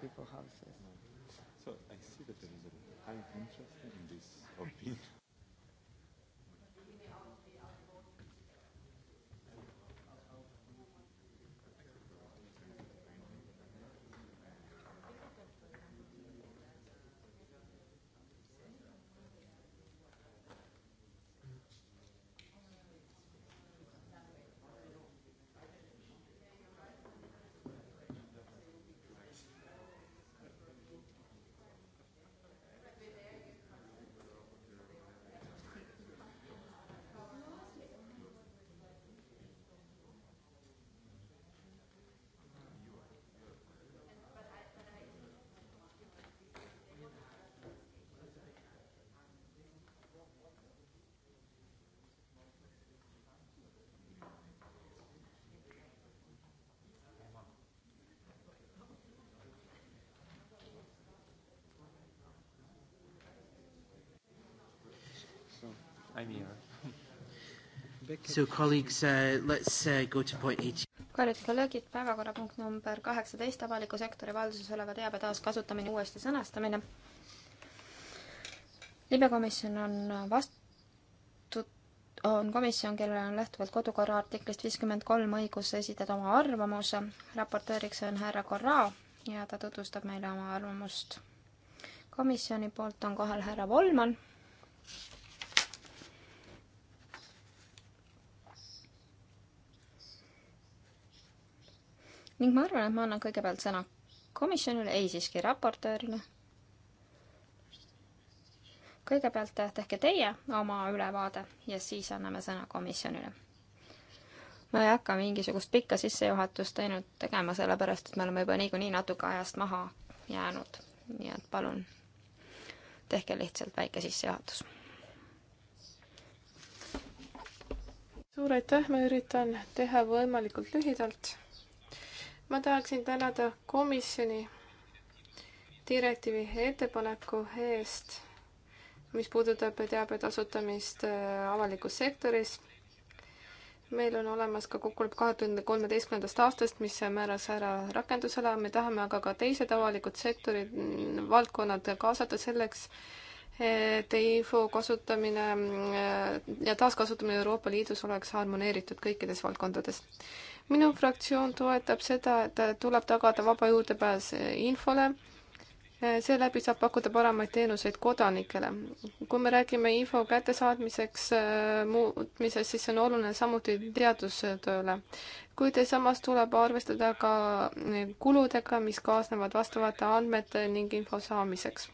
people's houses. So I see that there is an high interest in this opinion. I'm here. Uh, so colleagues uh,, let's uh, go to point eight. kallid kolleegid, päevakorrapunkt number kaheksateist, avaliku sektori valduses oleva teabe taaskasutamine, uuesti sõnastamine. libekomisjon on vastu, on komisjon, kellel on lähtuvalt kodukorra artiklist viiskümmend kolm õigus esitada oma arvamuse. raportööriks on härra Korra ja ta tutvustab meile oma arvamust. komisjoni poolt on kohal härra Volman ning ma arvan, et ma annan kõigepealt sõna komisjonile, ei siiski raportöörile. kõigepealt tehke teie oma ülevaade ja siis anname sõna komisjonile. ma ei hakka mingisugust pikka sissejuhatust ainult tegema, sellepärast et me oleme juba niikuinii natuke ajast maha jäänud, nii et palun tehke lihtsalt väike sissejuhatus. suur aitäh, ma üritan teha võimalikult lühidalt ma tahaksin tänada komisjoni direktiivi ettepaneku eest, mis puudutab teabe tasutamist äh, avalikus sektoris. meil on olemas ka kokkulepe kahe tuhande kolmeteistkümnendast aastast, mis määras ära rakendusala, me tahame aga ka teised avalikud sektorid, mm, valdkonnad kaasata selleks, et info kasutamine äh, ja taaskasutamine Euroopa Liidus oleks harmoneeritud kõikides valdkondades minu fraktsioon toetab seda, et tuleb tagada vaba juurdepääs infole. seeläbi saab pakkuda paremaid teenuseid kodanikele. kui me räägime info kättesaadmiseks äh, muutmisest, siis see on oluline samuti teadustööle. kuid samas tuleb arvestada ka äh, kuludega, mis kaasnevad vastavate andmete ning info saamiseks.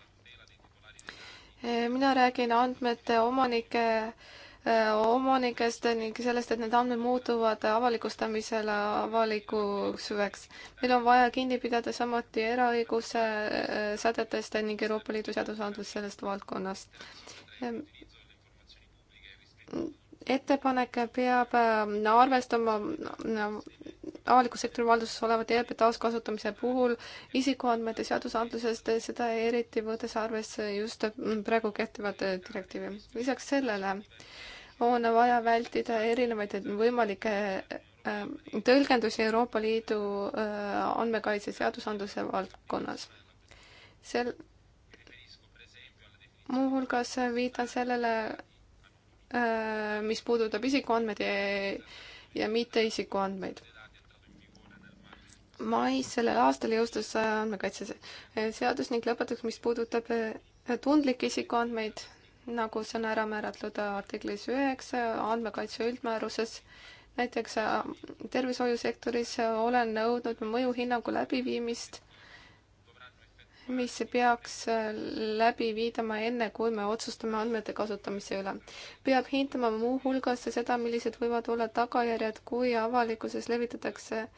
Äh, mina räägin andmete omanike omanikest ning sellest, et need andmed muutuvad avalikustamisele avalikuks hüveks. meil on vaja kinni pidada samuti eraõiguse sätetest ning Euroopa Liidu seadusandlust sellest valdkonnast. Ehm, ettepanek peab arvestama avaliku sektori valduses oleva teabe taaskasutamise puhul isikuandmete seadusandlusest, seda eriti võttes arvesse just praegu kehtivat direktiivi. lisaks sellele on vaja vältida erinevaid võimalikke äh, tõlgendusi Euroopa Liidu äh, andmekaitse seadusandluse valdkonnas. sel, muuhulgas viitan sellele, äh, mis puudutab isikuandmeid ja, ja mitte isikuandmeid. mais sellel aastal jõustus andmekaitse seadus ning lõpetuseks, mis puudutab tundlikke isikuandmeid, nagu see on ära määratud artiklis üheksa andmekaitse üldmääruses. näiteks äh, tervishoiusektoris olen nõudnud mõjuhinnangu läbiviimist, mis peaks äh, läbi viidama enne, kui me otsustame andmete kasutamise üle. peab hindama muuhulgas seda, millised võivad olla tagajärjed, kui avalikkuses levitatakse äh,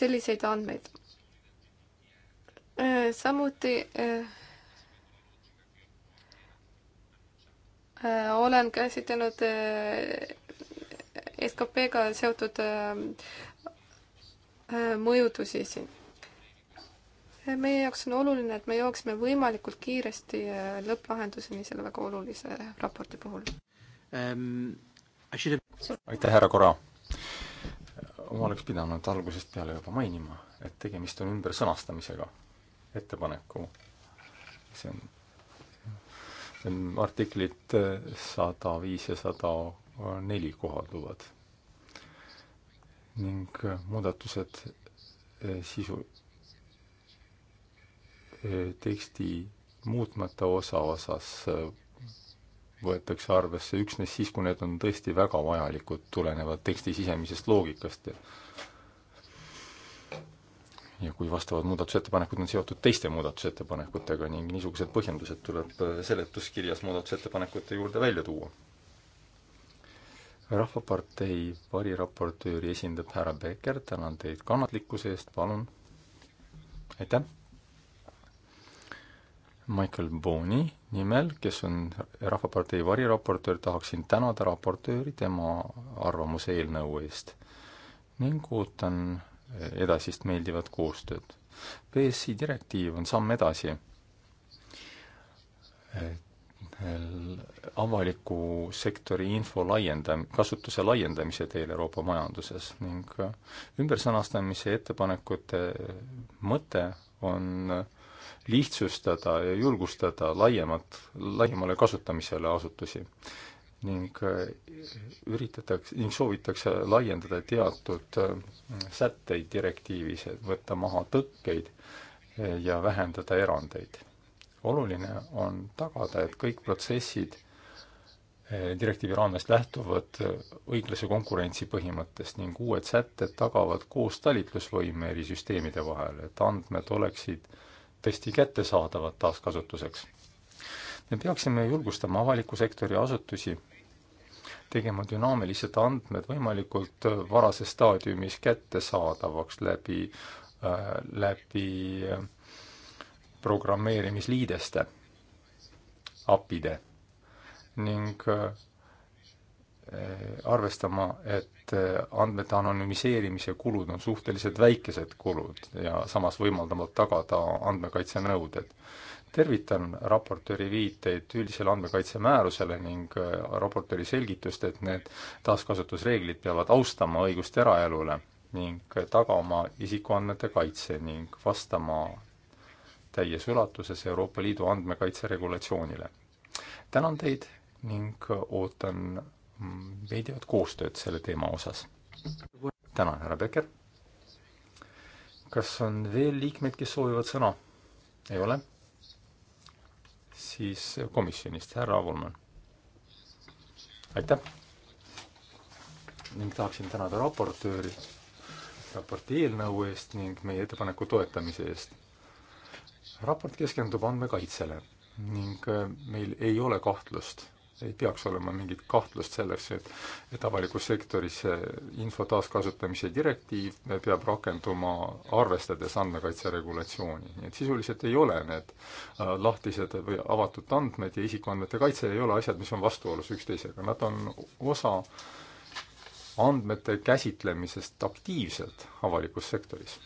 selliseid andmeid. samuti Äh, olen käsitlenud äh, SKP-ga seotud äh, mõjutusi siin. meie jaoks on oluline, et me jooksme võimalikult kiiresti lõpplahenduseni selle väga olulise raporti puhul um,. Should... aitäh, härra Kora! ma oleks pidanud algusest peale juba mainima, et tegemist on ümbersõnastamisega, ettepaneku, see on artiklit eh, sada viis ja sada neli kohalduvad. ning eh, muudatused eh, sisu, teksti muutmata osa osas võetakse arvesse üksnes siis, kui need on tõesti väga vajalikud, tulenevad teksti sisemisest loogikast ja ja kui vastavad muudatusettepanekud on seotud teiste muudatusettepanekutega ning niisugused põhjendused tuleb äh, seletuskirjas muudatusettepanekute juurde välja tuua. rahvapartei variraportööri esindab härra Becker, tänan teid kannatlikkuse eest, palun. aitäh. Michael Boni nimel, kes on Rahvapartei variraportöör, tahaksin tänada raportööri tema arvamuse eelnõu eest ning ootan edasist meeldivat koostööd. BSI direktiiv on samm edasi avaliku sektori info laiendam-, kasutuse laiendamise teel Euroopa majanduses ning ümbersõnastamise ettepanekute mõte on lihtsustada ja julgustada laiemat, laiemale kasutamisele asutusi ning äh, üritatakse, ning soovitakse laiendada teatud äh, sätteid direktiivis, et võtta maha tõkkeid äh, ja vähendada erandeid. oluline on tagada, et kõik protsessid direktiivi raamest lähtuvad õiglase konkurentsi põhimõttest ning uued sätted tagavad koos talitlusvõime eri süsteemide vahel, et andmed oleksid tõesti kättesaadavad taaskasutuseks me peaksime julgustama avaliku sektori asutusi tegema dünaamilised andmed võimalikult äh, varases staadiumis kättesaadavaks läbi äh,, läbi äh, programmeerimisliideste, API-de ning äh, äh, arvestama, et andmete anonüümiseerimise kulud on suhteliselt väikesed kulud ja samas võimaldavad tagada andmekaitsenõuded tervitan raportööri viiteid üldisele andmekaitsemäärusele ning äh, raportööri selgitust, et need taaskasutusreeglid peavad austama õigust eraelule ning tagama isikuandmete kaitse ning vastama täies ulatuses Euroopa Liidu andmekaitse regulatsioonile. tänan teid ning ootan mm, veidivat koostööd selle teema osas. tänan, härra Becker. kas on veel liikmeid, kes soovivad sõna? ei ole? siis komisjonist, härra Avulmann. aitäh! ning tahaksin tänada raportööri raporti eelnõu eest ning meie ettepaneku toetamise eest. raport keskendub andmekaitsele ning meil ei ole kahtlust ei peaks olema mingit kahtlust selleks, et et avalikus sektoris info taaskasutamise direktiiv peab rakenduma arvestades andmekaitse regulatsiooni. nii et sisuliselt ei ole need äh, lahtised või avatud andmed ja isikuandmete kaitse ei ole asjad, mis on vastuolus üksteisega, nad on osa andmete käsitlemisest aktiivselt avalikus sektoris.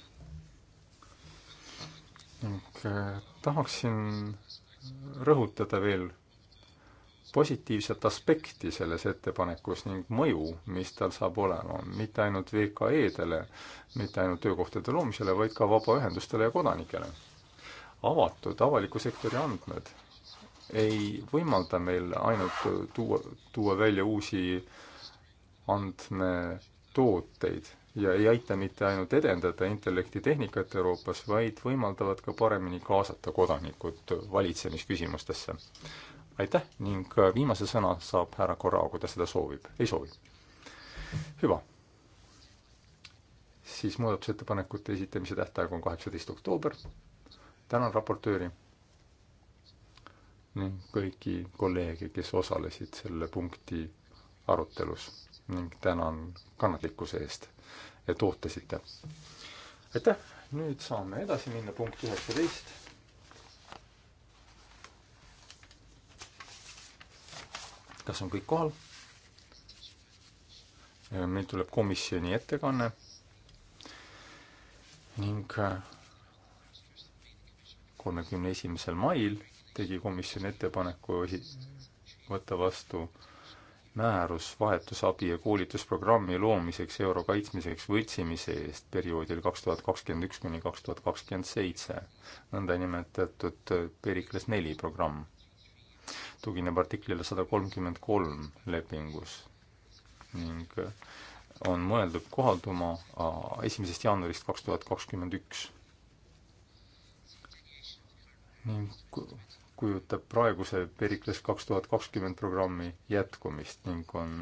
ning äh, tahaksin rõhutada veel positiivset aspekti selles ettepanekus ning mõju, mis tal saab olema, mitte ainult VKE-dele, mitte ainult töökohtade loomisele, vaid ka vabaühendustele ja kodanikele. avatud avaliku sektori andmed ei võimalda meil ainult tuua, tuua välja uusi andmetooteid ja ei aita mitte ainult edendada intellektitehnikat Euroopas, vaid võimaldavad ka paremini kaasata kodanikud valitsemisküsimustesse aitäh ning äh, viimase sõna saab härra Korrao, kui ta seda soovib. ei soovi? hüva. siis muudatusettepanekute esitamise tähtaeg on kaheksateist oktoober. tänan raportööri ning kõiki kolleege, kes osalesid selle punkti arutelus ning tänan kannatlikkuse eest, et ootasite. aitäh, nüüd saame edasi minna, punkt üheksateist kas on kõik kohal? meil tuleb komisjoni ettekanne ning äh, kolmekümne esimesel mail tegi komisjon ettepaneku esi-, võtta vastu määrus vahetusabi ja koolitusprogrammi loomiseks euro kaitsmiseks võltsimise eest perioodil kaks tuhat kakskümmend üks kuni kaks tuhat kakskümmend seitse, nõndanimetatud äh, Pericles neli programm tugineb artiklile sada kolmkümmend kolm lepingus ning on mõeldud kohalduma esimesest jaanuarist kaks tuhat kakskümmend üks. ning kujutab praeguse Pericles kaks tuhat kakskümmend programmi jätkumist ning on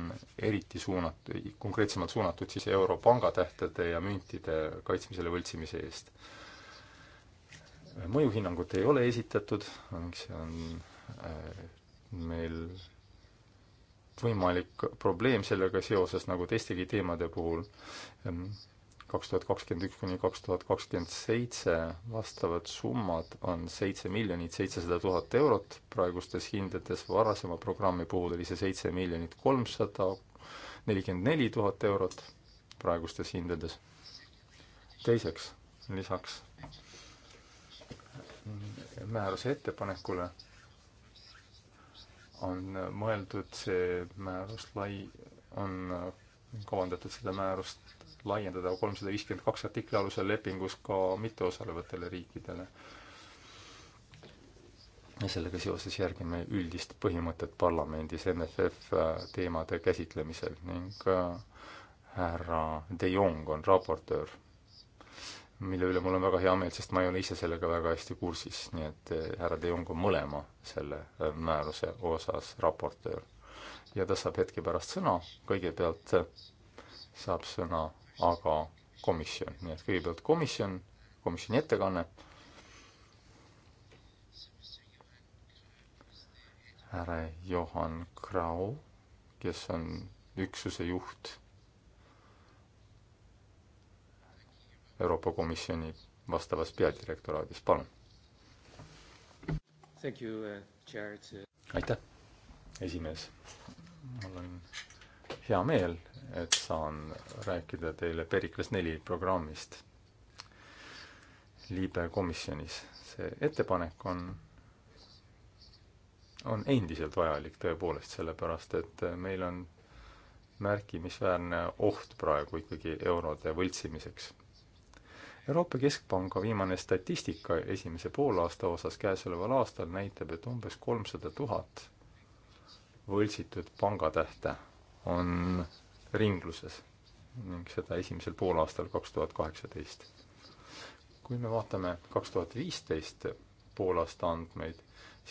eriti suunatud, konkreetsemalt suunatud siis euro pangatähtede ja müntide kaitsmisele võltsimise eest. mõjuhinnangut ei ole esitatud ning see on äh, meil võimalik probleem sellega seoses, nagu teistegi teemade puhul, ehm, kaks tuhat kakskümmend üks kuni kaks tuhat kakskümmend seitse vastavad summad on seitse miljonit seitsesada tuhat eurot praegustes hindades, varasema programmi puhul oli see seitse miljonit kolmsada nelikümmend neli tuhat eurot praegustes hindades. teiseks, lisaks määruse ettepanekule on mõeldud see määrus lai, on kavandatud seda määrust laiendada kolmsada viiskümmend kaks artikli alusel lepingus ka mitteosalevatele riikidele. ja sellega seoses järgime üldist põhimõtet parlamendis MFF äh, teemade käsitlemisel ning äh, härra De Jong on raportöör mille üle mul on väga hea meel, sest ma ei ole ise sellega väga hästi kursis, nii et eh, härra De Jong on mõlema selle eh, määruse osas raportöör. ja ta saab hetke pärast sõna, kõigepealt eh, saab sõna aga komisjon, nii et kõigepealt komisjon, komisjoni ettekanne, härra Johan Krau, kes on üksuse juht Euroopa Komisjoni vastavas peadirektoraadis, palun. Uh, uh, aitäh, esimees. mul on hea meel, et saan rääkida teile Pericles neli programmist liibe komisjonis. see ettepanek on, on endiselt vajalik tõepoolest, sellepärast et meil on märkimisväärne oht praegu ikkagi eurode võltsimiseks Euroopa Keskpanga viimane statistika esimese poolaasta osas käesoleval aastal näitab, et umbes kolmsada tuhat võltsitud pangatähte on ringluses ning seda esimesel poolaastal kaks tuhat kaheksateist. kui me vaatame kaks tuhat viisteist poolaasta andmeid,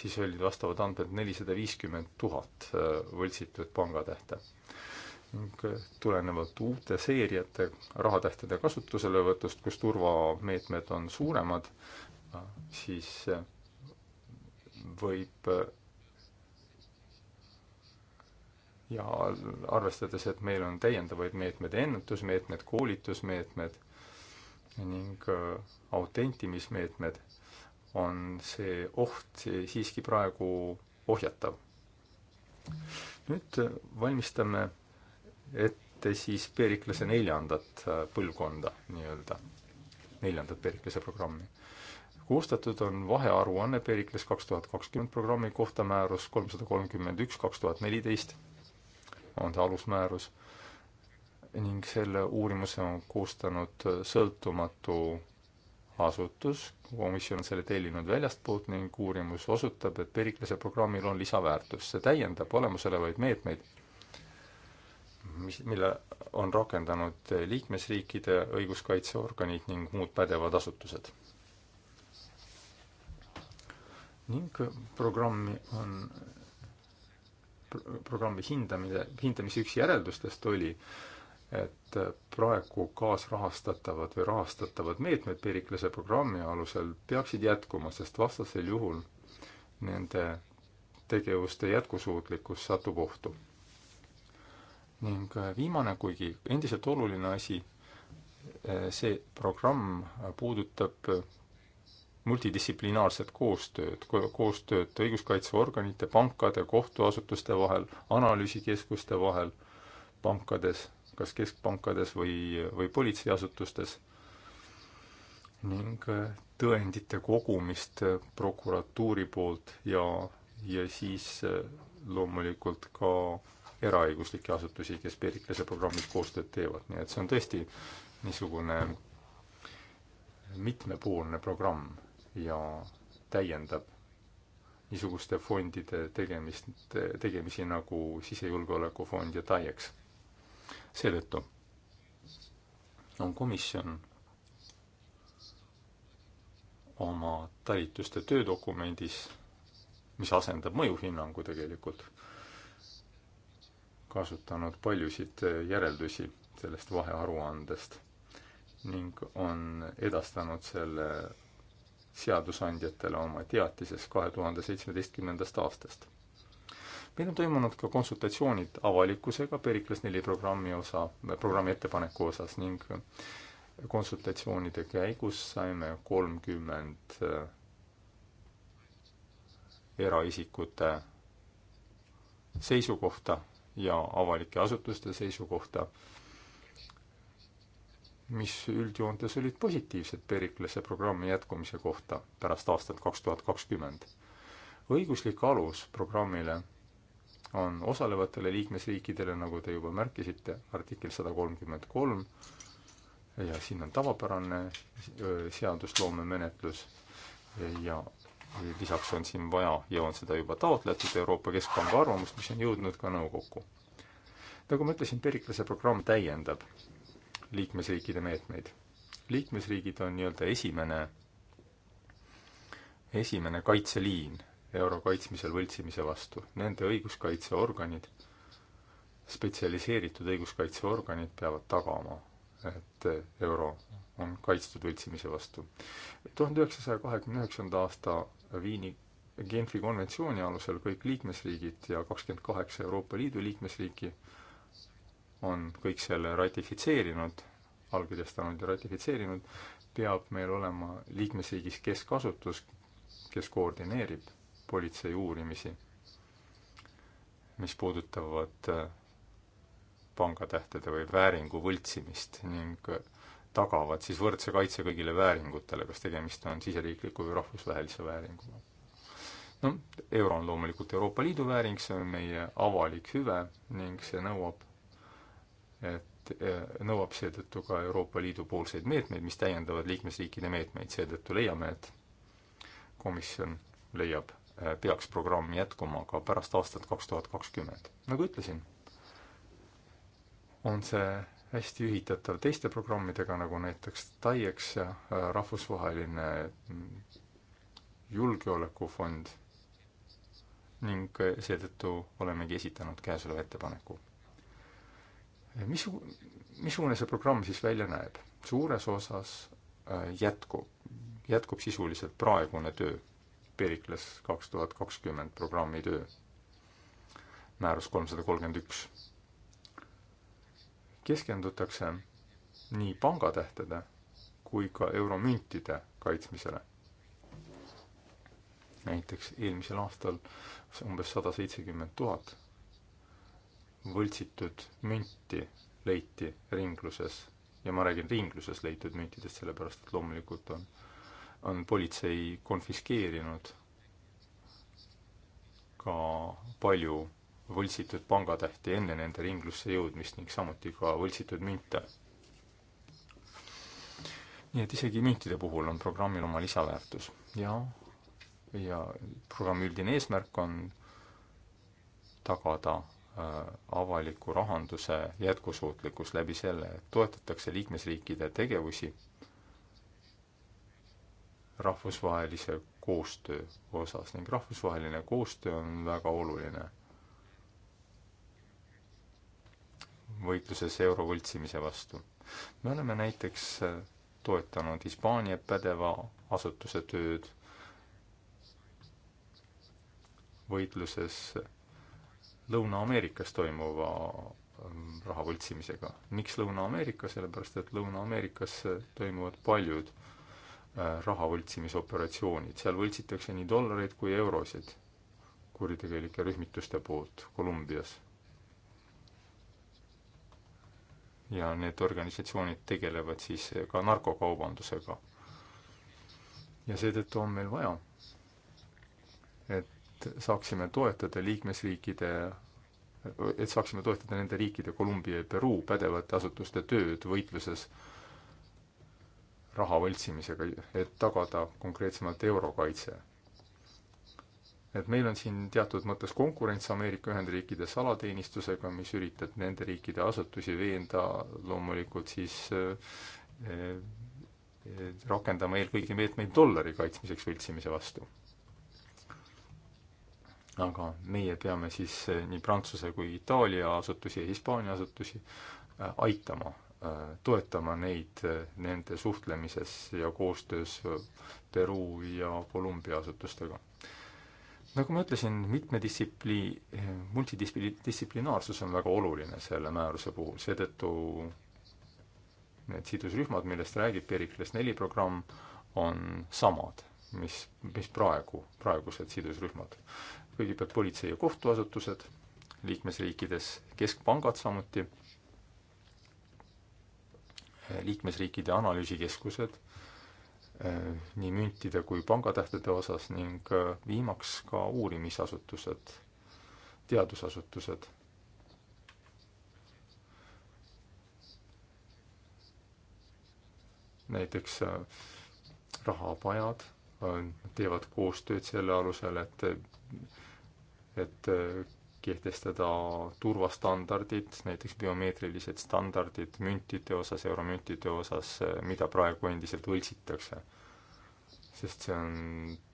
siis olid vastavad andmed nelisada viiskümmend tuhat võltsitud pangatähte ning tulenevalt uute seeriate rahatähtede kasutuselevõtust, kus turvameetmed on suuremad, siis võib ja arvestades, et meil on täiendavaid meetmeid, ennetusmeetmed, koolitusmeetmed ning autentimismeetmed, on see oht siiski praegu ohjatav. nüüd valmistame ette siis Periklase neljandat äh, põlvkonda nii-öelda, neljandat Periklase programmi. koostatud on vahearuanne Periklas kaks tuhat kakskümmend programmi kohta määrus kolmsada kolmkümmend üks kaks tuhat neliteist, on see alusmäärus, ning selle uurimuse on koostanud äh, sõltumatu asutus, komisjon on selle tellinud väljastpoolt ning uurimus osutab, et Periklase programmil on lisaväärtus. see täiendab olemasolevaid meetmeid mis, mille on rakendanud liikmesriikide õiguskaitseorganid ning muud pädevad asutused. ning programmi on, programmi hindamise, hindamise üks järeldustest oli, et praegu kaasrahastatavad või rahastatavad meetmed Periklase programmi alusel peaksid jätkuma, sest vastasel juhul nende tegevuste jätkusuutlikkus satub ohtu ning äh, viimane, kuigi endiselt oluline asi, äh, see programm äh, puudutab multidistsiplinaarset koostööd, koostööd õiguskaitseorganite, pankade, kohtuasutuste vahel, analüüsikeskuste vahel, pankades, kas keskpankades või, või politseiasutustes, ning tõendite kogumist prokuratuuri poolt ja, ja siis loomulikult ka eraõiguslikke asutusi, kes Periklase programmis koostööd teevad, nii et see on tõesti niisugune mitmepoolne programm ja täiendab niisuguste fondide tegemist, tegemisi nagu Sisejulgeolekufond ja TAIEX. seetõttu on komisjon oma talituste töödokumendis, mis asendab mõjuhinnangu tegelikult kasutanud paljusid järeldusi sellest vahearuandest ning on edastanud selle seadusandjatele oma teatises kahe tuhande seitsmeteistkümnendast aastast. meil on toimunud ka konsultatsioonid avalikkusega Pericles neli programmi osa, programmi ettepaneku osas ning konsultatsioonide käigus saime kolmkümmend äh, eraisikute seisukohta ja avalike asutuste seisukohta, mis üldjoontes olid positiivsed Periklase programmi jätkumise kohta pärast aastat kaks tuhat kakskümmend. õiguslik alus programmile on osalevatele liikmesriikidele, nagu te juba märkisite, artikkel sada kolmkümmend kolm, ja siin on tavapärane äh, seadusloomemenetlus ja lisaks on siin vaja ja on seda juba taotletud Euroopa Keskpanga arvamust, mis on jõudnud ka nõukokku. nagu ma ütlesin, Periklase programm täiendab liikmesriikide meetmeid. liikmesriigid on nii-öelda esimene, esimene kaitseliin euro kaitsmisel võltsimise vastu. Nende õiguskaitseorganid, spetsialiseeritud õiguskaitseorganid peavad tagama, et euro on kaitstud võltsimise vastu. tuhande üheksasaja kahekümne üheksanda aasta Viini Genfi konventsiooni alusel kõik liikmesriigid ja kakskümmend kaheksa Euroopa Liidu liikmesriiki on kõik selle ratifitseerinud, allkirjastanud ja ratifitseerinud, peab meil olema liikmesriigis keskasutus, kes koordineerib politsei uurimisi, mis puudutavad eh, pangatähtede või vääringu võltsimist ning tagavad siis võrdse kaitse kõigile vääringutele, kas tegemist on siseriikliku või rahvusvahelise vääringuga. no euro on loomulikult Euroopa Liidu vääring, see on meie avalik hüve ning see nõuab, et eh, nõuab seetõttu ka Euroopa Liidu poolseid meetmeid, mis täiendavad liikmesriikide meetmeid, seetõttu leiame, et komisjon leiab, eh, peaks programm jätkuma ka pärast aastat kaks tuhat kakskümmend. nagu ütlesin, on see hästi ühitatav teiste programmidega, nagu näiteks TAIEX, äh, rahvusvaheline mm, julgeolekufond ning äh, seetõttu olemegi esitanud käesoleva ettepaneku. Äh, mis, missugune see programm siis välja näeb? suures osas jätkub, jätkub sisuliselt praegune töö, Pericles kaks tuhat kakskümmend programmi töö, määrus kolmsada kolmkümmend üks keskendutakse nii pangatähtede kui ka euromüntide kaitsmisele. näiteks eelmisel aastal umbes sada seitsekümmend tuhat võltsitud münti leiti ringluses ja ma räägin ringluses leitud müntidest, sellepärast et loomulikult on, on politsei konfiskeerinud ka palju võltsitud pangatähti enne nende ringlusse jõudmist ning samuti ka võltsitud münte. nii et isegi müntide puhul on programmil oma lisaväärtus ja, ja programmi üldine eesmärk on tagada äh, avaliku rahanduse jätkusuutlikkus läbi selle, et toetatakse liikmesriikide tegevusi rahvusvahelise koostöö osas ning rahvusvaheline koostöö on väga oluline võitluses euro võltsimise vastu. me oleme näiteks äh, toetanud Hispaania pädeva asutuse tööd võitluses Lõuna-Ameerikas toimuva ähm, raha võltsimisega. miks Lõuna-Ameerika, sellepärast et Lõuna-Ameerikas äh, toimuvad paljud äh, raha võltsimisoperatsioonid, seal võltsitakse nii dollareid kui eurosid kuritegelike rühmituste poolt Kolumbias ja need organisatsioonid tegelevad siis ka narkokaubandusega. ja seetõttu on meil vaja, et saaksime toetada liikmesriikide, et saaksime toetada nende riikide, Kolumbia ja Peruu pädevate asutuste tööd võitluses raha võltsimisega, et tagada konkreetsemalt eurokaitse et meil on siin teatud mõttes konkurents Ameerika Ühendriikide salateenistusega, mis üritab nende riikide asutusi veenda loomulikult siis eh, eh, rakendama eelkõige meetmeid dollari kaitsmiseks võltsimise vastu. aga meie peame siis eh, nii Prantsuse kui Itaalia asutusi ja Hispaania asutusi aitama, toetama neid nende suhtlemises ja koostöös Peruu ja Kolumbia asutustega nagu ma ütlesin, mitmedistsipli-, eh, multidistsiplinaarsus on väga oluline selle määruse puhul, seetõttu need sidusrühmad, millest räägib Pericles neli programm, on samad, mis, mis praegu, praegused sidusrühmad. kõigepealt politsei- ja kohtuasutused liikmesriikides, keskpangad samuti, eh, liikmesriikide analüüsikeskused Äh, nii müntide kui pangatähtede osas ning äh, viimaks ka uurimisasutused, teadusasutused. näiteks äh, rahapajad teevad koostööd selle alusel, et, et kehtestada turvastandardid, näiteks biomeetrilised standardid müntide osas, euromüntide osas, mida praegu endiselt võltsitakse. sest see on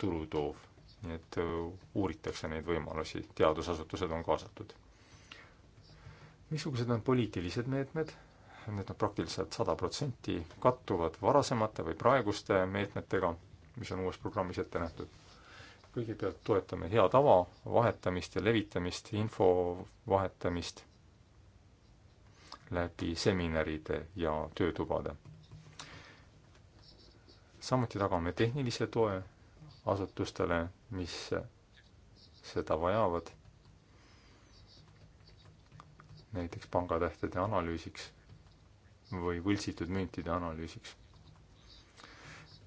tulutoov, nii et äh, uuritakse neid võimalusi, teadusasutused on kaasatud. missugused on poliitilised meetmed? Need on praktiliselt sada protsenti kattuvad varasemate või praeguste meetmetega, mis on uues programmis ette nähtud kõigepealt toetame hea tava vahetamist ja levitamist, info vahetamist läbi seminaride ja töötubade. samuti tagame tehnilise toe asutustele, mis seda vajavad, näiteks pangatähtede analüüsiks või võltsitud müntide analüüsiks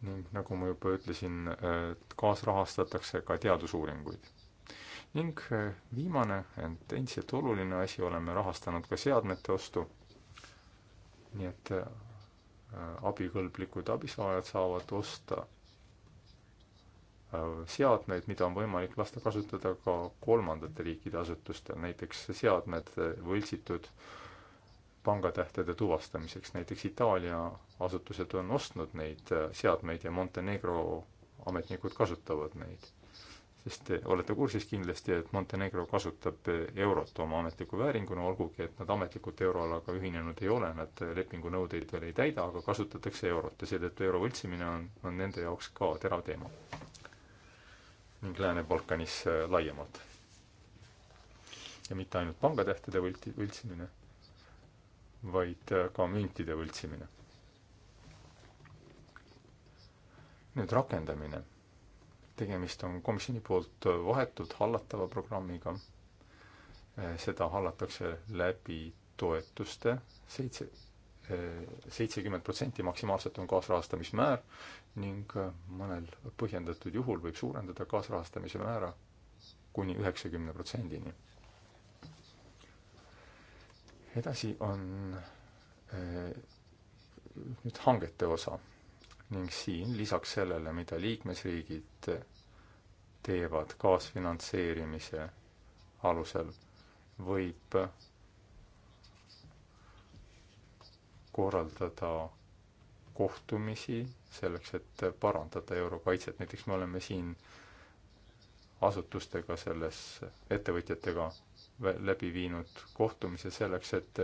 ning nagu ma juba ütlesin, kaasrahastatakse ka teadusuuringuid. ning äh, viimane, ent endiselt oluline asi, oleme rahastanud ka seadmete ostu, nii et äh, abikõlblikud abisaajad saavad osta äh, seadmeid, mida on võimalik lasta kasutada ka kolmandate riikide asutustel, näiteks seadmed võltsitud äh, pangatähtede tuvastamiseks, näiteks Itaalia asutused on ostnud neid äh, seadmeid ja Montenegro ametnikud kasutavad neid. sest te olete kursis kindlasti, et Montenegro kasutab äh, eurot oma ametliku vääringuna, olgugi et nad ametlikult euroalaga ühinenud ei ole, nad äh, lepingu nõudeid veel ei täida, aga kasutatakse eurot ja seetõttu euro võltsimine on, on nende jaoks ka terav teema. ning Lääne-Balkanis laiemalt. ja mitte ainult pangatähtede võlti, võltsimine vaid ka müntide võltsimine. nüüd rakendamine. tegemist on komisjoni poolt vahetult hallatava programmiga. seda hallatakse läbi toetuste, seitse, seitsekümmend protsenti maksimaalselt on kaasrahastamismäär ning mõnel põhjendatud juhul võib suurendada kaasrahastamise määra kuni üheksakümne protsendini edasi on äh, nüüd hangete osa ning siin lisaks sellele, mida liikmesriigid teevad kaasfinantseerimise alusel, võib korraldada kohtumisi selleks, et parandada eurokaitset, näiteks me oleme siin asutustega selles, ettevõtjatega läbi viinud kohtumise selleks, et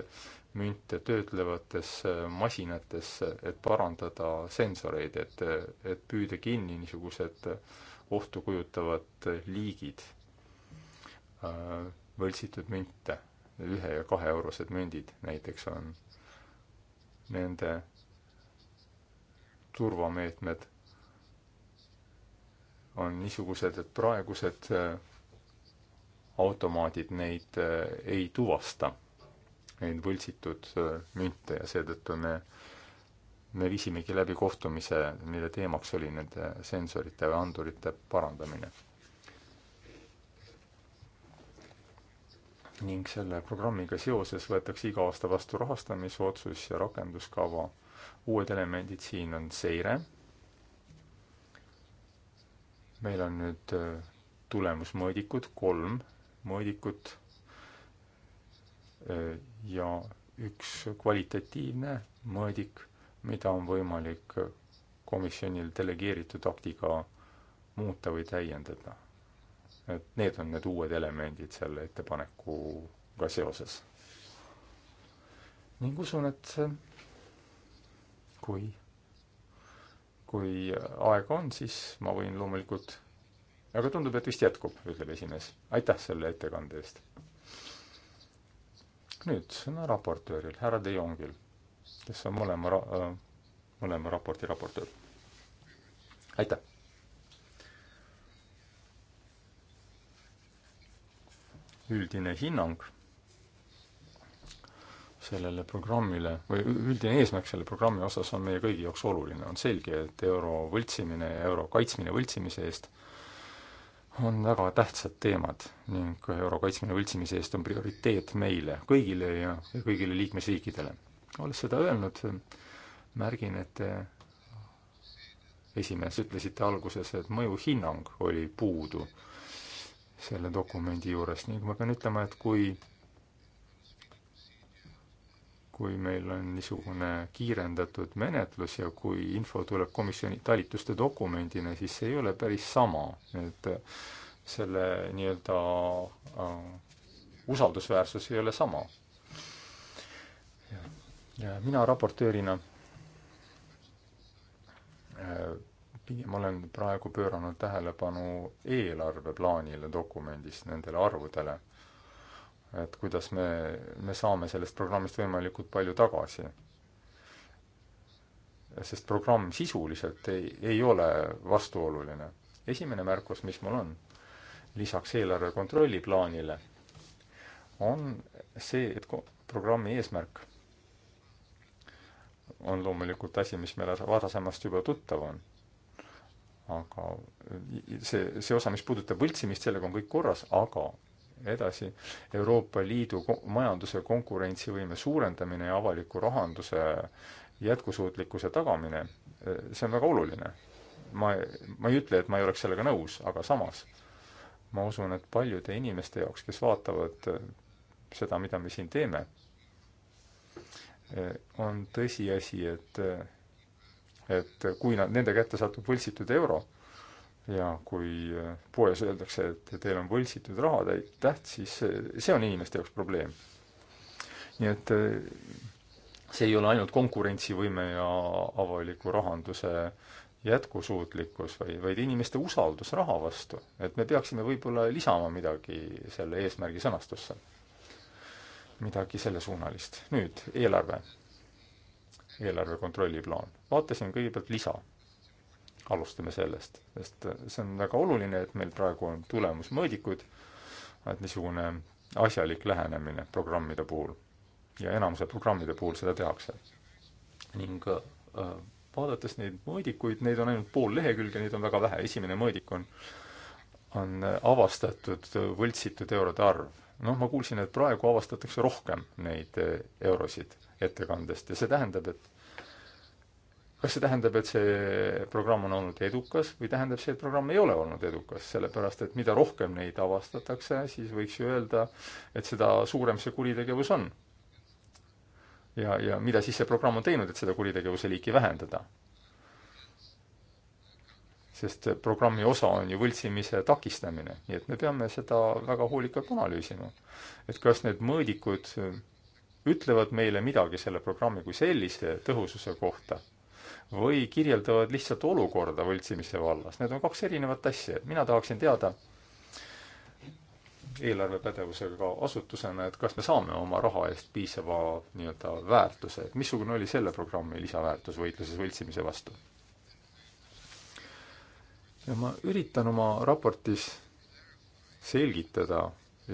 münte töötlevates äh, masinates, et parandada sensoreid, et, et püüda kinni niisugused ohtu kujutavad liigid äh, võltsitud münte. ühe ja kahe eurosed mündid näiteks on nende turvameetmed on niisugused, et praegused äh, automaadid neid äh, ei tuvasta, neid võltsitud äh, münte ja seetõttu me, me viisimegi läbi kohtumise, mille teemaks oli nende sensorite või andurite parandamine. ning selle programmiga seoses võetakse iga aasta vastu rahastamisotsus ja rakenduskava. uued elemendid siin on seire. meil on nüüd äh, tulemusmõõdikud kolm mõõdikut ja üks kvalitatiivne mõõdik, mida on võimalik komisjonil delegeeritud aktiga muuta või täiendada. et need on need uued elemendid selle ettepanekuga seoses. ning usun, et kui, kui aega on, siis ma võin loomulikult aga tundub, et vist jätkub, ütleb esimees. aitäh selle ettekande eest. nüüd sõna raportööril, härra De Jongil, kes on mõlema ra-, äh, mõlema raporti raportöör. aitäh! üldine hinnang sellele programmile või üldine eesmärk selle programmi osas on meie kõigi jaoks oluline. on selge, et euro võltsimine ja euro kaitsmine võltsimise eest äh, on väga tähtsad teemad ning euro kaitsmine võltsimise eest on prioriteet meile kõigile ja, ja kõigile liikmesriikidele. olles seda öelnud, märgin, et te esimees, ütlesite alguses, et mõjuhinnang oli puudu selle dokumendi juures ning ma pean ütlema, et kui kui meil on niisugune kiirendatud menetlus ja kui info tuleb komisjoni talituste dokumendina, siis see ei ole päris sama, et selle nii-öelda äh, usaldusväärsus ei ole sama. ja mina raportöörina äh, pigem olen praegu pööranud tähelepanu eelarveplaanile dokumendis, nendele arvudele et kuidas me, me saame sellest programmist võimalikult palju tagasi. sest programm sisuliselt ei, ei ole vastuoluline. esimene märkus, mis mul on, lisaks eelarve kontrolli plaanile, on see, et programmi eesmärk on loomulikult asi, mis meile varasemast juba tuttav on aga see, see osa, mis puudutab võltsimist, sellega on kõik korras, aga edasi, Euroopa Liidu majanduse konkurentsivõime suurendamine ja avaliku rahanduse jätkusuutlikkuse tagamine, see on väga oluline. ma, ma ei ütle, et ma ei oleks sellega nõus, aga samas ma usun, et paljude inimeste jaoks, kes vaatavad äh, seda, mida me siin teeme, äh, on tõsiasi, et äh, et kui nad, nende kätte satub võltsitud euro, ja kui äh, poes öeldakse, et teil on võltsitud rahatäht, siis see on inimeste jaoks probleem. nii et äh, see ei ole ainult konkurentsivõime ja avaliku rahanduse jätkusuutlikkus, vaid, vaid inimeste usaldus raha vastu. et me peaksime võib-olla lisama midagi selle eesmärgi sõnastusse. midagi sellesuunalist. nüüd eelarve. eelarve kontrolliplaan. vaatasin kõigepealt lisa alustame sellest, sest äh, see on väga oluline, et meil praegu on tulemusmõõdikud, et niisugune asjalik lähenemine programmide puhul. ja enamuse programmide puhul seda tehakse. ning äh, vaadates neid mõõdikuid, neid on ainult pool lehekülge, neid on väga vähe, esimene mõõdik on, on avastatud võltsitud eurode arv. noh, ma kuulsin, et praegu avastatakse rohkem neid äh, eurosid ettekandest ja see tähendab, et kas see tähendab, et see programm on olnud edukas või tähendab see, et programm ei ole olnud edukas, sellepärast et mida rohkem neid avastatakse, siis võiks ju öelda, et seda suurem see kuritegevus on. ja, ja mida siis see programm on teinud, et seda kuritegevuse liiki vähendada? sest programmi osa on ju võltsimise takistamine, nii et me peame seda väga hoolikalt analüüsima. et kas need mõõdikud ütlevad meile midagi selle programmi kui sellise tõhususe kohta või kirjeldavad lihtsalt olukorda võltsimise vallas. Need on kaks erinevat asja, et mina tahaksin teada eelarvepädevusega asutusena, et kas me saame oma raha eest piisava nii-öelda väärtuse, et missugune oli selle programmi lisaväärtus võitluses võltsimise vastu? ja ma üritan oma raportis selgitada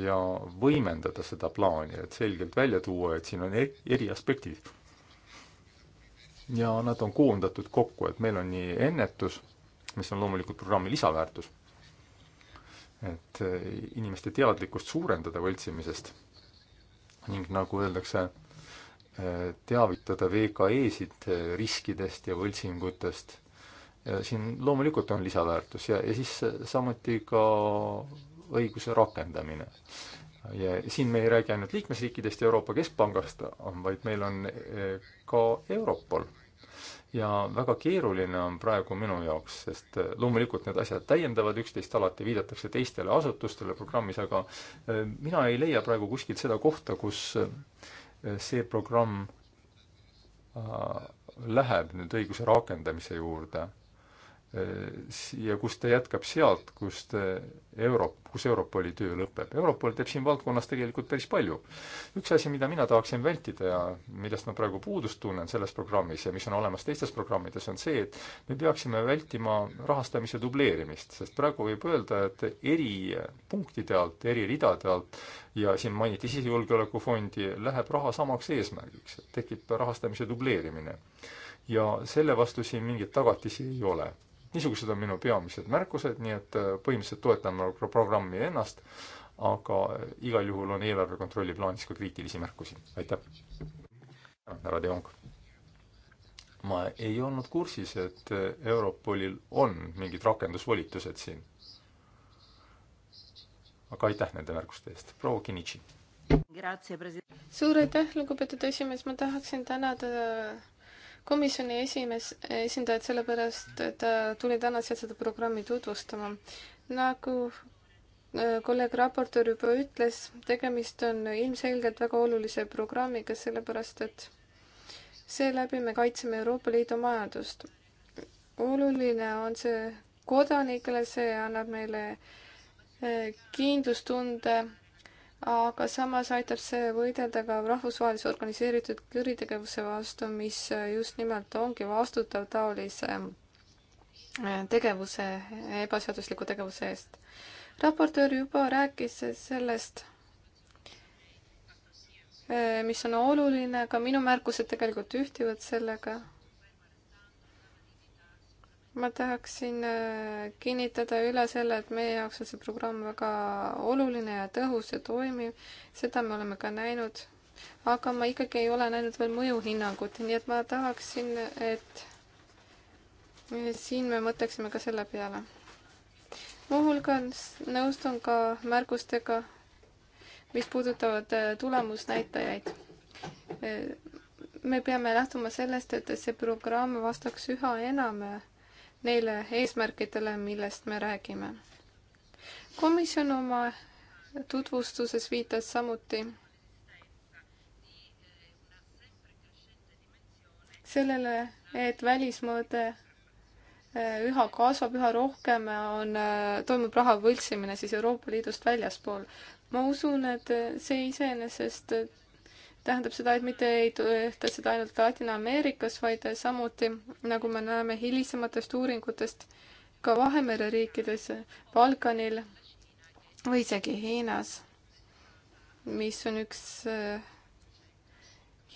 ja võimendada seda plaani, et selgelt välja tuua, et siin on eri aspektid ja nad on koondatud kokku, et meil on nii ennetus, mis on loomulikult programmi lisaväärtus, et eh, inimeste teadlikkust suurendada võltsimisest ning nagu öeldakse, eh, teavitada VKE-sid eh, riskidest ja võltsingutest. siin loomulikult on lisaväärtus ja, ja siis samuti ka õiguse rakendamine. ja siin me ei räägi ainult liikmesriikidest ja Euroopa Keskpangast, vaid meil on ka Europol ja väga keeruline on praegu minu jaoks, sest äh, loomulikult need asjad täiendavad üksteist, alati viidatakse teistele asutustele programmis, aga äh, mina ei leia praegu kuskilt seda kohta, kus äh, see programm läheb nüüd õiguse rakendamise juurde ja kus ta jätkab sealt, kus ta Euro-, kus Europoli töö lõpeb. Europol teeb siin valdkonnas tegelikult päris palju. üks asi, mida mina tahaksin vältida ja millest ma praegu puudust tunnen selles programmis ja mis on olemas teistes programmides, on see, et me peaksime vältima rahastamise dubleerimist, sest praegu võib öelda, et eri punktide alt, eri ridade alt ja siin mainiti sisejulgeolekufondi, läheb raha samaks eesmärgiks, tekib rahastamise dubleerimine. ja selle vastu siin mingeid tagatisi ei ole niisugused on minu peamised märkused, nii et äh, põhimõtteliselt toetan programmi ennast, aga äh, igal juhul on eelarve kontrolli plaanis ka kriitilisi märkusi, aitäh. härra De Jong. ma ei olnud kursis, et äh, Europolil on mingid rakendusvolitused siin. aga aitäh nende märkuste eest, proua Kinitši. suur aitäh, lugupeetud esimees, ma tahaksin tänada komisjoni esimees, esindajad, sellepärast et tulin täna siia seda programmi tutvustama. nagu äh, kolleeg raportöör juba ütles, tegemist on ilmselgelt väga olulise programmiga, sellepärast et seeläbi me kaitseme Euroopa Liidu majandust. oluline on see kodanikele, see annab meile äh, kindlustunde aga samas aitab see võidelda ka rahvusvahelise organiseeritud kuritegevuse vastu, mis just nimelt ongi vastutav taolise äh, tegevuse, ebaseadusliku tegevuse eest. raportöör juba rääkis sellest, äh, mis on oluline, ka minu märkused tegelikult ühtivad sellega ma tahaksin äh, kinnitada üle selle, et meie jaoks on see programm väga oluline ja tõhus ja toimiv, seda me oleme ka näinud, aga ma ikkagi ei ole näinud veel mõjuhinnangut, nii et ma tahaksin, et äh, siin me mõtleksime ka selle peale. muuhulgas nõustun ka märgustega, mis puudutavad äh, tulemusnäitajaid me peame lähtuma sellest, et see programm vastaks üha enam neile eesmärkidele, millest me räägime. komisjon oma tutvustuses viitas samuti sellele, et välismõõde äh, üha kasvab, üha rohkem on, äh, toimub raha võltsimine siis Euroopa Liidust väljaspool. ma usun, et see iseenesest tähendab seda, et mitte ei tehta seda ainult Ladina-Ameerikas, vaid samuti, nagu me näeme hilisematest uuringutest, ka Vahemere riikides, Balkanil või isegi Hiinas, mis on üks eh,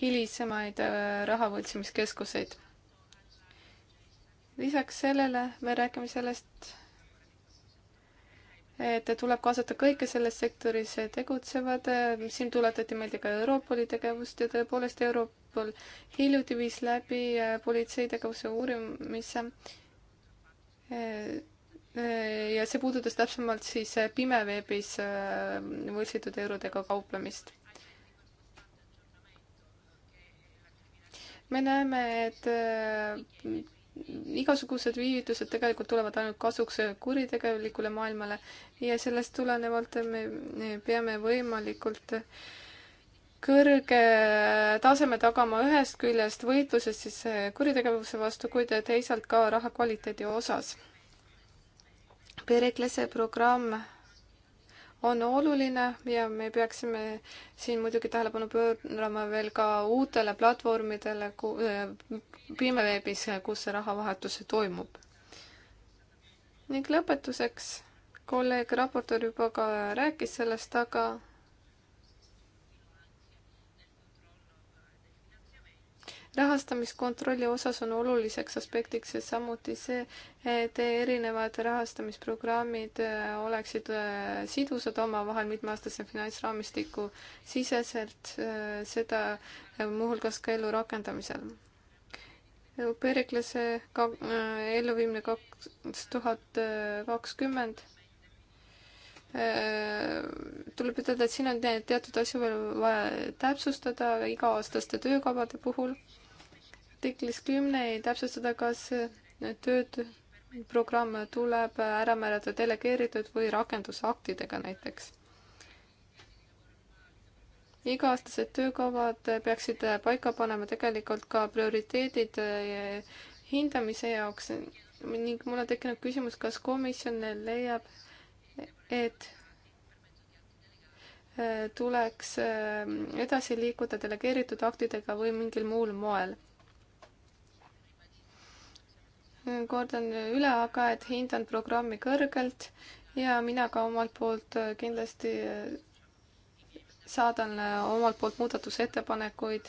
hilisemaid eh, rahavõltsimiskeskuseid. lisaks sellele me räägime sellest, et tuleb kaasata kõike selles sektoris tegutsevad, siin tuletati meelde ka Europoli tegevust ja tõepoolest Europol hiljuti viis läbi äh, politsei tegevuse uurimise. Äh, äh, ja see puudutas täpsemalt siis pimeveebis võltsitud eurodega kauplemist. me näeme, et igasugused viivitused tegelikult tulevad ainult kasuks kuritegelikule maailmale ja sellest tulenevalt me peame võimalikult kõrge taseme tagama ühest küljest võitluses siis eh, kuritegevuse vastu, kuid teisalt ka raha kvaliteedi osas. Pereklase programm on oluline ja me peaksime siin muidugi tähelepanu pöörama veel ka uutele platvormidele äh, pimeveebis, kus see rahavahetus toimub. ning lõpetuseks, kolleeg raportöör juba ka rääkis sellest, aga rahastamiskontrolli osas on oluliseks aspektiks samuti see, et erinevad rahastamisprogrammid äh, oleksid äh, sidusad omavahel mitmeaastase finantsraamistiku siseselt, äh, seda muuhulgas ka ellu rakendamisel. Pereklase ka-, elluviimine kaks tuhat kakskümmend tuleb ütelda, et siin on teatud asju veel vaja täpsustada iga-aastaste töökavade puhul artiklis kümne ei täpsustada, kas tööd programm tuleb ära määrata delegeeritud või rakendusaktidega näiteks. iga-aastased töökavad peaksid paika panema tegelikult ka prioriteedid hindamise jaoks ning mul on tekkinud küsimus, kas komisjon leiab, et tuleks edasi liikuda delegeeritud aktidega või mingil muul moel kordan üle aga, et hindan programmi kõrgelt ja mina ka omalt poolt äh, kindlasti äh, saadan äh, omalt poolt muudatusettepanekuid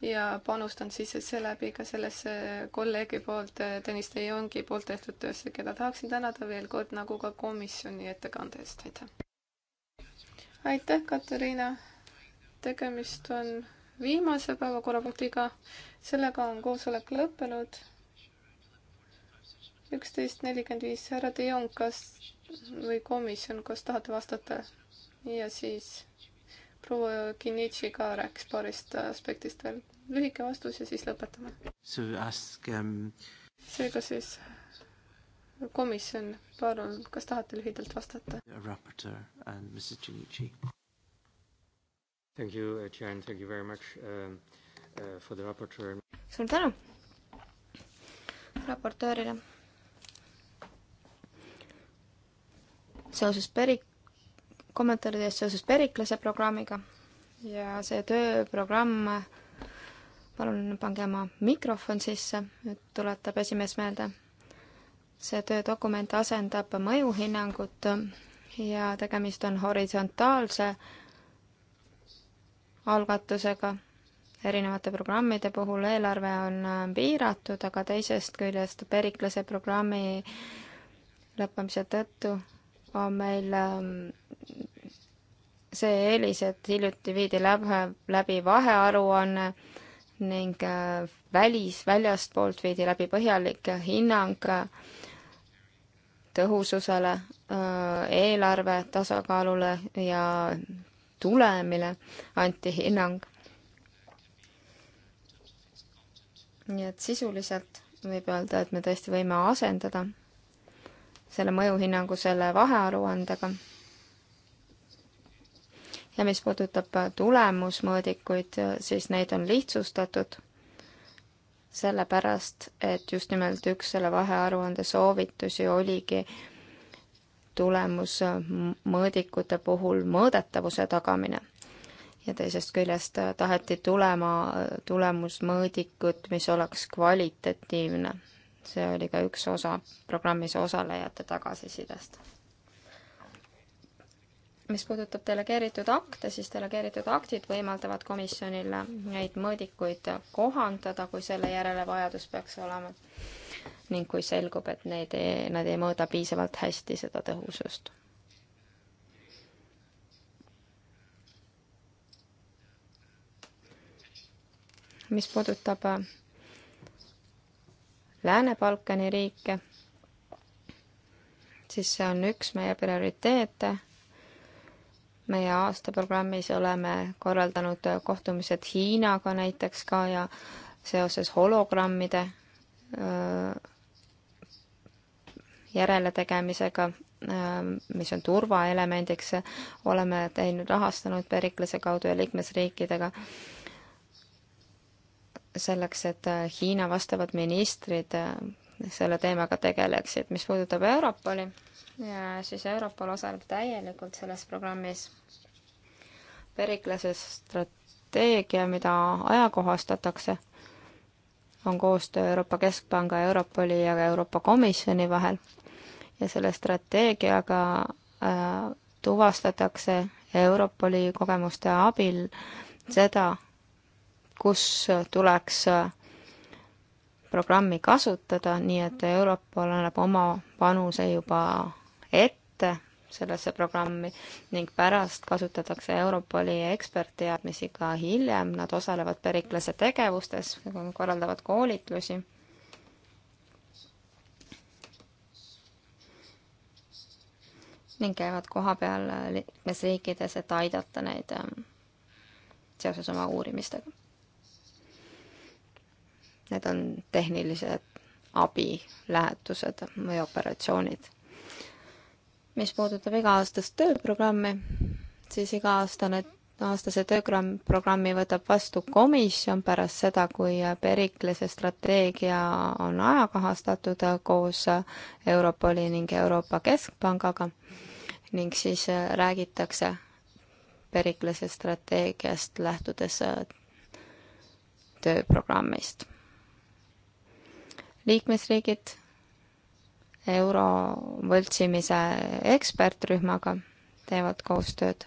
ja panustan siis seeläbi ka sellesse kolleegi poolt, Tõnis Teie ongi poolt tehtud töösse, keda tahaksin tänada veel kord nagu ka komisjoni ettekande eest, aitäh. aitäh, Katariina. tegemist on viimase päevakorrapunktiga. sellega on koosolek lõppenud üksteist nelikümmend viis, härra De Jong, kas või komisjon, kas tahate vastata? ja siis proua Kinnitši ka rääkis paarist aspektist veel. lühike vastus ja siis lõpetame. Um... seega siis komisjon, palun, kas tahate lühidalt vastata? Thank you, uh, Chair, and thank you very much uh, uh, for the raportöör. suur tänu raportöörile seoses peri-, kommentaaride eest seoses Periklase programmiga ja see tööprogramm, palun pange oma mikrofon sisse, nüüd tuletab esimees meelde. see töödokument asendab mõjuhinnangut ja tegemist on horisontaalse algatusega erinevate programmide puhul eelarve on äh, piiratud, aga teisest küljest Periklase programmi lõppemise tõttu on meil ähm, see eelis, et hiljuti viidi läbi, läbi vahearuanne ning äh, välis, väljastpoolt viidi läbi põhjalik hinnang äh, tõhususele, äh, eelarve tasakaalule ja tulemile anti hinnang. nii et sisuliselt võib öelda, et me tõesti võime asendada selle mõjuhinnangu selle vahearuandega. ja mis puudutab tulemusmõõdikuid, siis neid on lihtsustatud, sellepärast et just nimelt üks selle vahearuande soovitusi oligi tulemusmõõdikute puhul mõõdetavuse tagamine ja teisest küljest taheti tulema tulemusmõõdikut, mis oleks kvalitatiivne see oli ka üks osa programmis osalejate tagasisidest. mis puudutab delegeeritud akte, siis delegeeritud aktid võimaldavad komisjonil neid mõõdikuid kohandada, kui selle järele vajadus peaks olema. ning kui selgub, et neid ei, nad ei mõõda piisavalt hästi seda tõhusust mis puudutab Lääne-Balkani riike, siis see on üks meie prioriteete. meie aastaprogrammis oleme korraldanud kohtumised Hiinaga näiteks ka ja seoses hologrammide järeletegemisega, mis on turvaelemendiks, oleme teinud, rahastanud Periklase kaudu ja liikmesriikidega äh, selleks, et äh, Hiina vastavad ministrid äh, selle teemaga tegeleksid. mis puudutab Europoli, siis Europol osaleb täielikult selles programmis. Periklase strateegia, mida ajakohastatakse, on koostöö Euroopa Keskpanga, Europoli ja ka Euroopa Komisjoni vahel ja selle strateegiaga äh, tuvastatakse Europoli kogemuste abil seda, kus tuleks äh, programmi kasutada, nii et Europol annab oma panuse juba ette sellesse programmi ning pärast kasutatakse Europoli ekspertteadmisi ka hiljem, nad osalevad Periklase tegevustes, korraldavad koolitusi. ning käivad kohapeal liikmesriikides, et aidata neid äh, seoses oma uurimistega Need on tehnilised abilähetused või operatsioonid. mis puudutab iga-aastast tööprogrammi, siis iga-aastane, aastase tööprogramm, programmi võtab vastu komisjon pärast seda, kui Periklase strateegia on ajakohastatud koos Europoli ning Euroopa Keskpangaga ning siis räägitakse Periklase strateegiast lähtudes tööprogrammist liikmesriigid euro võltsimise ekspertrühmaga teevad koostööd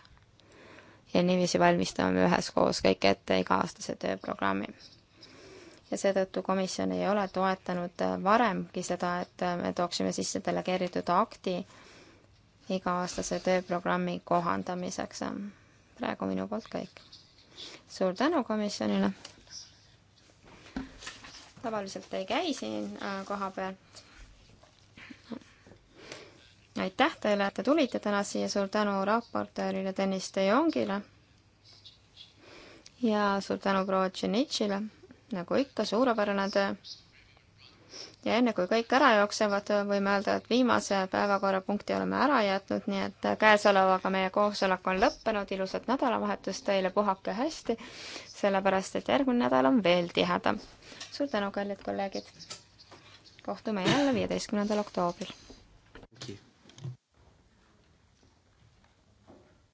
ja niiviisi valmistame üheskoos kõik ette iga-aastase tööprogrammi. ja seetõttu komisjon ei ole toetanud varemgi seda, et me tooksime sisse delegeeritud akti iga-aastase tööprogrammi kohandamiseks. praegu minu poolt kõik. suur tänu komisjonile! tavaliselt ei käi siin äh, kohapeal. aitäh teile, et te tulite täna siia, suur tänu raportöörile Tõnis Dejongile ja suur tänu proua Tšenitšile, nagu ikka, suurepärane töö ja enne kui kõik ära jooksevad, võime öelda, et viimase päevakorrapunkti oleme ära jätnud, nii et käesolevaga meie koosolek on lõppenud, ilusat nädalavahetust teile, puhake hästi, sellepärast et järgmine nädal on veel tihedam. suur tänu, kallid kolleegid! kohtume jälle viieteistkümnendal oktoobril.